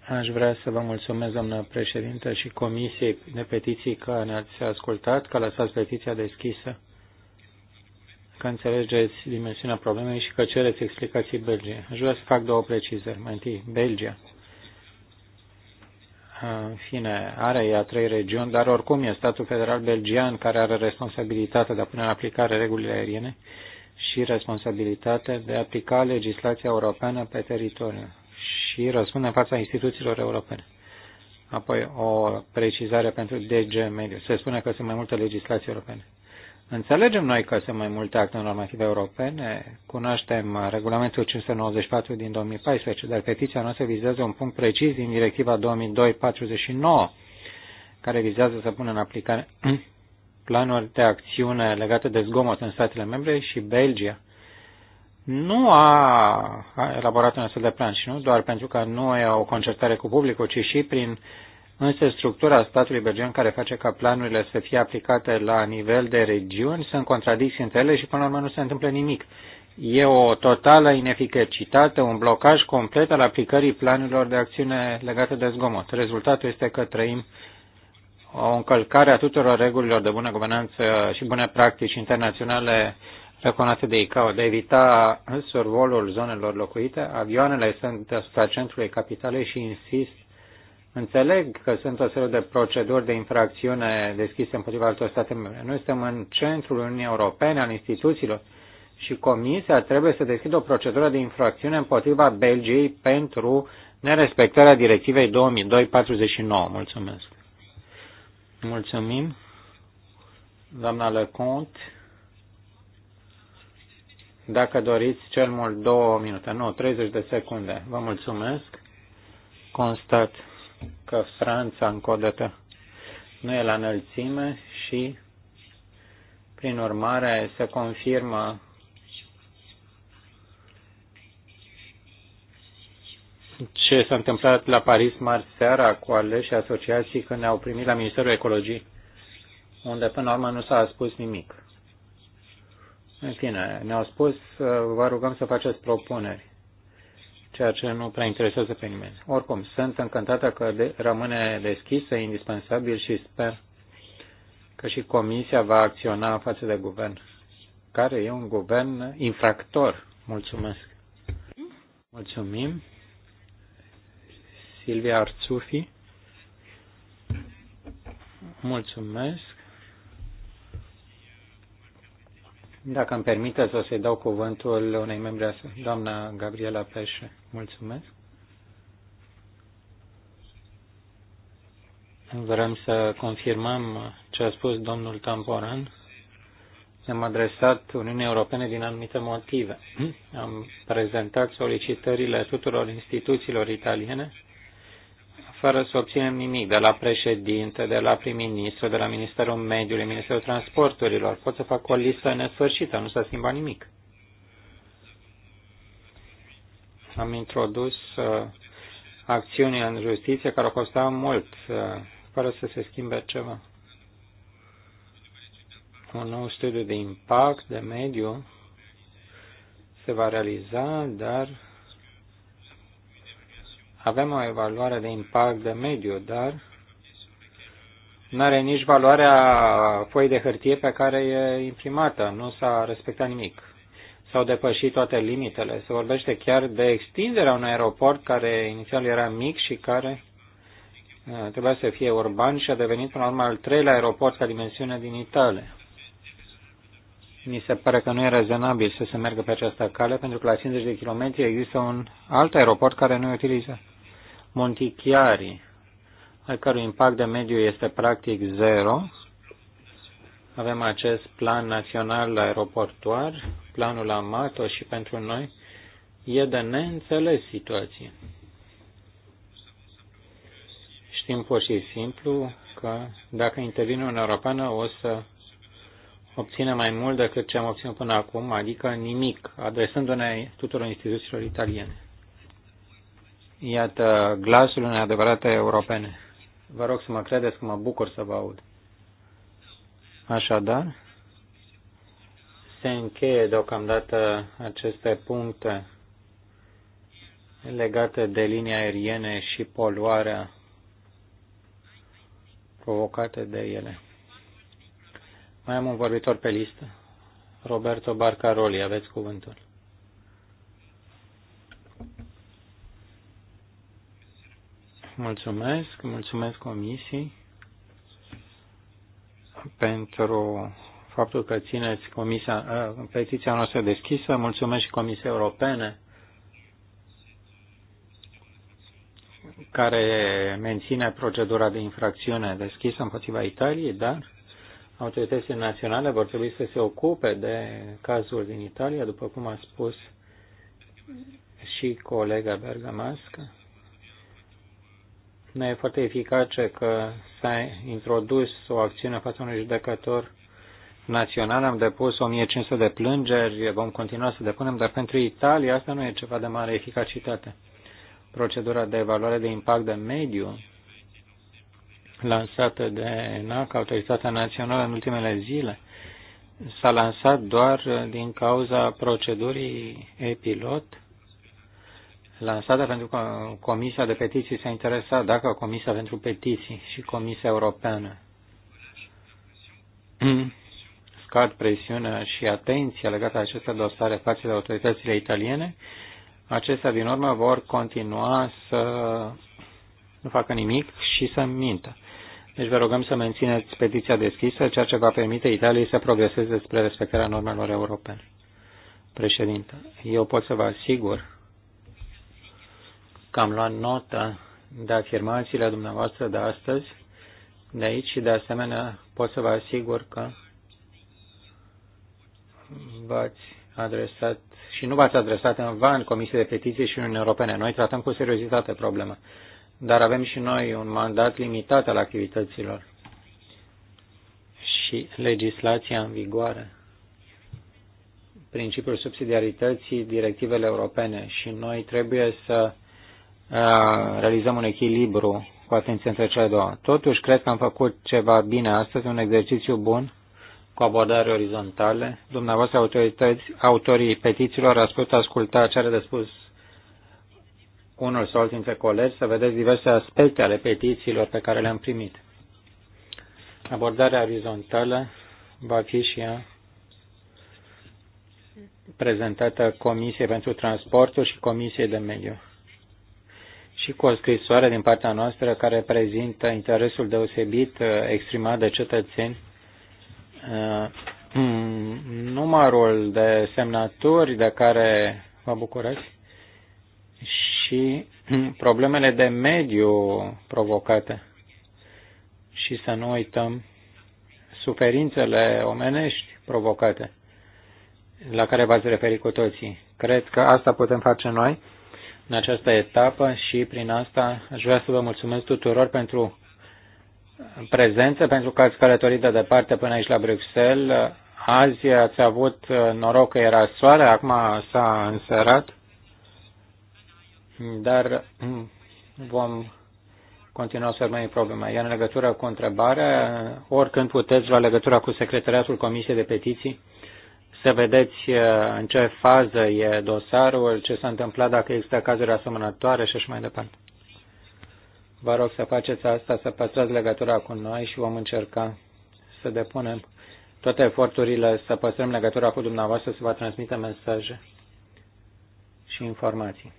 Aș vrea să vă mulțumesc, doamnă președintă, și Comisiei de Petiții că ne-ați ascultat, că lăsați petiția deschisă, că înțelegeți dimensiunea problemei și că cereți explicații Belgiei. Aș vrea să fac două precizări. Mai întâi, Belgia în fine, are ea trei regiuni, dar oricum e statul federal belgian care are responsabilitatea de a pune în aplicare regulile aeriene și responsabilitatea de a aplica legislația europeană pe teritoriu și răspunde în fața instituțiilor europene. Apoi o precizare pentru DG Mediu. Se spune că sunt mai multe legislații europene. Înțelegem noi că sunt mai multe acte normative europene, cunoaștem regulamentul 594 din 2014, dar petiția noastră vizează un punct precis din directiva 2002/49, care vizează să pună în aplicare planuri de acțiune legate de zgomot în statele membre și Belgia. Nu a elaborat un astfel de plan și nu doar pentru că nu e o concertare cu publicul, ci și prin este structura statului belgian care face ca planurile să fie aplicate la nivel de regiuni sunt contradicții între ele și până la urmă nu se întâmplă nimic. E o totală ineficacitate, un blocaj complet al aplicării planurilor de acțiune legate de zgomot. Rezultatul este că trăim o încălcare a tuturor regulilor de bună guvernanță și bune practici internaționale recunoscute de ICAO, de a evita survolul zonelor locuite. Avioanele sunt asupra centrului capitalei și insist Înțeleg că sunt o serie de proceduri de infracțiune deschise împotriva altor state membre. Noi suntem în centrul Uniunii Europene, al instituțiilor, și Comisia trebuie să deschidă o procedură de infracțiune împotriva Belgiei pentru nerespectarea directivei 2002-49. Mulțumesc. Mulțumim. Doamna Leconte, dacă doriți cel mult două minute, nu, 30 de secunde. Vă mulțumesc. Constat că Franța, încă o dată, nu e la înălțime și, prin urmare, se confirmă ce s-a întâmplat la Paris marți seara cu aleși asociații când ne-au primit la Ministerul Ecologiei, unde până la urmă nu s-a spus nimic. În fine, ne-au spus, vă rugăm să faceți propuneri ceea ce nu prea interesează pe nimeni. Oricum, sunt încântată că de, rămâne deschisă, indispensabil și sper că și Comisia va acționa față de guvern, care e un guvern infractor. Mulțumesc. Mulțumim. Silvia Arțufi. Mulțumesc. Dacă îmi permiteți, o să-i dau cuvântul unei membre, doamna Gabriela Peșe. Mulțumesc. Vrem să confirmăm ce a spus domnul Tamporan. Ne-am adresat Uniunii Europene din anumite motive. Am prezentat solicitările tuturor instituțiilor italiene fără să obținem nimic de la președinte, de la prim-ministru, de la Ministerul Mediului, Ministerul Transporturilor. Pot să fac o listă nesfârșită, nu s-a schimbat nimic. am introdus uh, acțiuni în justiție care au costat mult, uh, fără să se schimbe ceva. Un nou studiu de impact, de mediu, se va realiza, dar avem o evaluare de impact de mediu, dar nu are nici valoarea foii de hârtie pe care e imprimată, nu s-a respectat nimic s-au depășit toate limitele. Se vorbește chiar de extinderea unui aeroport care inițial era mic și care uh, trebuia să fie urban și a devenit până la urmă al treilea aeroport ca dimensiune din Italia. Mi se pare că nu e rezonabil să se meargă pe această cale, pentru că la 50 de kilometri există un alt aeroport care nu e utilizat. Montichiari, al cărui impact de mediu este practic zero, avem acest plan național aeroportuar, planul AMATO și pentru noi e de neînțeles situație. Știm pur și simplu că dacă intervine Uniunea Europeană o să obține mai mult decât ce am obținut până acum, adică nimic, adresându-ne tuturor instituțiilor italiene. Iată glasul unei adevărate europene. Vă rog să mă credeți că mă bucur să vă aud. Așadar, se încheie deocamdată aceste puncte legate de linii aeriene și poluarea provocate de ele. Mai am un vorbitor pe listă. Roberto Barcaroli, aveți cuvântul. Mulțumesc, mulțumesc comisiei pentru faptul că țineți comisia, petiția noastră deschisă. Mulțumesc și Comisiei Europene care menține procedura de infracțiune deschisă împotriva Italiei, dar autoritățile naționale vor trebui să se ocupe de cazul din Italia, după cum a spus și colega Bergamasca nu e foarte eficace că s-a introdus o acțiune față unui judecător național. Am depus 1500 de plângeri, vom continua să depunem, dar pentru Italia asta nu e ceva de mare eficacitate. Procedura de evaluare de impact de mediu lansată de ENAC, Autoritatea Națională, în ultimele zile, s-a lansat doar din cauza procedurii e-pilot lansată pentru că Comisia de Petiții s-a interesat dacă Comisia pentru Petiții și Comisia Europeană scad presiunea și atenția legată de aceste dosare față de autoritățile italiene, acestea din urmă vor continua să nu facă nimic și să mintă. Deci vă rugăm să mențineți petiția deschisă, ceea ce va permite Italiei să progreseze spre respectarea normelor europene. Președinte, eu pot să vă asigur că am luat notă de afirmațiile dumneavoastră de astăzi, de aici și de asemenea pot să vă asigur că v-ați adresat și nu v-ați adresat în van Comisiei de Petiții și Uniunea Europene. Noi tratăm cu seriozitate problema, dar avem și noi un mandat limitat al activităților și legislația în vigoare principiul subsidiarității directivele europene și noi trebuie să realizăm un echilibru cu atenție între cele două. Totuși, cred că am făcut ceva bine astăzi, un exercițiu bun cu abordare orizontale. Dumneavoastră, autorități, autorii petițiilor, ați putut asculta ce are de spus unul sau alții dintre colegi, să vedeți diverse aspecte ale petițiilor pe care le-am primit. Abordarea orizontală va fi și ea prezentată Comisiei pentru Transportul și Comisiei de Mediu și cu o scrisoare din partea noastră care prezintă interesul deosebit uh, exprimat de cetățeni uh, numărul de semnături de care vă bucurați și problemele de mediu provocate. Și să nu uităm suferințele omenești provocate, la care v-ați referit cu toții. Cred că asta putem face noi în această etapă și prin asta aș vrea să vă mulțumesc tuturor pentru prezență, pentru că ați călătorit de departe până aici la Bruxelles. Azi ați avut noroc că era soare, acum s-a înserat, dar vom continua să rămâne problema. E în legătură cu întrebarea, oricând puteți la legătura cu Secretariatul Comisiei de Petiții, să vedeți uh, în ce fază e dosarul, ce s-a întâmplat, dacă există cazuri asemănătoare și așa mai departe. Vă rog să faceți asta, să păstrați legătura cu noi și vom încerca să depunem toate eforturile să păstrăm legătura cu dumneavoastră, să vă transmită mesaje și informații.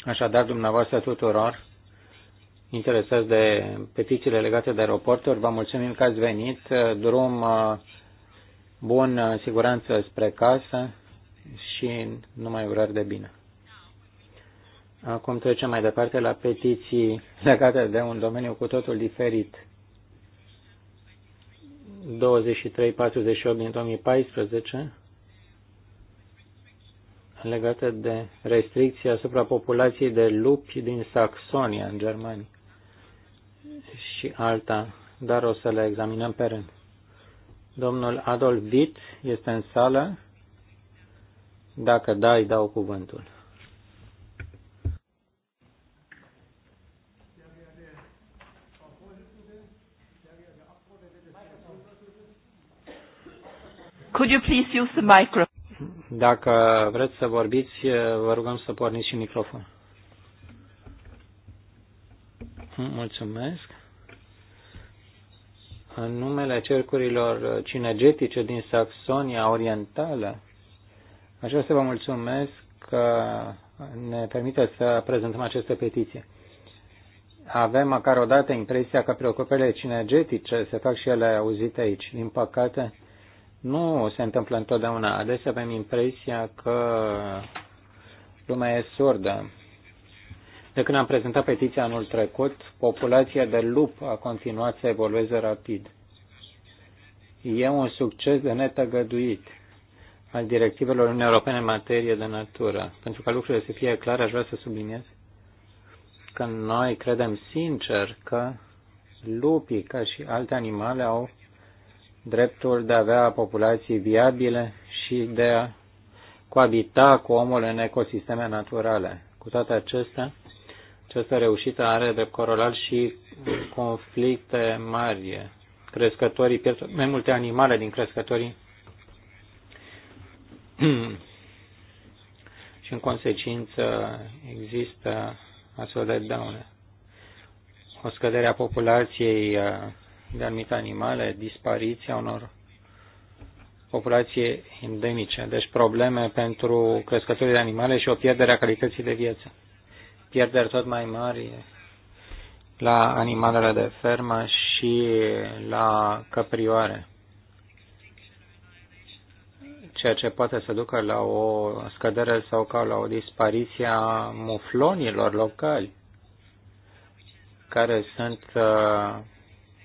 Așadar, dumneavoastră tuturor, interesați de petițiile legate de aeroporturi, vă mulțumim că ați venit. Drum uh, bună uh, siguranță spre casă și numai urări de bine. Acum trecem mai departe la petiții legate de un domeniu cu totul diferit. 23-48 din 2014 legată de restricții asupra populației de lupi din Saxonia, în Germania, și alta, dar o să le examinăm pe rând. Domnul Adolf Witt este în sală. Dacă da, îi dau cuvântul. Could you please use the micro? Dacă vreți să vorbiți, vă rugăm să porniți și microfon. Mulțumesc în numele cercurilor cinegetice din Saxonia Orientală. Aș vrea să vă mulțumesc că ne permite să prezentăm această petiție. Avem măcar o dată impresia că preocupările cinegetice se fac și ele auzite aici. Din păcate, nu se întâmplă întotdeauna. Adesea avem impresia că lumea e sordă de când am prezentat petiția anul trecut, populația de lup a continuat să evolueze rapid. E un succes de netăgăduit al directivelor Uniunii Europene în materie de natură. Pentru ca lucrurile să fie clare, aș vrea să subliniez că noi credem sincer că lupii, ca și alte animale, au dreptul de a avea populații viabile și de a coabita cu omul în ecosisteme naturale. Cu toate acestea, această reușită are de corolar și conflicte mari. Crescătorii pierd mai multe animale din crescătorii și în consecință există astfel de daune. O scădere a populației uh, de anumite animale, dispariția unor populație endemice, deci probleme pentru crescătorii de animale și o pierdere a calității de viață pierderi tot mai mari la animalele de fermă și la căprioare, ceea ce poate să ducă la o scădere sau ca la o dispariție a muflonilor locali, care sunt uh,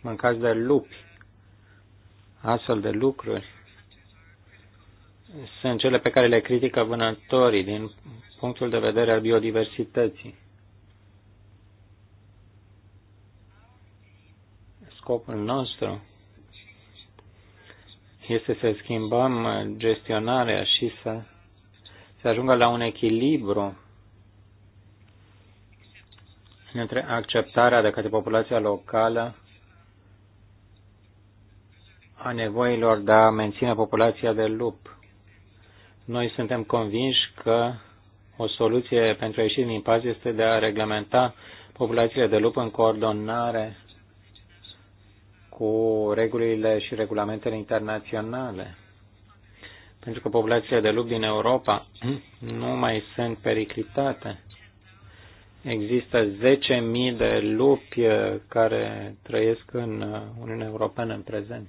mâncați de lupi. Astfel de lucruri sunt cele pe care le critică vânătorii din punctul de vedere al biodiversității. Scopul nostru este să schimbăm gestionarea și să se ajungă la un echilibru între acceptarea de către populația locală a nevoilor de a menține populația de lup. Noi suntem convinși că o soluție pentru a ieși din impas este de a reglementa populațiile de lup în coordonare cu regulile și regulamentele internaționale. Pentru că populațiile de lup din Europa nu mai sunt periclitate. Există 10.000 de lupi uh, care trăiesc în uh, Uniunea Europeană în prezent.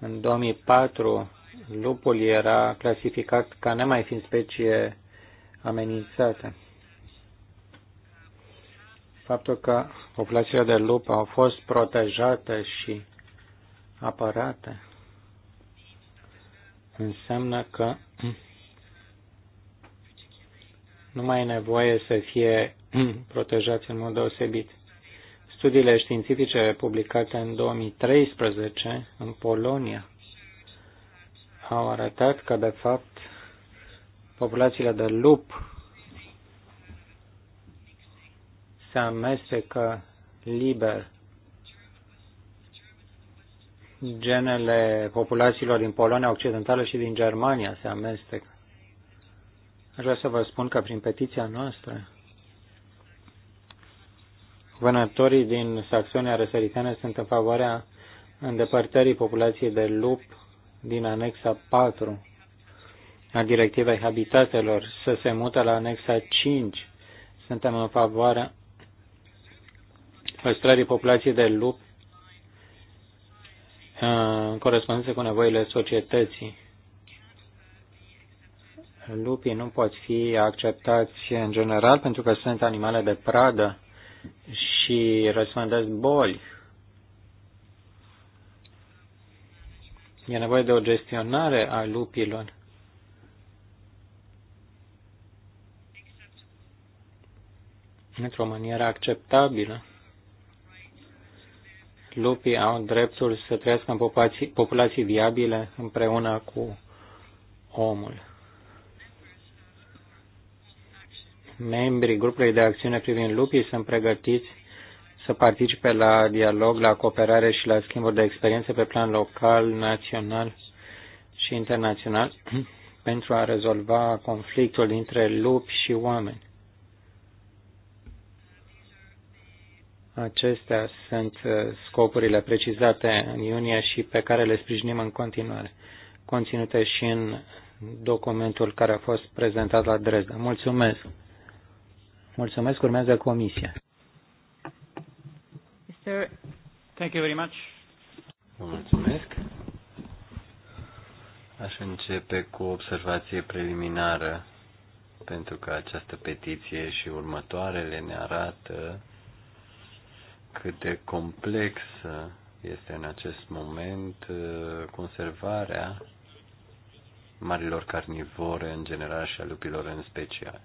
În 2004 lupul era clasificat ca nemai fiind specie amenințată. Faptul că populația de lup au fost protejate și apărate înseamnă că nu mai e nevoie să fie protejați în mod deosebit. Studiile științifice publicate în 2013 în Polonia au arătat că, de fapt, populațiile de lup se amestecă liber genele populațiilor din Polonia Occidentală și din Germania se amestecă. Aș vrea să vă spun că prin petiția noastră, vânătorii din Saxonia răsăritană sunt în favoarea îndepărtării populației de lup din anexa 4 a directivei habitatelor să se mute la anexa 5. Suntem în favoarea păstrării populației de lup uh, în corespondență cu nevoile societății. Lupii nu pot fi acceptați în general pentru că sunt animale de pradă și răspândesc boli E nevoie de o gestionare a lupilor. într-o manieră acceptabilă. Lupii au dreptul să trăiască în populații, populații viabile împreună cu omul. Membrii grupului de acțiune privind lupii sunt pregătiți să participe la dialog, la cooperare și la schimburi de experiențe pe plan local, național și internațional pentru a rezolva conflictul dintre lupi și oameni. Acestea sunt uh, scopurile precizate în iunie și pe care le sprijinim în continuare, conținute și în documentul care a fost prezentat la Dresda. Mulțumesc! Mulțumesc, urmează comisia sir. Thank you very much. mulțumesc. Aș începe cu o observație preliminară, pentru că această petiție și următoarele ne arată cât de complexă este în acest moment uh, conservarea marilor carnivore în general și a lupilor în special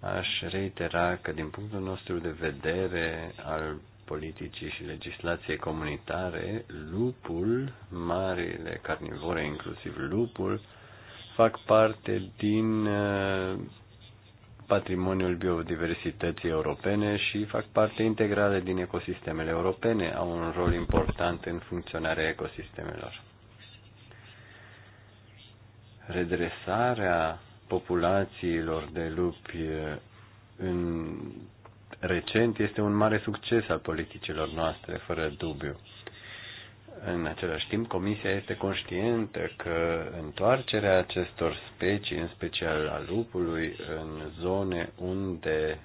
aș reitera că din punctul nostru de vedere al politicii și legislației comunitare, lupul, marile carnivore, inclusiv lupul, fac parte din uh, patrimoniul biodiversității europene și fac parte integrală din ecosistemele europene, au un rol important în funcționarea ecosistemelor. Redresarea populațiilor de lupi în recent este un mare succes al politicilor noastre, fără dubiu. În același timp, Comisia este conștientă că întoarcerea acestor specii, în special a lupului, în zone unde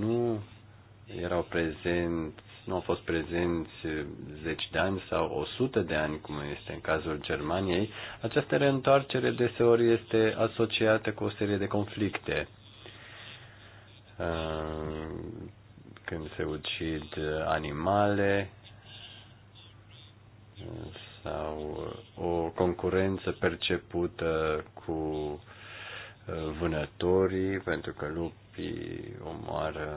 nu erau prezenți nu au fost prezenți zeci de ani sau o sută de ani, cum este în cazul Germaniei, această reîntoarcere deseori este asociată cu o serie de conflicte. Când se ucid animale sau o concurență percepută cu vânătorii, pentru că lupii omoară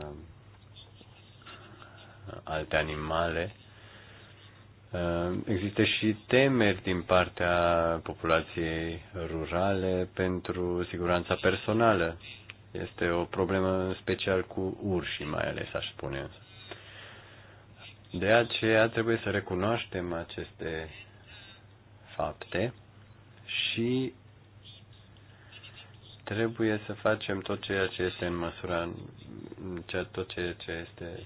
alte animale. Uh, există și temeri din partea populației rurale pentru siguranța personală. Este o problemă special cu urși mai ales, aș spune. De aceea trebuie să recunoaștem aceste fapte și trebuie să facem tot ceea ce este în măsura, tot ceea ce este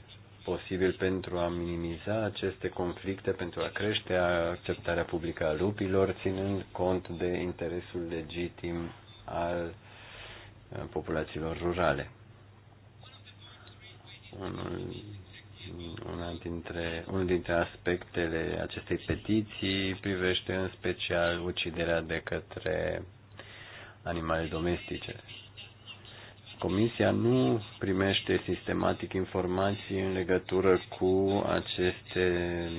posibil pentru a minimiza aceste conflicte, pentru a crește acceptarea publică a lupilor, ținând cont de interesul legitim al uh, populațiilor rurale. Unul, una dintre, unul dintre aspectele acestei petiții privește în special uciderea de către animale domestice. Comisia nu primește sistematic informații în legătură cu aceste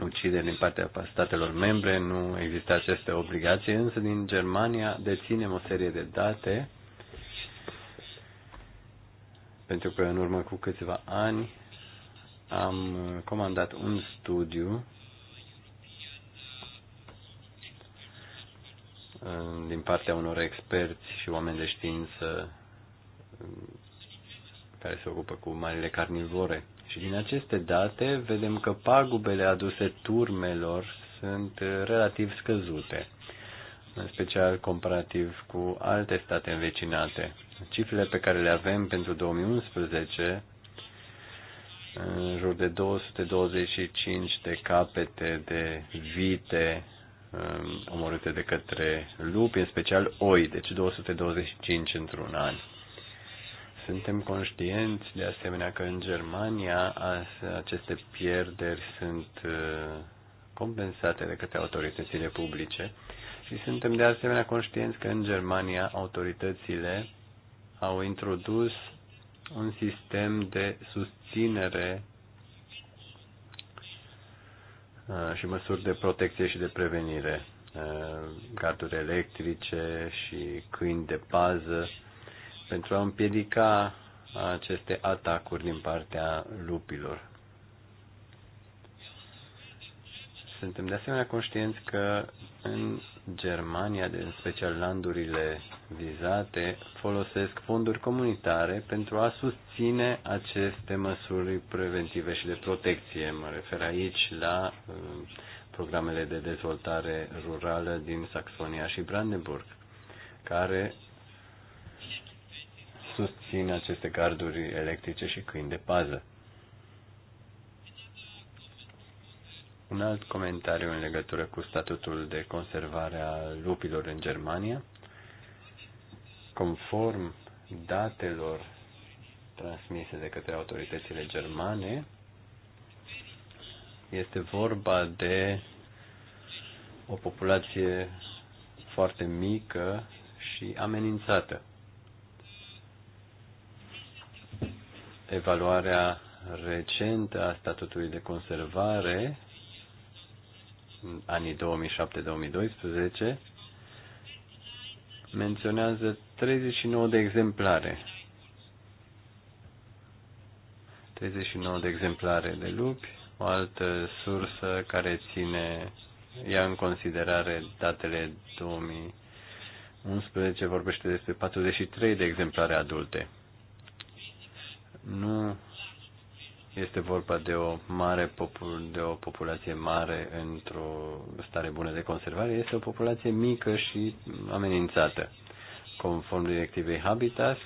ucideri din partea statelor membre, nu există aceste obligații, însă din Germania deținem o serie de date, pentru că în urmă cu câțiva ani am comandat un studiu Uh, din partea unor experți și oameni de știință uh, care se ocupă cu marile carnivore. Și din aceste date vedem că pagubele aduse turmelor sunt uh, relativ scăzute, în special comparativ cu alte state învecinate. Cifrele pe care le avem pentru 2011, în jur de 225 de capete de vite Um, omorâte de către lupi, în special oi, deci 225 într-un an. Suntem conștienți de asemenea că în Germania aceste pierderi sunt uh, compensate de către autoritățile publice și suntem de asemenea conștienți că în Germania autoritățile au introdus un sistem de susținere Uh, și măsuri de protecție și de prevenire, uh, garduri electrice și câini de pază, pentru a împiedica aceste atacuri din partea lupilor. Suntem de asemenea conștienți că în Germania, în special landurile vizate, folosesc fonduri comunitare pentru a susține aceste măsuri preventive și de protecție. Mă refer aici la um, programele de dezvoltare rurală din Saxonia și Brandenburg, care susțin aceste garduri electrice și câini de pază. Un alt comentariu în legătură cu statutul de conservare a lupilor în Germania. Conform datelor transmise de către autoritățile germane, este vorba de o populație foarte mică și amenințată. Evaluarea recentă a statutului de conservare anii 2007-2012, menționează 39 de exemplare. 39 de exemplare de lupi, o altă sursă care ține, ia în considerare datele 2011, vorbește despre 43 de exemplare adulte. Nu este vorba de o mare popul, de o populație mare într-o stare bună de conservare, este o populație mică și amenințată. Conform directivei Habitat,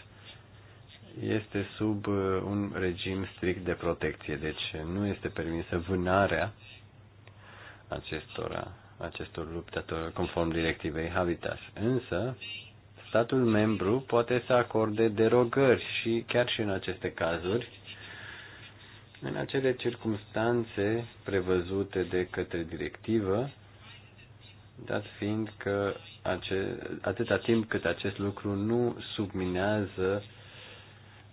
este sub uh, un regim strict de protecție, deci nu este permisă vânarea acestora, acestor luptători conform directivei Habitat. Însă, statul membru poate să acorde derogări și chiar și în aceste cazuri în acele circumstanțe prevăzute de către directivă, dat fiind că ace, atâta timp cât acest lucru nu subminează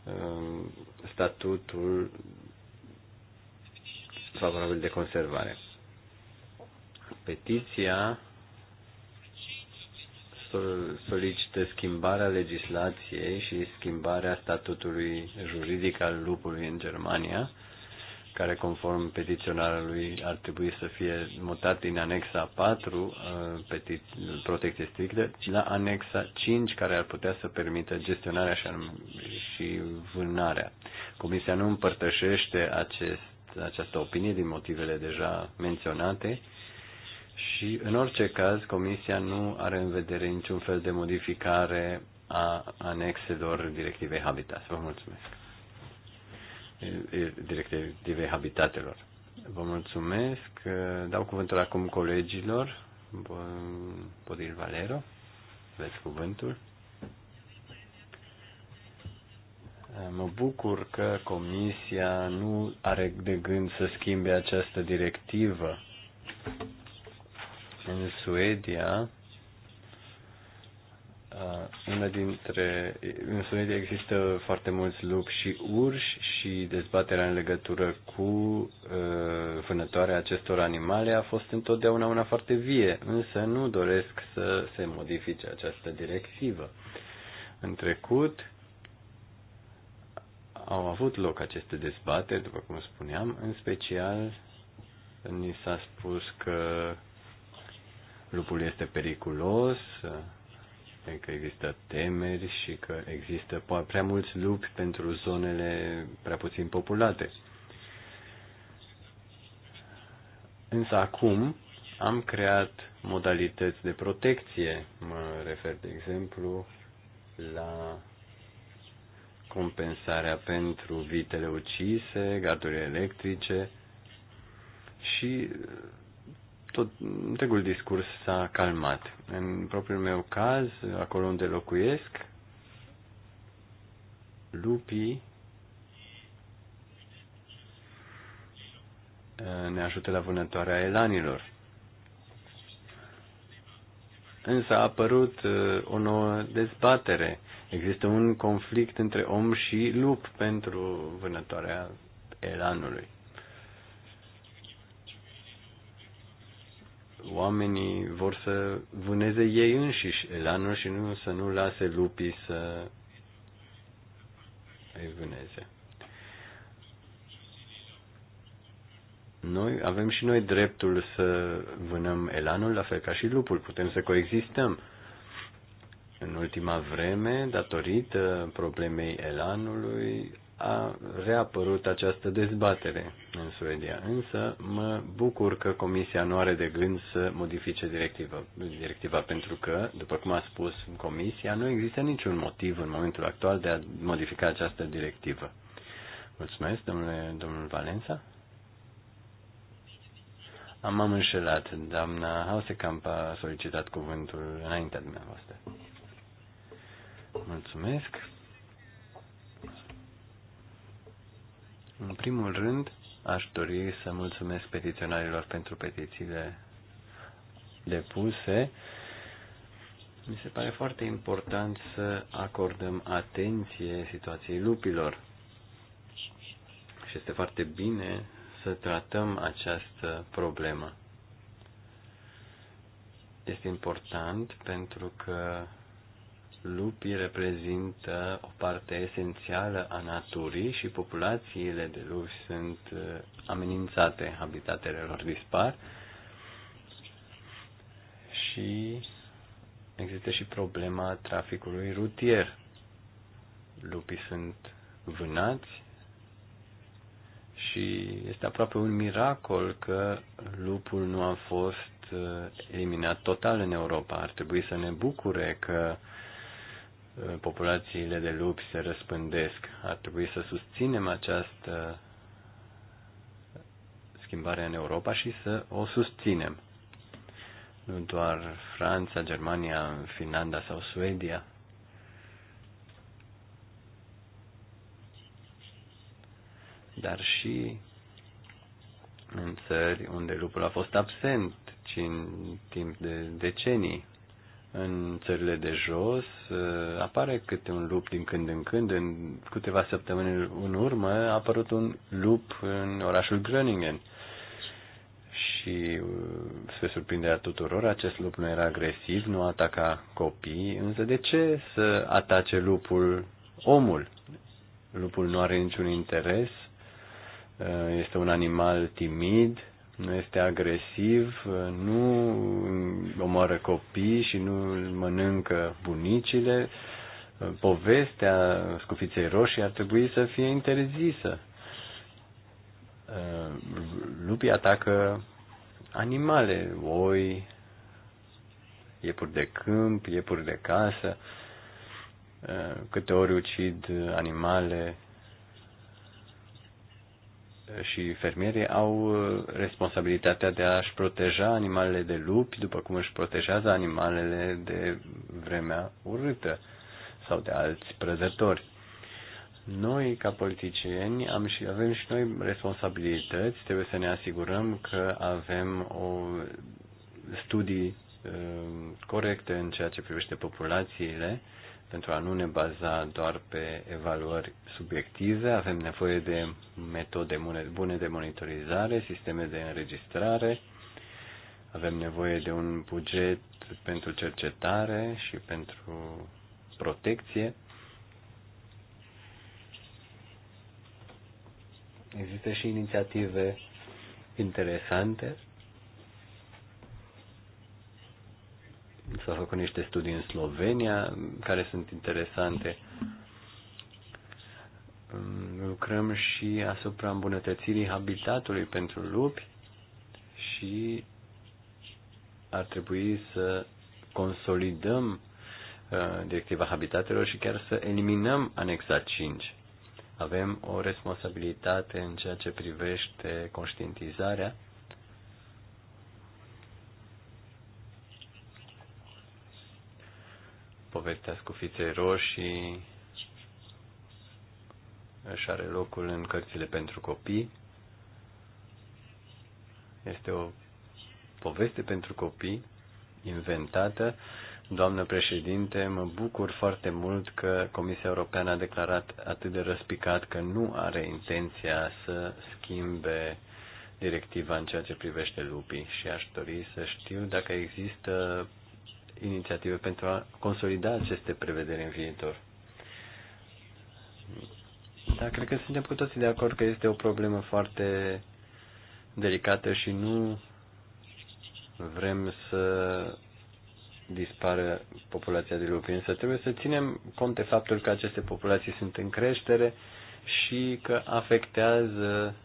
um, statutul favorabil de conservare. Petiția solicită schimbarea legislației și schimbarea statutului juridic al lupului în Germania care conform petiționarului ar trebui să fie mutat din anexa 4, uh, protecție strictă, la anexa 5, care ar putea să permită gestionarea și vânarea. Comisia nu împărtășește acest, această opinie din motivele deja menționate și, în orice caz, Comisia nu are în vedere niciun fel de modificare a anexelor directivei Habitat. Vă mulțumesc! directivei habitatelor. Vă mulțumesc. Dau cuvântul acum colegilor. Podil Valero, aveți cuvântul. Mă bucur că Comisia nu are de gând să schimbe această directivă. În Suedia, Uh, una dintre... În Suedia există foarte mulți lupi și urși și dezbaterea în legătură cu uh, vânătoarea acestor animale a fost întotdeauna una foarte vie, însă nu doresc să se modifice această directivă. În trecut au avut loc aceste dezbateri, după cum spuneam, în special ni s-a spus că lupul este periculos, că există temeri și că există prea mulți lupi pentru zonele prea puțin populate. Însă acum am creat modalități de protecție. Mă refer, de exemplu, la compensarea pentru vitele ucise, gardurile electrice și tot întregul discurs s-a calmat. În propriul meu caz, acolo unde locuiesc, lupii eh, ne ajută la vânătoarea elanilor. Însă a apărut eh, o nouă dezbatere. Există un conflict între om și lup pentru vânătoarea elanului. oamenii vor să vâneze ei înșiși elanul și nu să nu lase lupii să îi vâneze. Noi avem și noi dreptul să vânăm elanul, la fel ca și lupul, putem să coexistăm. În ultima vreme, datorită problemei elanului, a reapărut această dezbatere în Suedia, însă mă bucur că Comisia nu are de gând să modifice directiva, directiva pentru că, după cum a spus Comisia, nu există niciun motiv în momentul actual de a modifica această directivă. Mulțumesc, domnule, domnul Valența. Am, am înșelat. Doamna Hausekamp a solicitat cuvântul înaintea dumneavoastră. Mulțumesc. În primul rând, aș dori să mulțumesc petiționarilor pentru petițiile depuse. Mi se pare foarte important să acordăm atenție situației lupilor. Și este foarte bine să tratăm această problemă. Este important pentru că Lupii reprezintă o parte esențială a naturii și populațiile de lupi sunt uh, amenințate, habitatele lor dispar și există și problema traficului rutier. Lupii sunt vânați și este aproape un miracol că lupul nu a fost uh, eliminat total în Europa. Ar trebui să ne bucure că populațiile de lupi se răspândesc. Ar trebui să susținem această schimbare în Europa și să o susținem. Nu doar Franța, Germania, Finlanda sau Suedia. Dar și în țări unde lupul a fost absent, ci în timp de decenii, în țările de jos, ă, apare câte un lup din când în când. În câteva săptămâni în urmă a apărut un lup în orașul Gröningen. Și ă, se surprindea tuturor, acest lup nu era agresiv, nu ataca copii, însă de ce să atace lupul omul? Lupul nu are niciun interes, ă, este un animal timid, nu este agresiv, nu omoară copii și nu mănâncă bunicile. Povestea scufiței roșii ar trebui să fie interzisă. Lupii atacă animale, oi, iepuri de câmp, iepuri de casă, câte ori ucid animale și fermierii au uh, responsabilitatea de a-și proteja animalele de lupi, după cum își protejează animalele de vremea urâtă sau de alți prădători. Noi, ca politicieni, am și, avem și noi responsabilități, trebuie să ne asigurăm că avem o studii uh, corecte în ceea ce privește populațiile pentru a nu ne baza doar pe evaluări subiective, avem nevoie de metode bune de monitorizare, sisteme de înregistrare, avem nevoie de un buget pentru cercetare și pentru protecție. Există și inițiative interesante S-au făcut niște studii în Slovenia care sunt interesante. Lucrăm și asupra îmbunătățirii habitatului pentru lupi și ar trebui să consolidăm uh, directiva habitatelor și chiar să eliminăm anexa 5. Avem o responsabilitate în ceea ce privește conștientizarea povestesc cu fițe roșii își are locul în cărțile pentru copii. Este o poveste pentru copii inventată. Doamnă președinte, mă bucur foarte mult că Comisia Europeană a declarat atât de răspicat că nu are intenția să schimbe directiva în ceea ce privește lupii și aș dori să știu dacă există inițiative pentru a consolida aceste prevederi în viitor. Dar cred că suntem cu toții de acord că este o problemă foarte delicată și nu vrem să dispară populația de lupi. Însă trebuie să ținem cont de faptul că aceste populații sunt în creștere și că afectează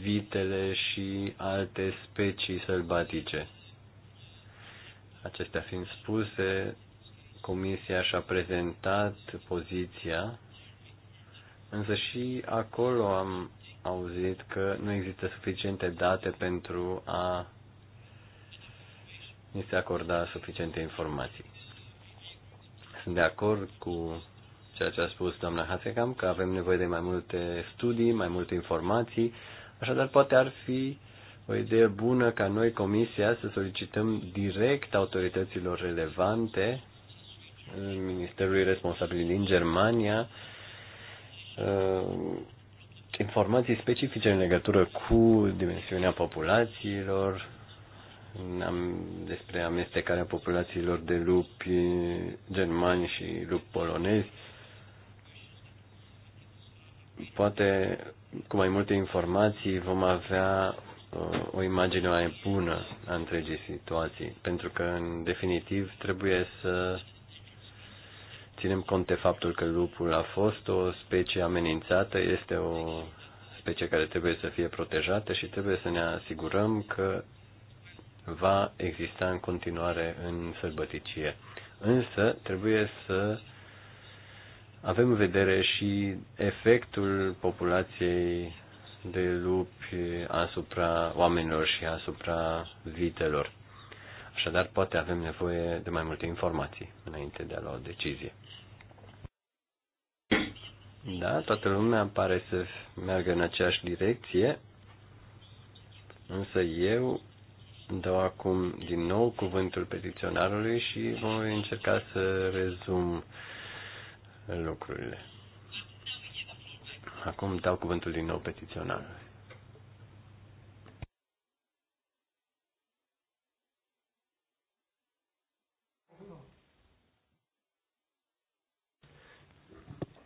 vitele și alte specii sălbatice. Acestea fiind spuse, Comisia și-a prezentat poziția, însă și acolo am auzit că nu există suficiente date pentru a ni se acorda suficiente informații. Sunt de acord cu ceea ce a spus doamna Hasecam, că avem nevoie de mai multe studii, mai multe informații, așadar poate ar fi o idee bună ca noi, Comisia, să solicităm direct autorităților relevante, Ministerului responsabil din Germania, uh, informații specifice în legătură cu dimensiunea populațiilor, despre amestecarea populațiilor de lupi germani și lupi polonezi. Poate cu mai multe informații vom avea o imagine mai bună a întregii situații, pentru că, în definitiv, trebuie să ținem cont de faptul că lupul a fost o specie amenințată, este o specie care trebuie să fie protejată și trebuie să ne asigurăm că va exista în continuare în sălbăticie. Însă, trebuie să avem în vedere și efectul populației de lupi asupra oamenilor și asupra vitelor. Așadar, poate avem nevoie de mai multe informații înainte de a lua o decizie. Da, toată lumea pare să meargă în aceeași direcție, însă eu dau acum din nou cuvântul petiționarului și voi încerca să rezum lucrurile. Acum dau cuvântul din nou petiționarului.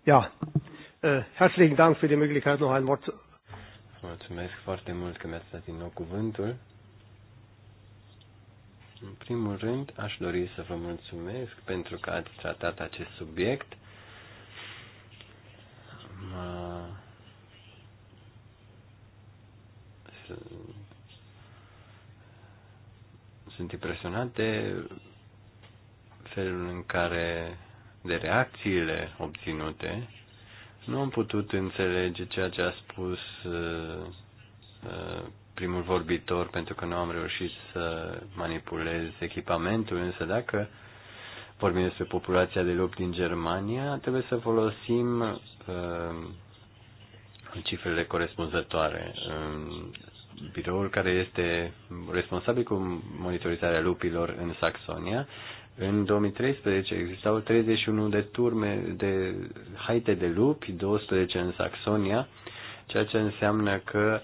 Ja, uh, herzlichen Dank für die Möglichkeit, noch ein Wort Mulțumesc foarte mult că mi-ați dat din nou cuvântul. În primul rând, aș dori să vă mulțumesc pentru că ați tratat acest subiect sunt impresionate felul în care de reacțiile obținute. Nu am putut înțelege ceea ce a spus uh, uh, primul vorbitor pentru că nu am reușit să manipulez echipamentul, însă dacă vorbim despre populația de lup din Germania, trebuie să folosim Um, cifrele corespunzătoare. Um, biroul care este responsabil cu monitorizarea lupilor în Saxonia, în 2013 existau 31 de turme de haite de lupi, 12 în Saxonia, ceea ce înseamnă că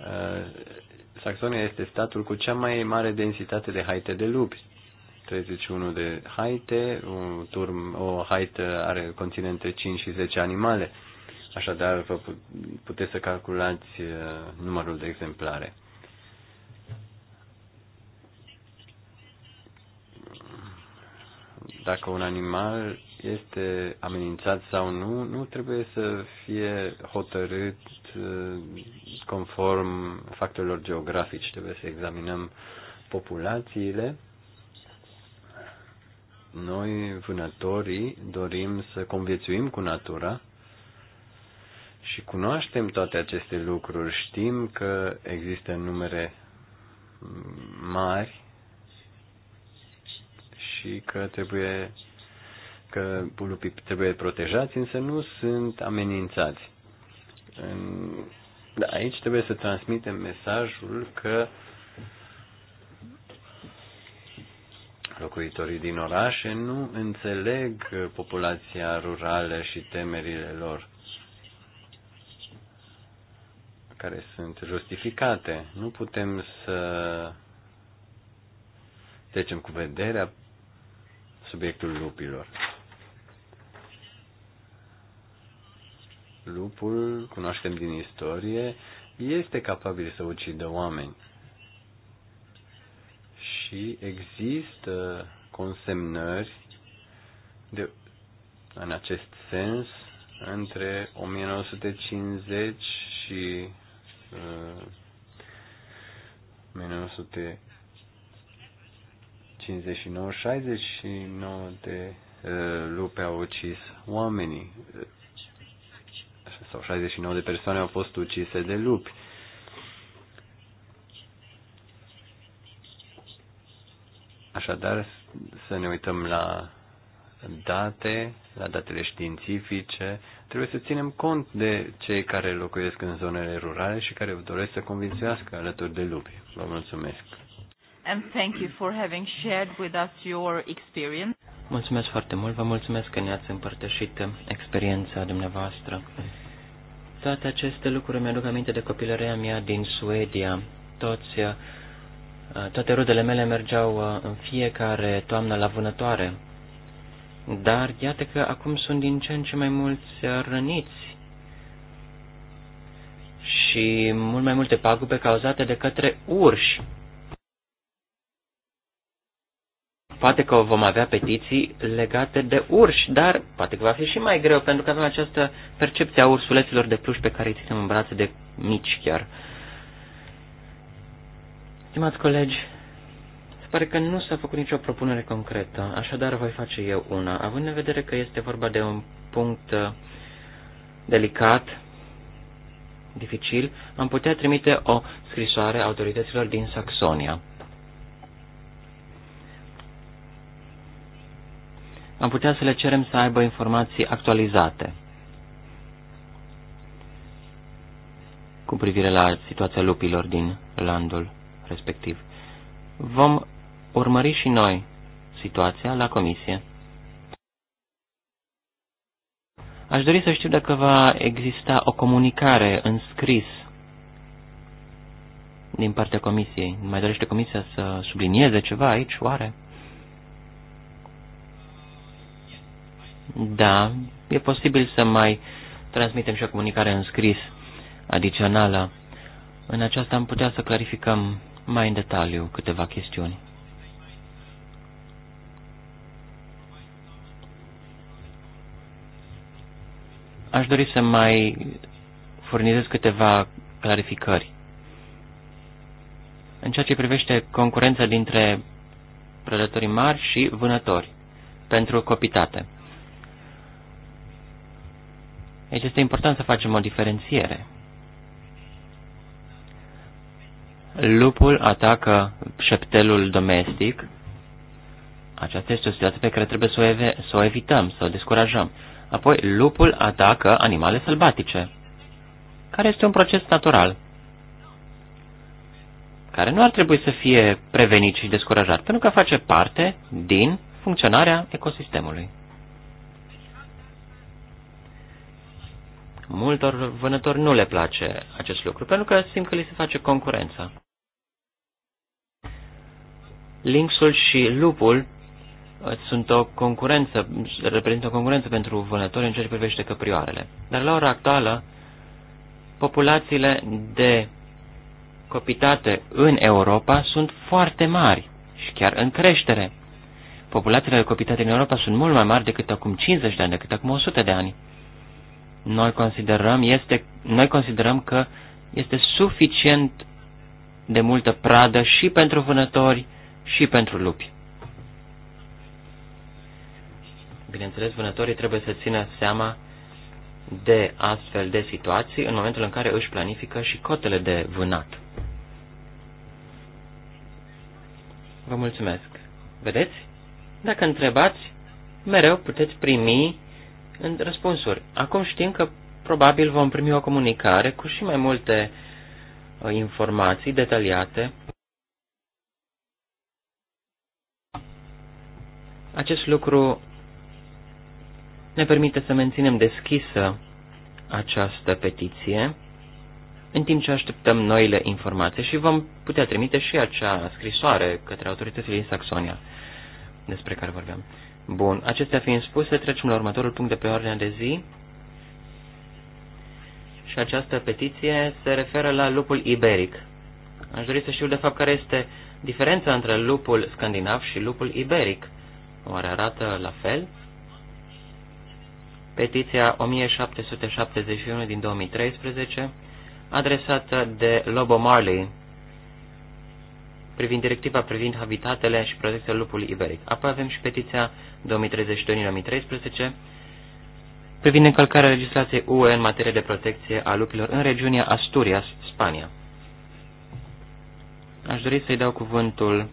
uh, Saxonia este statul cu cea mai mare densitate de haite de lupi. 31 de haite, o, turm, o haită are, conține între 5 și 10 animale, așadar vă puteți să calculați uh, numărul de exemplare. Dacă un animal este amenințat sau nu, nu trebuie să fie hotărât uh, conform factorilor geografici. Trebuie să examinăm populațiile noi, vânătorii, dorim să conviețuim cu natura și cunoaștem toate aceste lucruri. Știm că există numere mari și că trebuie că pulupii trebuie protejați, însă nu sunt amenințați. În, aici trebuie să transmitem mesajul că locuitorii din orașe nu înțeleg populația rurală și temerile lor care sunt justificate. Nu putem să trecem cu vederea subiectul lupilor. Lupul, cunoaștem din istorie, este capabil să ucidă oameni și există consemnări de, în acest sens între 1950 și uh, 1959 69 de uh, lupe au ucis oamenii sau 69 de persoane au fost ucise de lupi. Așadar, să ne uităm la date, la datele științifice, trebuie să ținem cont de cei care locuiesc în zonele rurale și care doresc să convințească alături de lupi. Vă mulțumesc. And thank you for having shared with us your experience. Mulțumesc foarte mult, vă mulțumesc că ne-ați împărtășit experiența dumneavoastră. Toate aceste lucruri mi-aduc aminte de copilăria mea din Suedia. Toți Uh, toate rudele mele mergeau uh, în fiecare toamnă la vânătoare. Dar iată că acum sunt din ce în ce mai mulți uh, răniți și mult mai multe pagube cauzate de către urși. Poate că vom avea petiții legate de urși, dar poate că va fi și mai greu, pentru că avem această percepție a ursuleților de pluș pe care îi ținem în brațe de mici chiar. Stimați colegi, se pare că nu s-a făcut nicio propunere concretă, așadar voi face eu una, având în vedere că este vorba de un punct uh, delicat, dificil, am putea trimite o scrisoare autorităților din Saxonia. Am putea să le cerem să aibă informații actualizate cu privire la situația lupilor din landul respectiv. Vom urmări și noi situația la comisie. Aș dori să știu dacă va exista o comunicare în scris din partea comisiei. Mai dorește comisia să sublinieze ceva aici, oare? Da, e posibil să mai transmitem și o comunicare în scris adițională. În aceasta am putea să clarificăm mai în detaliu câteva chestiuni. Aș dori să mai furnizez câteva clarificări. În ceea ce privește concurența dintre prădătorii mari și vânători pentru copitate. este important să facem o diferențiere. Lupul atacă șeptelul domestic. Aceasta este o situație pe care trebuie să o, ev- să o evităm, să o descurajăm. Apoi, lupul atacă animale sălbatice, care este un proces natural, care nu ar trebui să fie prevenit și descurajat, pentru că face parte din funcționarea ecosistemului. Multor vânători nu le place acest lucru, pentru că simt că li se face concurența. Lynxul și lupul uh, sunt o concurență, reprezintă o concurență pentru vânători în ceea ce privește căprioarele. Dar la ora actuală, populațiile de copitate în Europa sunt foarte mari și chiar în creștere. Populațiile de copitate în Europa sunt mult mai mari decât acum 50 de ani, decât acum 100 de ani. Noi considerăm, este, noi considerăm că este suficient de multă pradă și pentru vânători și pentru lupi. Bineînțeles, vânătorii trebuie să țină seama de astfel de situații în momentul în care își planifică și cotele de vânat. Vă mulțumesc. Vedeți? Dacă întrebați, mereu puteți primi în răspunsuri. Acum știm că probabil vom primi o comunicare cu și mai multe uh, informații detaliate Acest lucru ne permite să menținem deschisă această petiție în timp ce așteptăm noile informații și vom putea trimite și acea scrisoare către autoritățile din Saxonia despre care vorbeam. Bun, acestea fiind spuse, trecem la următorul punct de pe ordinea de zi. Și această petiție se referă la lupul iberic. Aș dori să știu de fapt care este diferența între lupul scandinav și lupul iberic. Oare arată la fel? Petiția 1771 din 2013, adresată de Lobo Marley, privind directiva privind habitatele și protecția lupului iberic. Apoi avem și petiția 2032-2013, privind încălcarea legislației UE în materie de protecție a lupilor în regiunea Asturias, Spania. Aș dori să-i dau cuvântul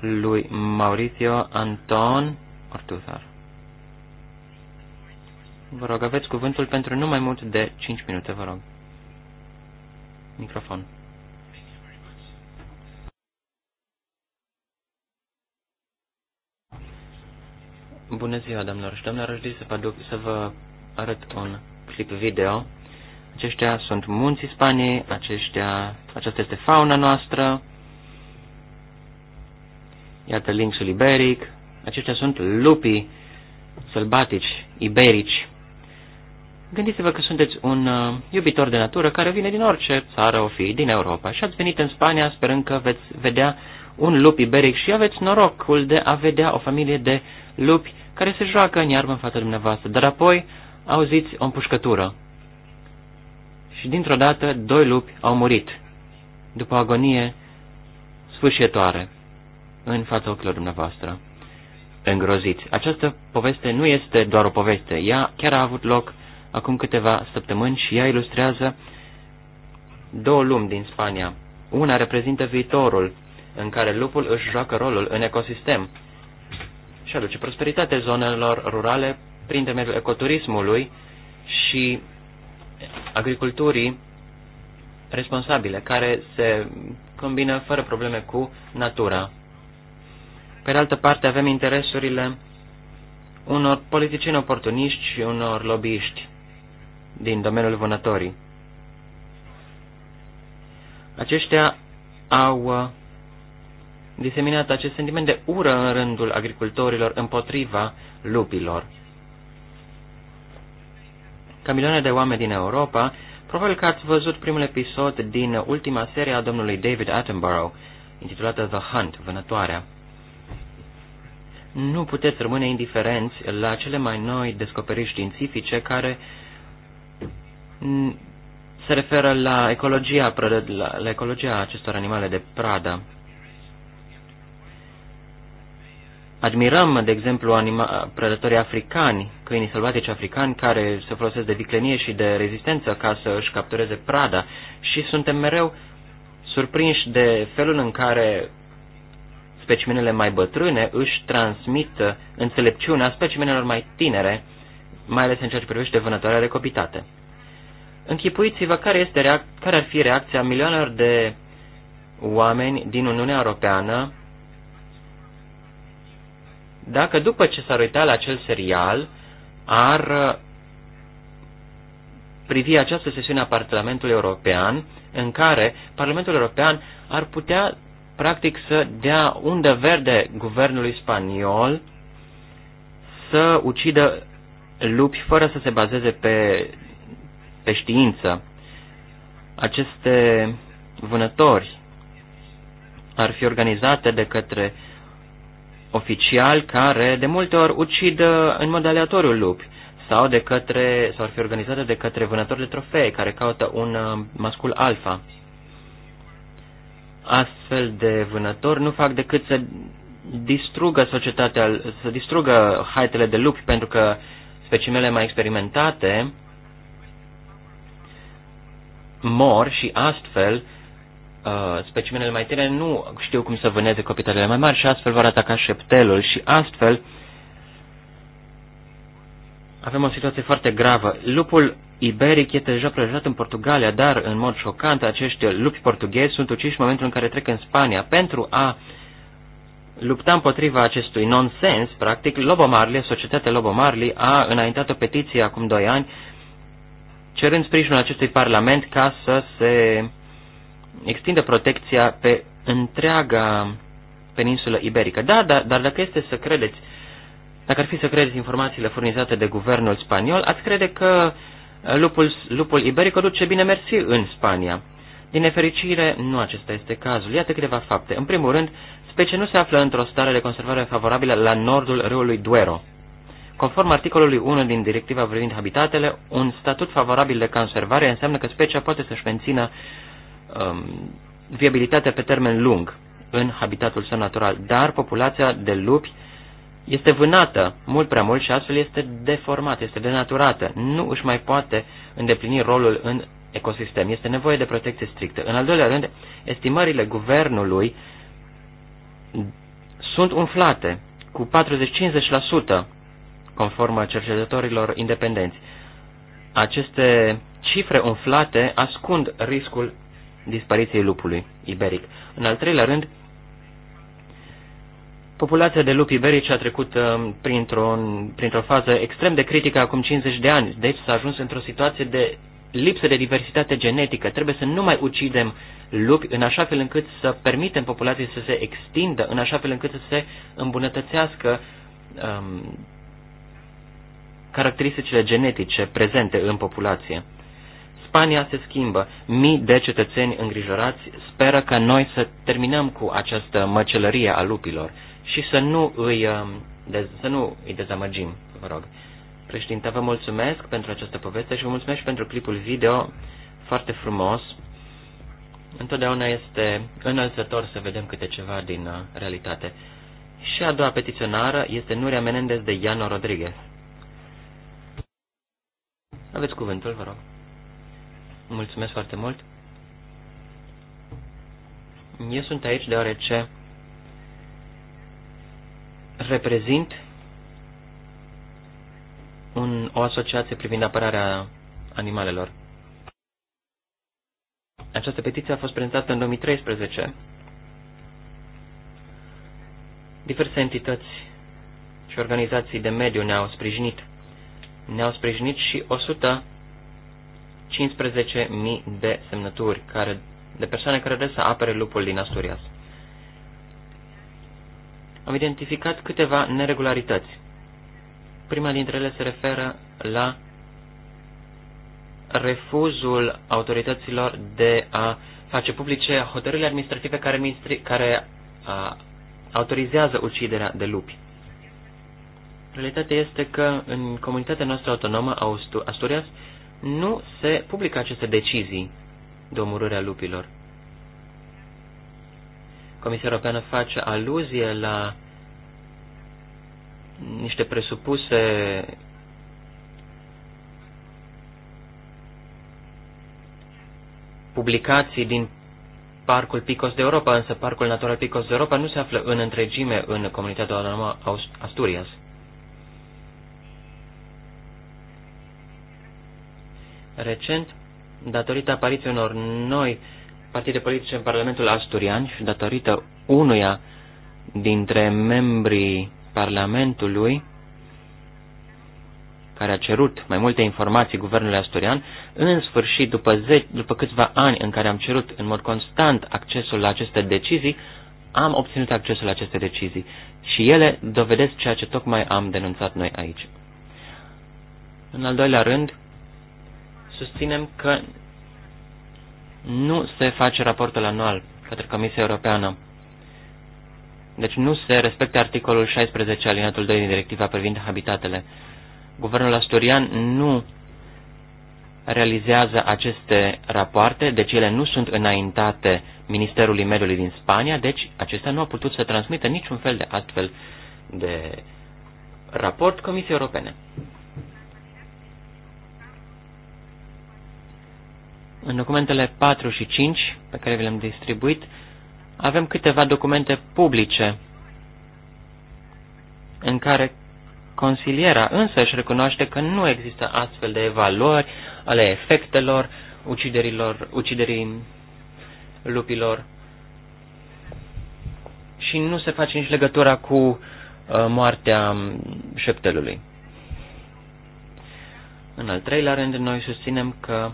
lui Mauricio Anton Ortuzar. Vă rog, aveți cuvântul pentru nu mai mult de 5 minute, vă rog. Microfon. Bună ziua, doamnelor și doamnelor, aș să vă, aduc, să vă arăt un clip video. Aceștia sunt munții Spaniei, aceștia, aceasta este fauna noastră. Iată linxul iberic. Aceștia sunt lupii sălbatici, iberici. Gândiți-vă că sunteți un uh, iubitor de natură care vine din orice țară o fi, din Europa, și ați venit în Spania sperând că veți vedea un lup iberic și aveți norocul de a vedea o familie de lupi care se joacă în iarbă în fața dumneavoastră, dar apoi auziți o împușcătură. Și dintr-o dată, doi lupi au murit, după o agonie sfârșietoare în fața ochilor dumneavoastră. Îngroziți. Această poveste nu este doar o poveste. Ea chiar a avut loc acum câteva săptămâni și ea ilustrează două lumi din Spania. Una reprezintă viitorul în care lupul își joacă rolul în ecosistem și aduce prosperitate zonelor rurale prin intermediul ecoturismului și agriculturii responsabile, care se combină fără probleme cu natura. Pe de altă parte, avem interesurile unor politicieni oportuniști și unor lobbyiști din domeniul vânătorii. Aceștia au uh, diseminat acest sentiment de ură în rândul agricultorilor împotriva lupilor. Ca milioane de oameni din Europa, probabil că ați văzut primul episod din ultima serie a domnului David Attenborough, intitulată The Hunt, Vânătoarea nu puteți rămâne indiferenți la cele mai noi descoperiri științifice care se referă la ecologia, la ecologia acestor animale de pradă. Admirăm, de exemplu, anima, prădătorii africani, câinii sălbatici africani, care se folosesc de viclenie și de rezistență ca să își captureze prada și suntem mereu surprinși de felul în care specimenele mai bătrâne își transmit înțelepciunea specimenelor mai tinere, mai ales în ceea ce privește vânătoarea recopitate. Închipuiți-vă care, este care ar fi reacția milioanelor de oameni din Uniunea Europeană dacă după ce s-ar uita la acel serial ar uh, privi această sesiune a Parlamentului European în care Parlamentul European ar putea practic să dea undă verde guvernului spaniol să ucidă lupi fără să se bazeze pe, pe știință. Aceste vânători ar fi organizate de către oficiali care de multe ori ucid uh, în mod aleatoriu lupi sau de către, sau ar fi organizate de către vânători de trofee care caută un uh, mascul alfa astfel de vânători nu fac decât să distrugă societatea, să distrugă haitele de lupi, pentru că specimele mai experimentate mor și astfel uh, specimenele mai tine nu știu cum să vâneze capitalele mai mari și astfel vor ataca șeptelul și astfel avem o situație foarte gravă. Lupul iberic este deja protejat în Portugalia, dar, în mod șocant, acești lupi portughezi sunt uciși în momentul în care trec în Spania. Pentru a lupta împotriva acestui nonsens, practic, Lobo Marley, societatea Lobo Marley, a înaintat o petiție acum doi ani cerând sprijinul acestui parlament ca să se extindă protecția pe întreaga peninsulă iberică. Da, da, dar dacă este să credeți, dacă ar fi să credeți informațiile furnizate de guvernul spaniol, ați crede că lupul, lupul iberic o duce bine mersi în Spania. Din nefericire, nu acesta este cazul. Iată câteva fapte. În primul rând, specie nu se află într-o stare de conservare favorabilă la nordul râului Duero. Conform articolului 1 din directiva privind habitatele, un statut favorabil de conservare înseamnă că specia poate să-și mențină um, viabilitatea pe termen lung în habitatul său natural, dar populația de lupi este vânată mult prea mult și astfel este deformată, este denaturată, nu își mai poate îndeplini rolul în ecosistem. Este nevoie de protecție strictă. În al doilea rând, estimările guvernului sunt umflate cu 40-50% conform cercetătorilor independenți. Aceste cifre umflate ascund riscul dispariției lupului iberic. În al treilea rând, Populația de lupi iberici a trecut uh, printr-o, printr fază extrem de critică acum 50 de ani, deci s-a ajuns într-o situație de lipsă de diversitate genetică. Trebuie să nu mai ucidem lupi în așa fel încât să permitem populației să se extindă, în așa fel încât să se îmbunătățească um, caracteristicile genetice prezente în populație. Spania se schimbă. Mii de cetățeni îngrijorați speră ca noi să terminăm cu această măcelărie a lupilor și să nu îi, um, să nu îi dezamăgim, vă rog. Președinte, vă mulțumesc pentru această poveste și vă mulțumesc și pentru clipul video foarte frumos. Întotdeauna este înălțător să vedem câte ceva din uh, realitate. Și a doua petiționară este Nuria Menendez de Iano Rodriguez. Aveți cuvântul, vă rog. Mulțumesc foarte mult. Eu sunt aici deoarece reprezint un, o asociație privind apărarea animalelor. Această petiție a fost prezentată în 2013. Diverse entități și organizații de mediu ne-au sprijinit. Ne-au sprijinit și 115.000 de semnături care, de persoane care doresc să apere lupul din Asturias am identificat câteva neregularități. Prima dintre ele se referă la refuzul autorităților de a face publice hotărârile administrative care, ministri, care a, autorizează uciderea de lupi. Realitatea este că în comunitatea noastră autonomă a Asturias nu se publică aceste decizii de omorâre a lupilor. Comisia Europeană face aluzie la niște presupuse publicații din Parcul Picos de Europa, însă Parcul Natural Picos de Europa nu se află în întregime în comunitatea autonomă Asturias. Recent, datorită apariției unor noi uh, partide politice în Parlamentul Asturian și datorită unuia dintre membrii Parlamentului, care a cerut mai multe informații guvernului asturian, în sfârșit, după, ze- după câțiva ani în care am cerut în mod constant accesul la aceste decizii, am obținut accesul la aceste decizii și ele dovedesc ceea ce tocmai am denunțat noi aici. În al doilea rând, susținem că nu se face raportul anual către Comisia Europeană. Deci nu se respecte articolul 16 alinatul 2 din directiva privind habitatele. Guvernul asturian nu realizează aceste rapoarte, deci ele nu sunt înaintate Ministerului Mediului din Spania, deci acesta nu a putut să transmită niciun fel de astfel de raport Comisiei Europene. În documentele 4 și 5, pe care vi le-am distribuit, avem câteva documente publice în care consiliera însă își recunoaște că nu există astfel de evaluări ale efectelor uciderilor, uciderii lupilor și nu se face nici legătura cu uh, moartea um, șeptelului. În al treilea rând, noi susținem că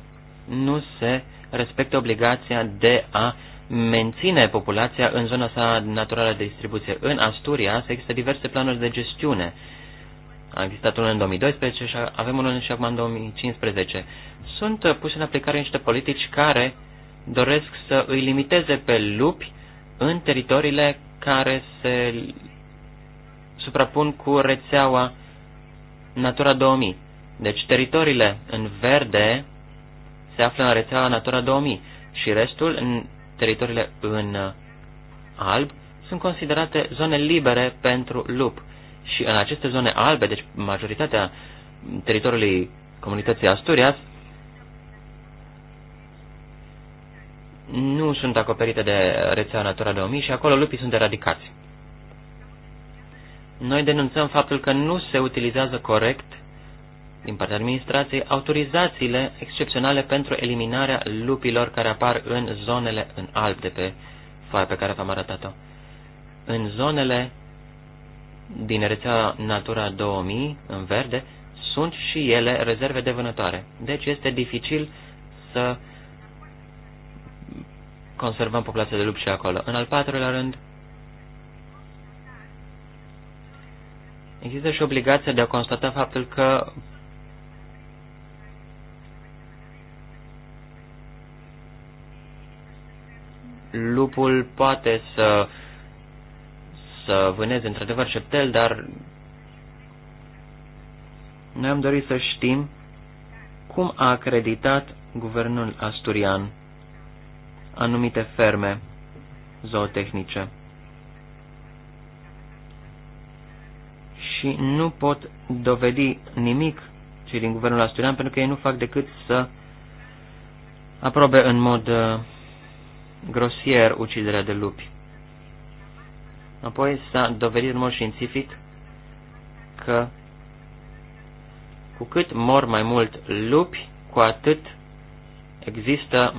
nu se respectă obligația de a menține populația în zona sa naturală de distribuție. În Asturias există diverse planuri de gestiune. A existat unul în 2012 și avem unul și acum în 2015. Sunt puse în aplicare niște politici care doresc să îi limiteze pe lupi în teritoriile care se suprapun cu rețeaua Natura 2000. Deci teritoriile în verde se află în rețeaua Natura 2000 și restul, în teritoriile în uh, alb, sunt considerate zone libere pentru lup. Și în aceste zone albe, deci majoritatea teritoriului comunității Asturias, nu sunt acoperite de rețeaua Natura 2000 și acolo lupii sunt eradicați. Noi denunțăm faptul că nu se utilizează corect din partea administrației autorizațiile excepționale pentru eliminarea lupilor care apar în zonele în alb de pe foaia pe care v-am arătat-o. În zonele din rețeaua Natura 2000, în verde, sunt și ele rezerve de vânătoare. Deci este dificil să conservăm populația de lupi și acolo. În al patrulea rând, există și obligația de a constata faptul că lupul poate să, să vâneze într-adevăr șeptel, dar noi am dorit să știm cum a acreditat guvernul asturian anumite ferme zootehnice. Și nu pot dovedi nimic cei din guvernul asturian pentru că ei nu fac decât să aprobe în mod uh, grosier uciderea de lupi. Apoi s-a dovedit în mod științific că cu cât mor mai mult lupi, cu atât există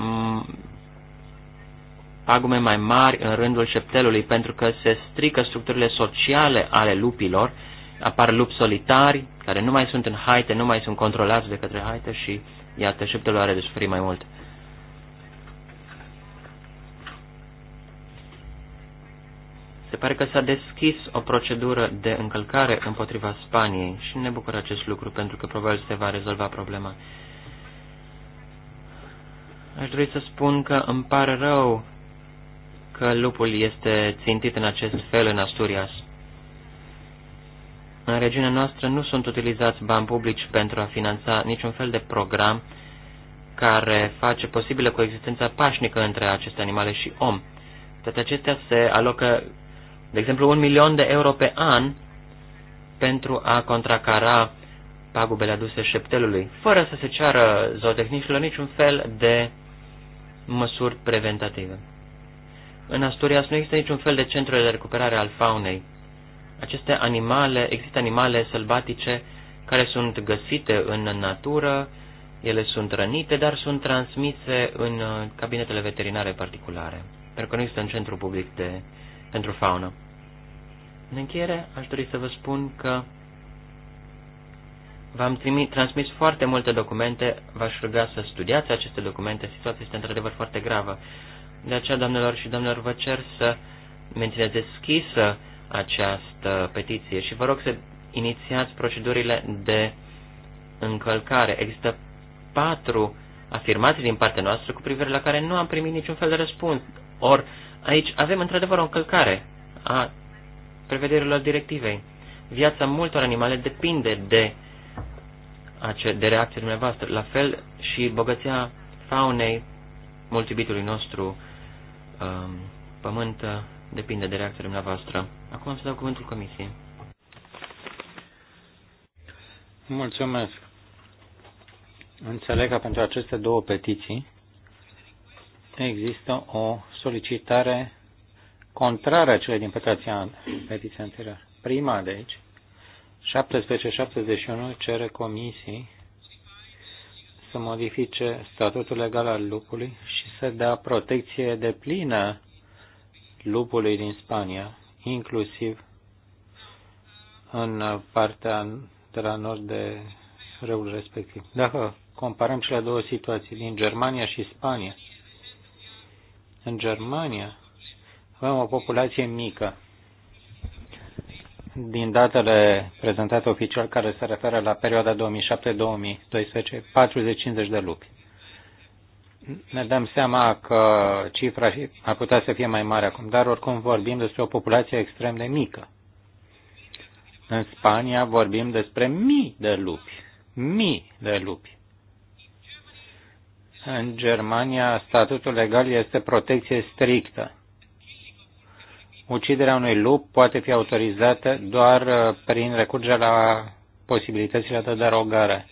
agume mai mari în rândul șeptelului, pentru că se strică structurile sociale ale lupilor, apar lupi solitari, care nu mai sunt în haite, nu mai sunt controlați de către haite și, iată, șeptelul are de suferit mai mult. Se pare că s-a deschis o procedură de încălcare împotriva Spaniei și ne bucură acest lucru pentru că probabil se va rezolva problema. Aș dori să spun că îmi pare rău că lupul este țintit în acest fel în Asturias. În regiunea noastră nu sunt utilizați bani publici pentru a finanța niciun fel de program care face posibilă coexistența pașnică între aceste animale și om. Toate acestea se alocă de exemplu, un milion de euro pe an pentru a contracara pagubele aduse șeptelului, fără să se ceară zootehnicilor niciun fel de măsuri preventative. În Asturias nu există niciun fel de centru de recuperare al faunei. Aceste animale, există animale sălbatice care sunt găsite în natură, ele sunt rănite, dar sunt transmise în cabinetele veterinare particulare, pentru că nu există un centru public de pentru faună. În încheiere, aș dori să vă spun că v-am transmis foarte multe documente, v-aș ruga să studiați aceste documente, situația este într-adevăr foarte gravă. De aceea, doamnelor și domnilor, vă cer să mențineți deschisă această petiție și vă rog să inițiați procedurile de încălcare. Există patru afirmații din partea noastră cu privire la care nu am primit niciun fel de răspuns. Ori Aici avem într-adevăr o încălcare a prevederilor directivei. Viața multor animale depinde de, de reacția dumneavoastră. La fel și bogăția faunei multibitului nostru um, pământ uh, depinde de reacția dumneavoastră. Acum să dau cuvântul comisiei. Mulțumesc. Înțeleg că pentru aceste două petiții există o solicitare contrară celei din petiția, petiția anterioară. Prima, deci, 1771 cere comisii să modifice statutul legal al lupului și să dea protecție de plină lupului din Spania, inclusiv în partea de la nord de râul respectiv. Dacă comparăm cele două situații din Germania și Spania, în Germania avem o populație mică. Din datele prezentate oficial care se referă la perioada 2007-2012, 40-50 de lupi. Ne dăm seama că cifra ar putea să fie mai mare acum, dar oricum vorbim despre o populație extrem de mică. În Spania vorbim despre mii de lupi. Mii de lupi. În Germania, statutul legal este protecție strictă. Uciderea unui lup poate fi autorizată doar uh, prin recurge la posibilitățile de derogare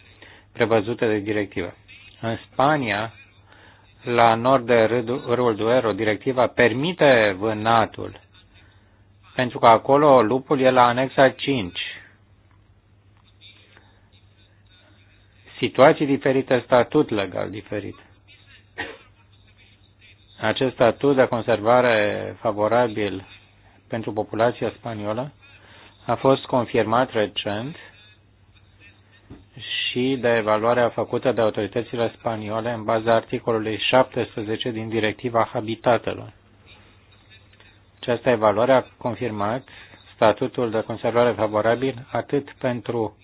prevăzute de directivă. În Spania, la nord de râul Duero, directiva permite vânatul, pentru că acolo lupul e la anexa 5 situații diferite, statut legal diferit. Acest statut de conservare favorabil pentru populația spaniolă a fost confirmat recent și de evaluarea făcută de autoritățile spaniole în baza articolului 17 din Directiva Habitatelor. Această evaluare a confirmat statutul de conservare favorabil atât pentru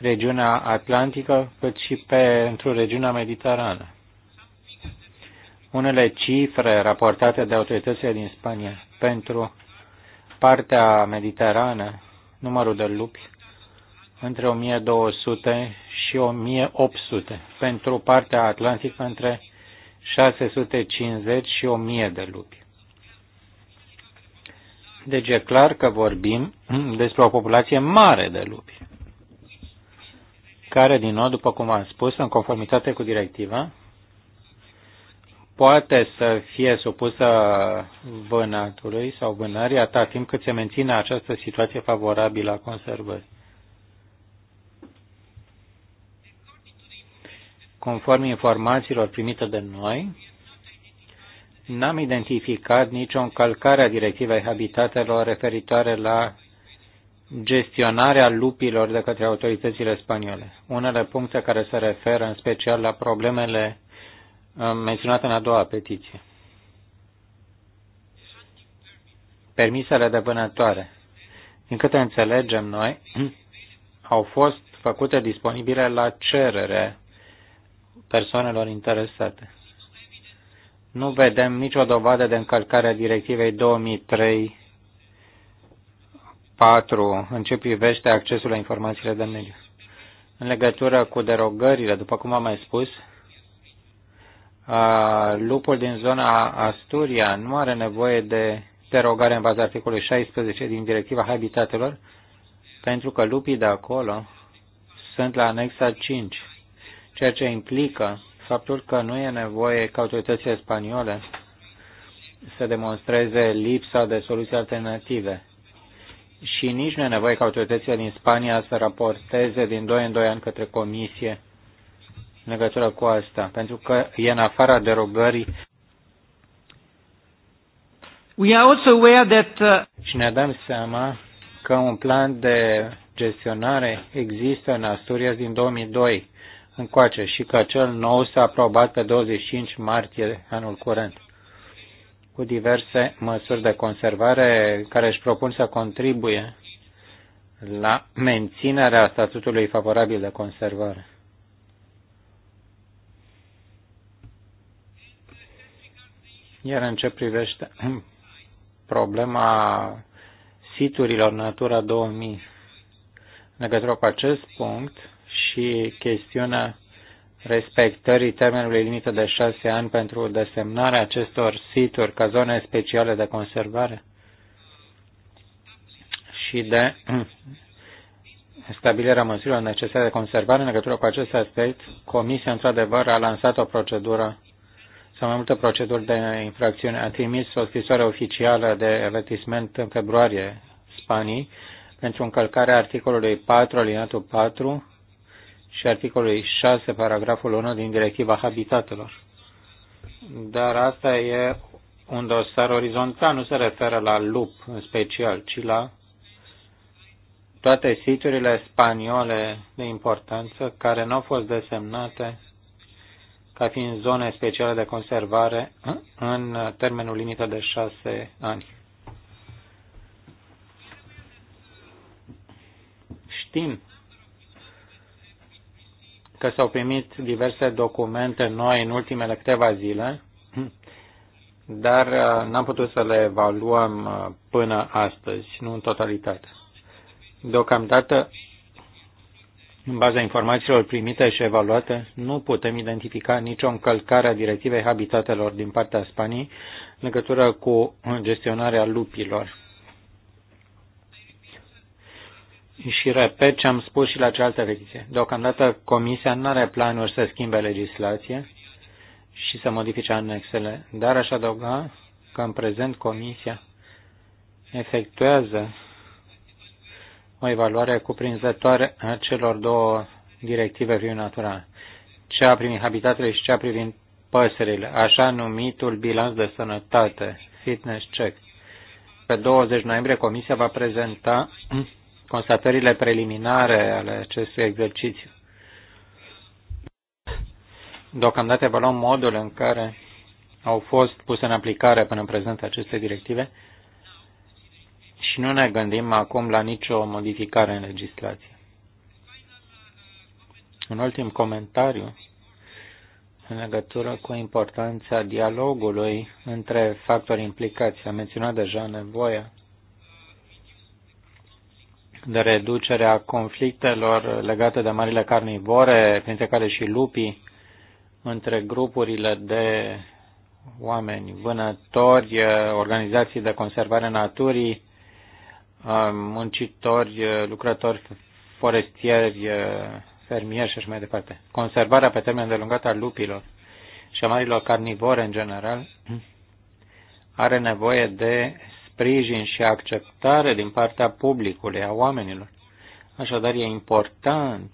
regiunea atlantică, cât și pentru regiunea mediterană. Unele cifre raportate de autoritățile din Spania pentru partea mediterană, numărul de lupi, între 1200 și 1800, pentru partea atlantică între 650 și 1000 de lupi. Deci e clar că vorbim despre o populație mare de lupi care, din nou, după cum am spus, în conformitate cu directiva, poate să fie supusă vânatului sau vânării atâta timp cât se menține această situație favorabilă a conservării. Conform informațiilor primite de noi, n-am identificat nicio încălcare a directivei habitatelor referitoare la gestionarea lupilor de către autoritățile spaniole. Unele puncte care se referă în special la problemele uh, menționate în a doua petiție. Permisele de vânătoare. Din câte înțelegem noi, au fost făcute disponibile la cerere persoanelor interesate. Nu vedem nicio dovadă de încălcare a directivei 2003 4 în ce privește accesul la informațiile de mediu. În legătură cu derogările, după cum am mai spus, lupul din zona Asturia nu are nevoie de derogare în baza articolului 16 din Directiva Habitatelor, pentru că lupii de acolo sunt la anexa 5, ceea ce implică faptul că nu e nevoie ca autoritățile spaniole să demonstreze lipsa de soluții alternative și nici nu e nevoie ca autoritățile din Spania să raporteze din 2 în 2 ani către comisie în legătură cu asta, pentru că e în afara derogării. We are also aware that, uh... Și ne dăm seama că un plan de gestionare există în Asturias din 2002 încoace și că cel nou s-a aprobat pe 25 martie anul curent cu diverse măsuri de conservare care își propun să contribuie la menținerea statutului favorabil de conservare. Iar în ce privește problema siturilor Natura 2000, în legătură cu acest punct și chestiunea respectării termenului limită de șase ani pentru desemnarea acestor situri ca zone speciale de conservare și de stabilirea măsurilor necesare de conservare în legătură cu acest aspect, Comisia, într-adevăr, a lansat o procedură sau mai multe proceduri de infracțiune. A trimis o scrisoare oficială de avertisment în februarie Spanii pentru încălcarea articolului 4, alineatul 4, și articolului 6, paragraful 1 din Directiva Habitatelor. Dar asta e un dosar orizontal, nu se referă la lup în special, ci la toate siturile spaniole de importanță care nu au fost desemnate ca fiind zone speciale de conservare în termenul limită de șase ani. Știm că s-au primit diverse documente noi în ultimele câteva zile, dar uh, n-am putut să le evaluăm uh, până astăzi, nu în totalitate. Deocamdată, în baza informațiilor primite și evaluate, nu putem identifica nicio încălcare a directivei habitatelor din partea Spaniei în legătură cu gestionarea lupilor și repet ce am spus și la cealaltă petiție. Deocamdată Comisia nu are planuri să schimbe legislația și să modifice anexele, dar aș adăuga că în prezent Comisia efectuează o evaluare cuprinzătoare a celor două directive privind natura, cea privind habitatele și cea privind păsările, așa numitul bilanț de sănătate, fitness check. Pe 20 noiembrie Comisia va prezenta constatările preliminare ale acestui exercițiu. Deocamdată evaluăm modul în care au fost puse în aplicare până în prezent aceste directive și nu ne gândim acum la nicio modificare în legislație. Un ultim comentariu în legătură cu importanța dialogului între factori implicați. Am menționat deja nevoia de reducere a conflictelor legate de marile carnivore, printre care și lupii, între grupurile de oameni vânători, organizații de conservare naturii, uh, muncitori, uh, lucrători forestieri, uh, fermieri și așa mai departe. Conservarea pe termen delungat a lupilor și a marilor carnivore în general are nevoie de sprijin și acceptare din partea publicului, a oamenilor. Așadar, e important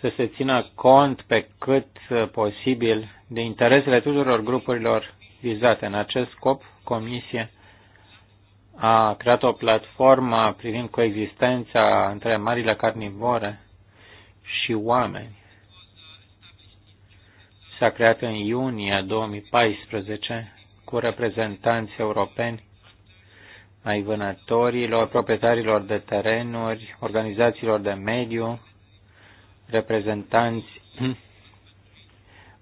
să se țină cont pe cât posibil de interesele tuturor grupurilor vizate. În acest scop, Comisia a creat o platformă privind coexistența între marile carnivore și oameni. S-a creat în iunie 2014 cu reprezentanți europeni ai vânătorilor, proprietarilor de terenuri, organizațiilor de mediu, reprezentanți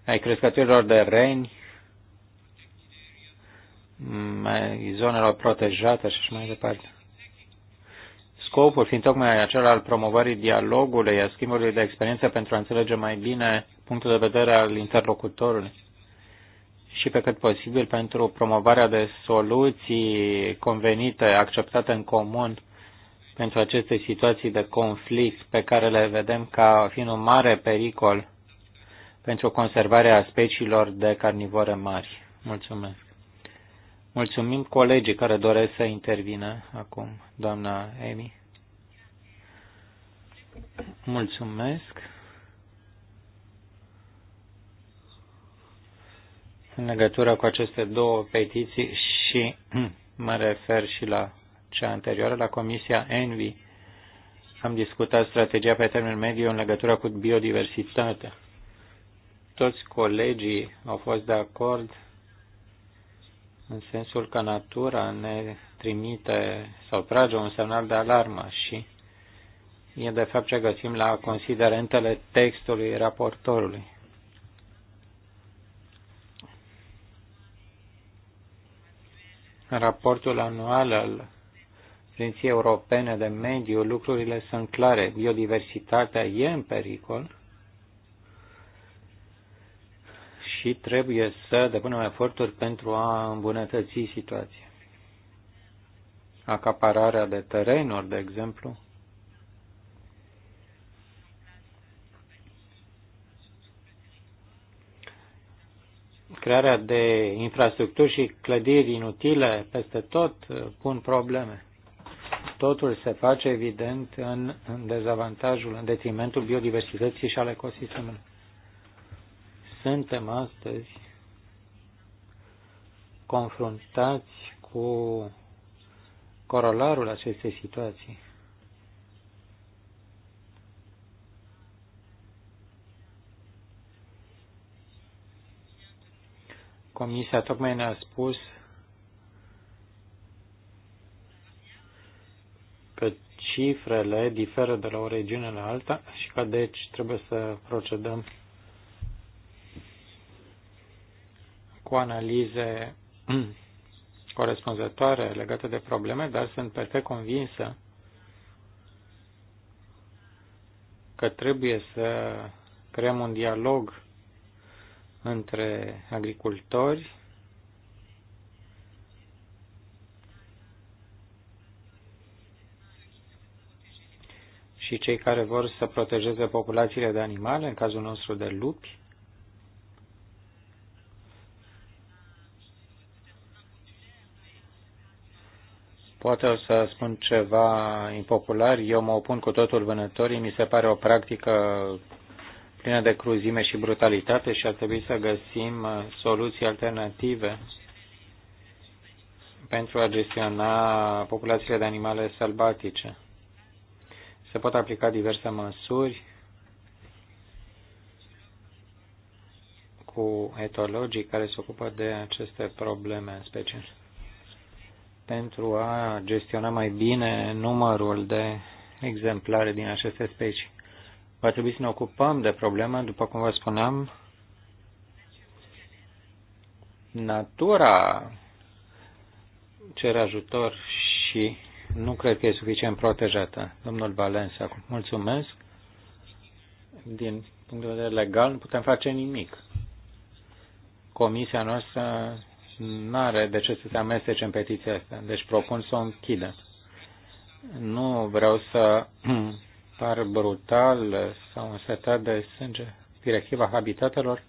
ai crescătorilor de reni, zonelor protejate și așa mai departe. Scopul fiind tocmai acela al promovării dialogului, a schimbului de experiență pentru a înțelege mai bine punctul de vedere al interlocutorului și pe cât posibil pentru promovarea de soluții convenite, acceptate în comun pentru aceste situații de conflict pe care le vedem ca fiind un mare pericol pentru conservarea speciilor de carnivore mari. Mulțumesc. Mulțumim colegii care doresc să intervină acum, doamna Amy. Mulțumesc. în legătură cu aceste două petiții și mă refer și la cea anterioară, la Comisia Envi. Am discutat strategia pe termen mediu în legătură cu biodiversitatea. Toți colegii au fost de acord în sensul că natura ne trimite sau trage un semnal de alarmă și e de fapt ce găsim la considerentele textului raportorului. În raportul anual al Agenției Europene de Mediu, lucrurile sunt clare. Biodiversitatea e în pericol și trebuie să depunem eforturi pentru a îmbunătăți situația. Acapararea de terenuri, de exemplu, crearea de infrastructuri și clădiri inutile peste tot uh, pun probleme. Totul se face, evident, în, în dezavantajul, în detrimentul biodiversității și al ecosistemelor. Suntem astăzi confruntați cu corolarul acestei situații. Comisia tocmai ne-a spus că cifrele diferă de la o regiune la alta și că deci trebuie să procedăm cu analize corespunzătoare legate de probleme, dar sunt perfect convinsă că trebuie să creăm un dialog între agricultori și cei care vor să protejeze populațiile de animale, în cazul nostru de lupi, Poate o să spun ceva impopular, eu mă opun cu totul vânătorii, mi se pare o practică plină de cruzime și brutalitate și ar trebui să găsim uh, soluții alternative pentru a gestiona populațiile de animale sălbatice. Se pot aplica diverse măsuri cu etologii care se ocupă de aceste probleme în special pentru a gestiona mai bine numărul de exemplare din aceste specii va trebui să ne ocupăm de problemă, după cum vă spuneam, natura cere ajutor și nu cred că e suficient protejată. Domnul Valensa, mulțumesc. Din punct de vedere legal nu putem face nimic. Comisia noastră nu are de ce să se amestece în petiția asta, deci propun să o închidă. Nu vreau să par brutal sau însetat de sânge. Directiva habitatelor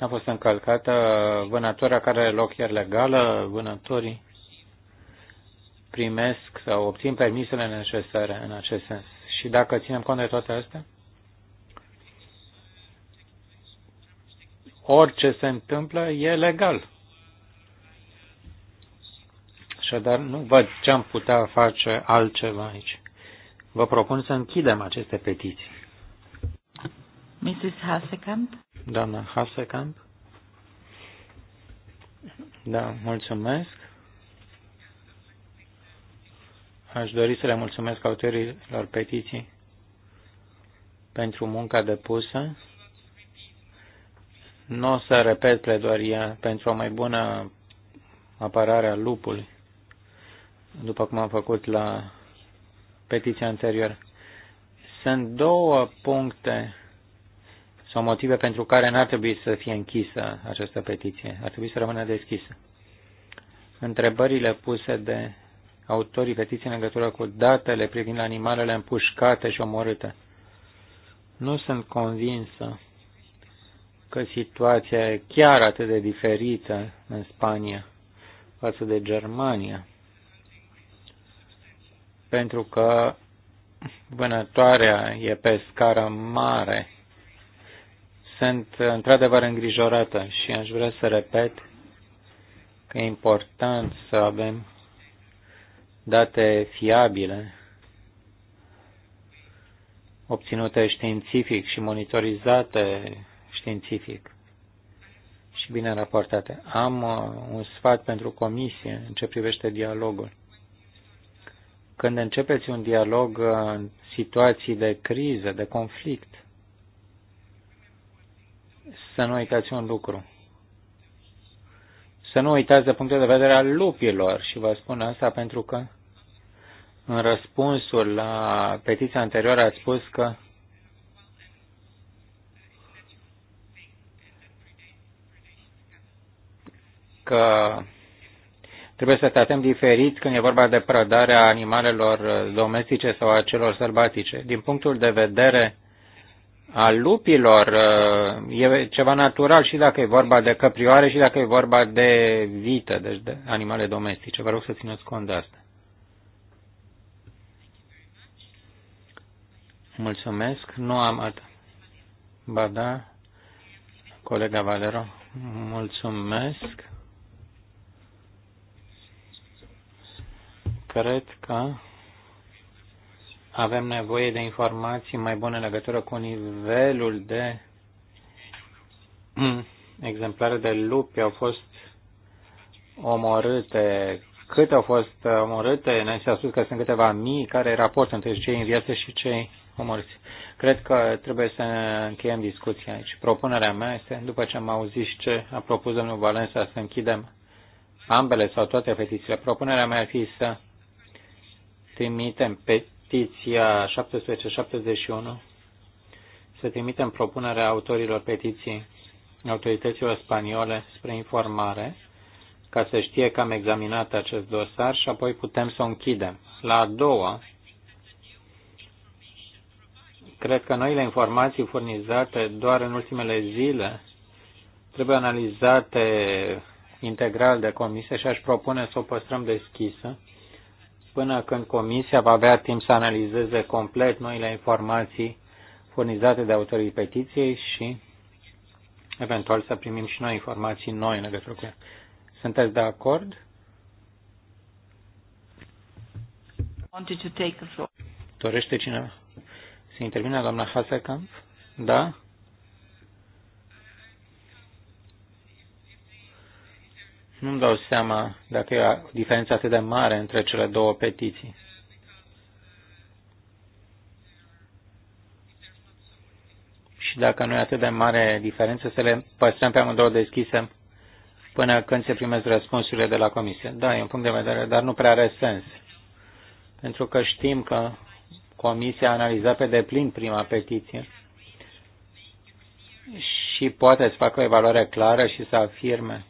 a fost încălcată vânătoarea care are loc iar legală, vânătorii primesc sau obțin permisele necesare în acest sens. Și dacă ținem cont de toate astea, orice se întâmplă e legal. Așadar, nu văd ce am putea face altceva aici. Vă propun să închidem aceste petiții. Mrs. Hasekamp? Doamna Hasekamp? Da, mulțumesc. Aș dori să le mulțumesc autorilor petiții pentru munca depusă. Nu o să repet pledoaria pentru o mai bună apărare a lupului, după cum am făcut la petiția anterioară. Sunt două puncte sau motive pentru care n-ar trebui să fie închisă această petiție. Ar trebui să rămână deschisă. Întrebările puse de autorii petiției în legătură cu datele privind animalele împușcate și omorâte. Nu sunt convinsă că situația e chiar atât de diferită în Spania față de Germania pentru că vânătoarea e pe scară mare. Sunt într-adevăr îngrijorată și aș vrea să repet că e important să avem date fiabile obținute științific și monitorizate științific și bine raportate. Am uh, un sfat pentru comisie în ce privește dialogul când începeți un dialog în situații de criză, de conflict, să nu uitați un lucru. Să nu uitați de punctul de vedere al lupilor și vă spun asta pentru că în răspunsul la petiția anterioară a spus că că Trebuie să tratăm diferit când e vorba de prădarea animalelor domestice sau a celor sălbatice. Din punctul de vedere al lupilor, e ceva natural și dacă e vorba de căprioare și dacă e vorba de vită, deci de animale domestice. Vă rog să țineți cont de asta. Mulțumesc. Nu am atât, Ba da, colega Valero, mulțumesc. Cred că avem nevoie de informații mai bune în legătură cu nivelul de exemplare de lupi au fost omorâte, câte au fost omorâte, ne s-a spus că sunt câteva mii, care e raportul între cei în viață și cei omorți. Cred că trebuie să încheiem discuția aici. Propunerea mea este, după ce am auzit și ce a propus domnul Valensa, să închidem ambele sau toate petițiile. Propunerea mea ar fi să trimitem petiția 771, să trimitem propunerea autorilor petiției autorităților spaniole spre informare, ca să știe că am examinat acest dosar și apoi putem să o închidem. La a doua, cred că noile informații furnizate doar în ultimele zile trebuie analizate integral de comisie și aș propune să o păstrăm deschisă până când Comisia va avea timp să analizeze complet noile informații furnizate de autorii petiției și eventual să primim și noi informații noi în legătură cu ea. Sunteți de acord? Dorește cineva să intervine doamna Hasekamp? Da? Nu-mi dau seama dacă e o diferență atât de mare între cele două petiții. Și dacă nu e atât de mare diferență, să le păstrăm pe amândouă deschise până când se primesc răspunsurile de la comisie. Da, e un punct de vedere, dar nu prea are sens. Pentru că știm că comisia a analizat pe deplin prima petiție și poate să facă o evaluare clară și să afirme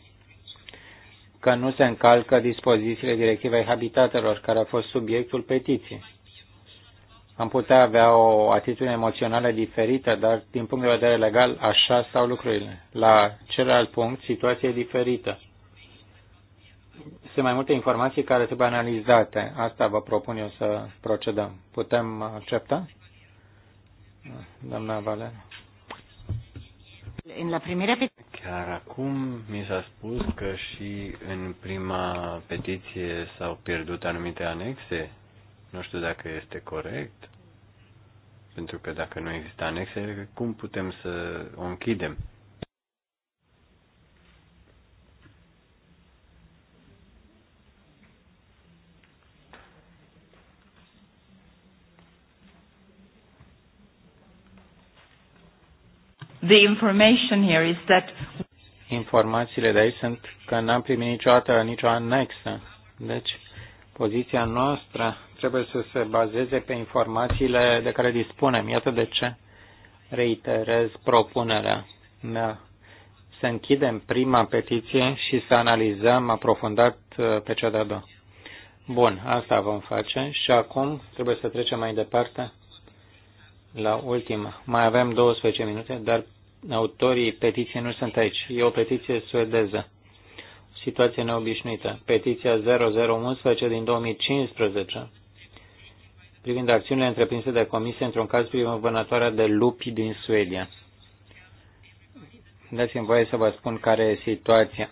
că nu se încalcă dispozițiile directivei habitatelor, care a fost subiectul petiției. Am putea avea o atitudine emoțională diferită, dar din punct de vedere legal așa stau lucrurile. La celălalt punct, situația e diferită. Sunt mai multe informații care trebuie analizate. Asta vă propun eu să procedăm. Putem accepta? Doamna Valera. În la primera Chiar acum mi s-a spus că și în prima petiție s-au pierdut anumite anexe. Nu știu dacă este corect, pentru că dacă nu există anexe, cum putem să o închidem? the information here is that Informațiile de aici sunt că n-am primit niciodată nicio anexă. Deci, poziția noastră trebuie să se bazeze pe informațiile de care dispunem. Iată de ce reiterez propunerea mea. Să închidem prima petiție și să analizăm aprofundat uh, pe cea de-a doua. Bun, asta vom face și acum trebuie să trecem mai departe la ultima. Mai avem 12 minute, dar autorii petiției nu sunt aici. E o petiție suedeză. Situație neobișnuită. Petiția 0011 din 2015 privind acțiunile întreprinse de comisie într-un caz privind vânătoarea de lupi din Suedia. Dați-mi voie să vă spun care e situația.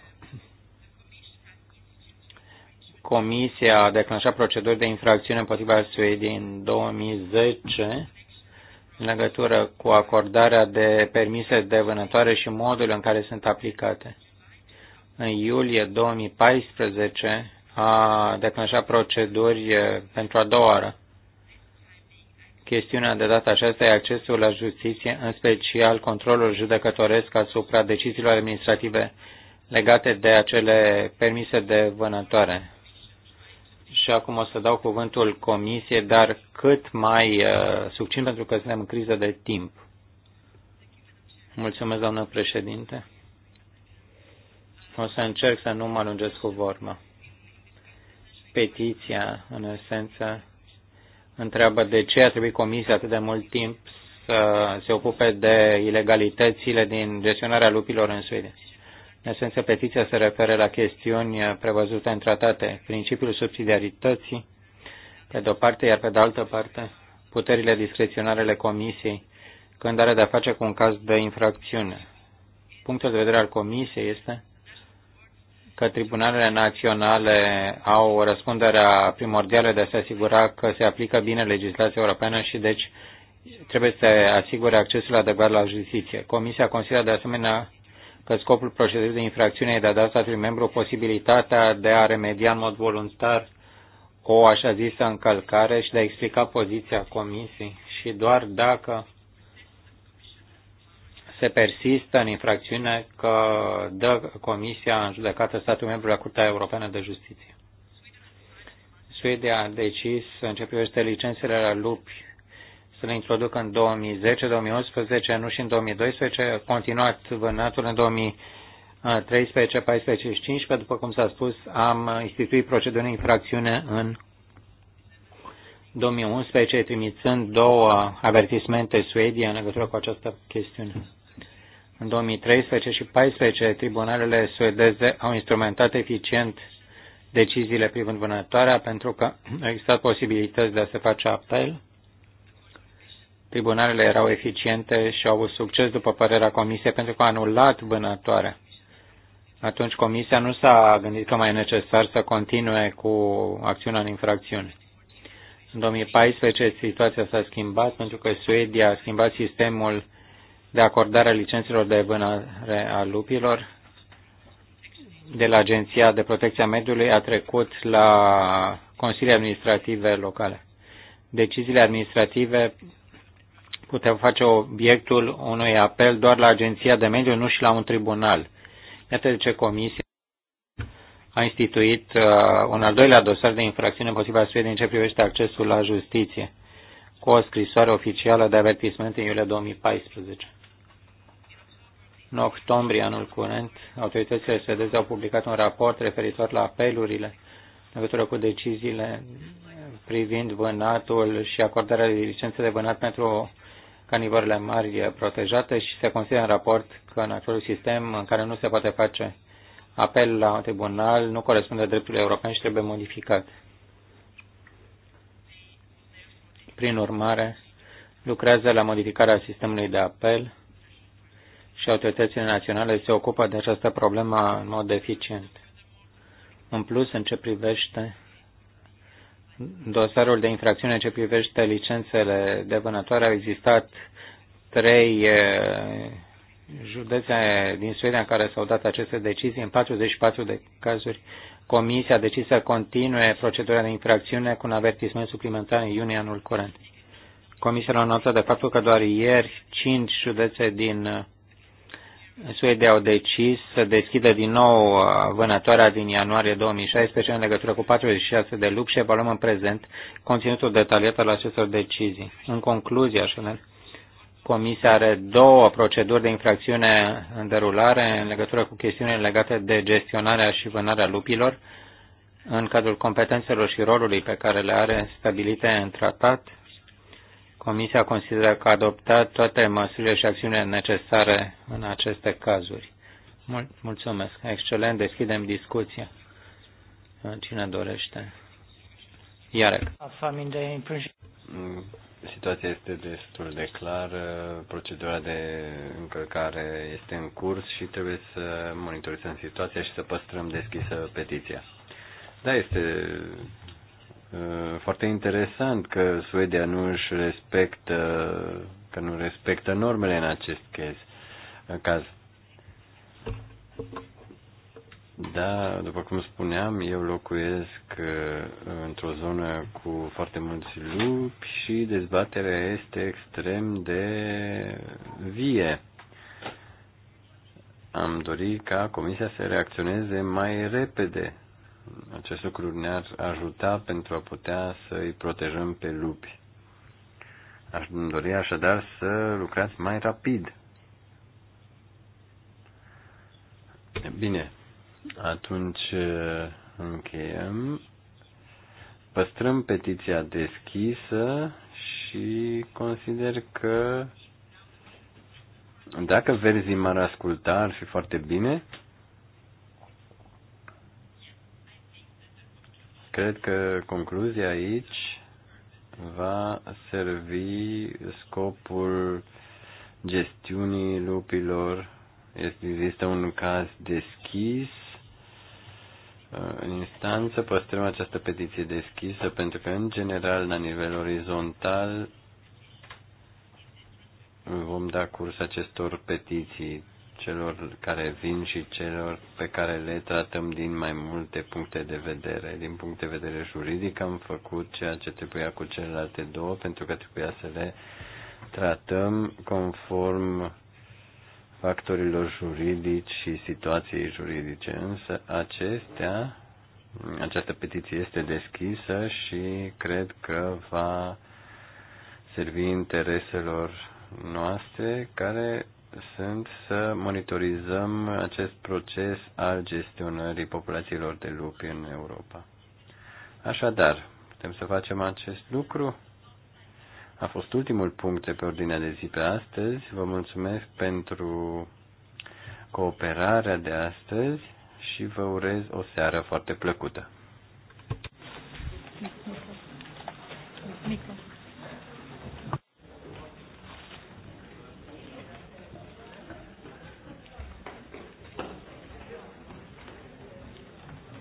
Comisia a declanșat proceduri de infracțiune împotriva Suediei în 2010 în legătură cu acordarea de permise de vânătoare și modul în care sunt aplicate. În iulie 2014 a declanșat proceduri pentru a doua oară. Chestiunea de data aceasta e accesul la justiție, în special controlul judecătoresc asupra deciziilor administrative legate de acele permise de vânătoare și acum o să dau cuvântul comisiei, dar cât mai uh, succint pentru că suntem în criză de timp. Mulțumesc, doamnă președinte. O să încerc să nu mă alungesc cu vorba. Petiția, în esență, întreabă de ce a trebuit comisia atât de mult timp să se ocupe de ilegalitățile din gestionarea lupilor în Suedia. În esență, petiția se referă la chestiuni uh, prevăzute în tratate, principiul subsidiarității, pe de-o parte, iar pe de altă parte, puterile discreționare ale Comisiei când are de-a face cu un caz de infracțiune. Punctul de vedere al Comisiei este că tribunalele naționale au răspunderea primordială de a se asigura că se aplică bine legislația europeană și deci trebuie să asigure accesul adecvat la justiție. Comisia consideră de asemenea că scopul procedurii de infracțiune e de a da statului membru posibilitatea de a remedia în mod voluntar o așa zisă încălcare și de a explica poziția comisiei și doar dacă se persistă în infracțiune că dă Comisia în judecată statul membru la Curtea Europeană de Justiție. Suedia a decis în ce privește licențele la lupi să le în 2010-2011, nu și în 2012, continuat vânatul în 2013, 14 și 15, după cum s-a spus, am instituit proceduri infracțiune în 2011, trimițând două avertismente Suedia în legătură cu această chestiune. În 2013 și 2014, tribunalele suedeze au instrumentat eficient deciziile privind vânătoarea pentru că au existat posibilități de a se face apel tribunalele erau eficiente și au avut succes, după părerea Comisiei, pentru că a anulat vânătoarea. Atunci Comisia nu s-a gândit că mai e necesar să continue cu acțiunea în infracțiune. În 2014 situația s-a schimbat pentru că Suedia a schimbat sistemul de acordare a licențelor de vânare a lupilor de la Agenția de Protecție a Mediului a trecut la Consiliile Administrative Locale. Deciziile administrative putem face obiectul unui apel doar la Agenția de Mediu, nu și la un tribunal. Iată de ce Comisia a instituit uh, un al doilea dosar de infracțiune împotriva Suediei în ce privește accesul la justiție, cu o scrisoare oficială de avertisment în iulie 2014. În octombrie anul curent, autoritățile suedeze au publicat un raport referitor la apelurile în legătură cu deciziile privind vânatul și acordarea de licențe de vânat pentru canivările mari protejate și se consideră în raport că în acel sistem în care nu se poate face apel la un tribunal nu corespunde dreptului european și trebuie modificat. Prin urmare, lucrează la modificarea sistemului de apel și autoritățile naționale se ocupă de această problemă în mod eficient. În plus, în ce privește dosarul de infracțiune ce privește licențele de vânătoare au existat trei județe din Suedia în care s-au dat aceste decizii. În 44 de cazuri, comisia a decis să continue procedura de infracțiune cu un avertisment suplimentar în iunie anul curent. Comisia a notat de faptul că doar ieri cinci județe din Suedia au decis să deschidă din nou uh, vânătoarea din ianuarie 2016 în legătură cu 46 de lup și evaluăm în prezent conținutul detaliat al acestor decizii. În concluzie, așa ne, Comisia are două proceduri de infracțiune în derulare în legătură cu chestiunile legate de gestionarea și vânarea lupilor în cadrul competențelor și rolului pe care le are stabilite în tratat Comisia consideră că a adoptat toate măsurile și acțiunile necesare în aceste cazuri. Mul mulțumesc. Excelent. Deschidem discuția. Cine dorește? Iarec. Situația este destul de clară. Procedura de încălcare este în curs și trebuie să monitorizăm situația și să păstrăm deschisă petiția. Da, este Uh, foarte interesant că Suedia nu își respectă, că nu respectă normele în acest caz. caz. Da, după cum spuneam, eu locuiesc uh, într-o zonă cu foarte mulți lupi și dezbaterea este extrem de vie. Am dorit ca Comisia să reacționeze mai repede acest lucru ne-ar ajuta pentru a putea să îi protejăm pe lupi. Aș dori așadar să lucrați mai rapid. Bine, atunci uh, încheiem. Păstrăm petiția deschisă și consider că dacă verzii m-ar asculta, ar fi foarte bine. Cred că concluzia aici va servi scopul gestiunii lupilor. Există un caz deschis în instanță, păstrăm această petiție deschisă pentru că, în general, la nivel orizontal, vom da curs acestor petiții celor care vin și celor pe care le tratăm din mai multe puncte de vedere. Din punct de vedere juridic am făcut ceea ce trebuia cu celelalte două pentru că trebuia să le tratăm conform factorilor juridici și situației juridice, însă acestea, această petiție este deschisă și cred că va servi intereselor noastre care sunt să monitorizăm acest proces al gestionării populațiilor de lupi în Europa. Așadar, putem să facem acest lucru? A fost ultimul punct de pe ordinea de zi pe astăzi. Vă mulțumesc pentru cooperarea de astăzi și vă urez o seară foarte plăcută.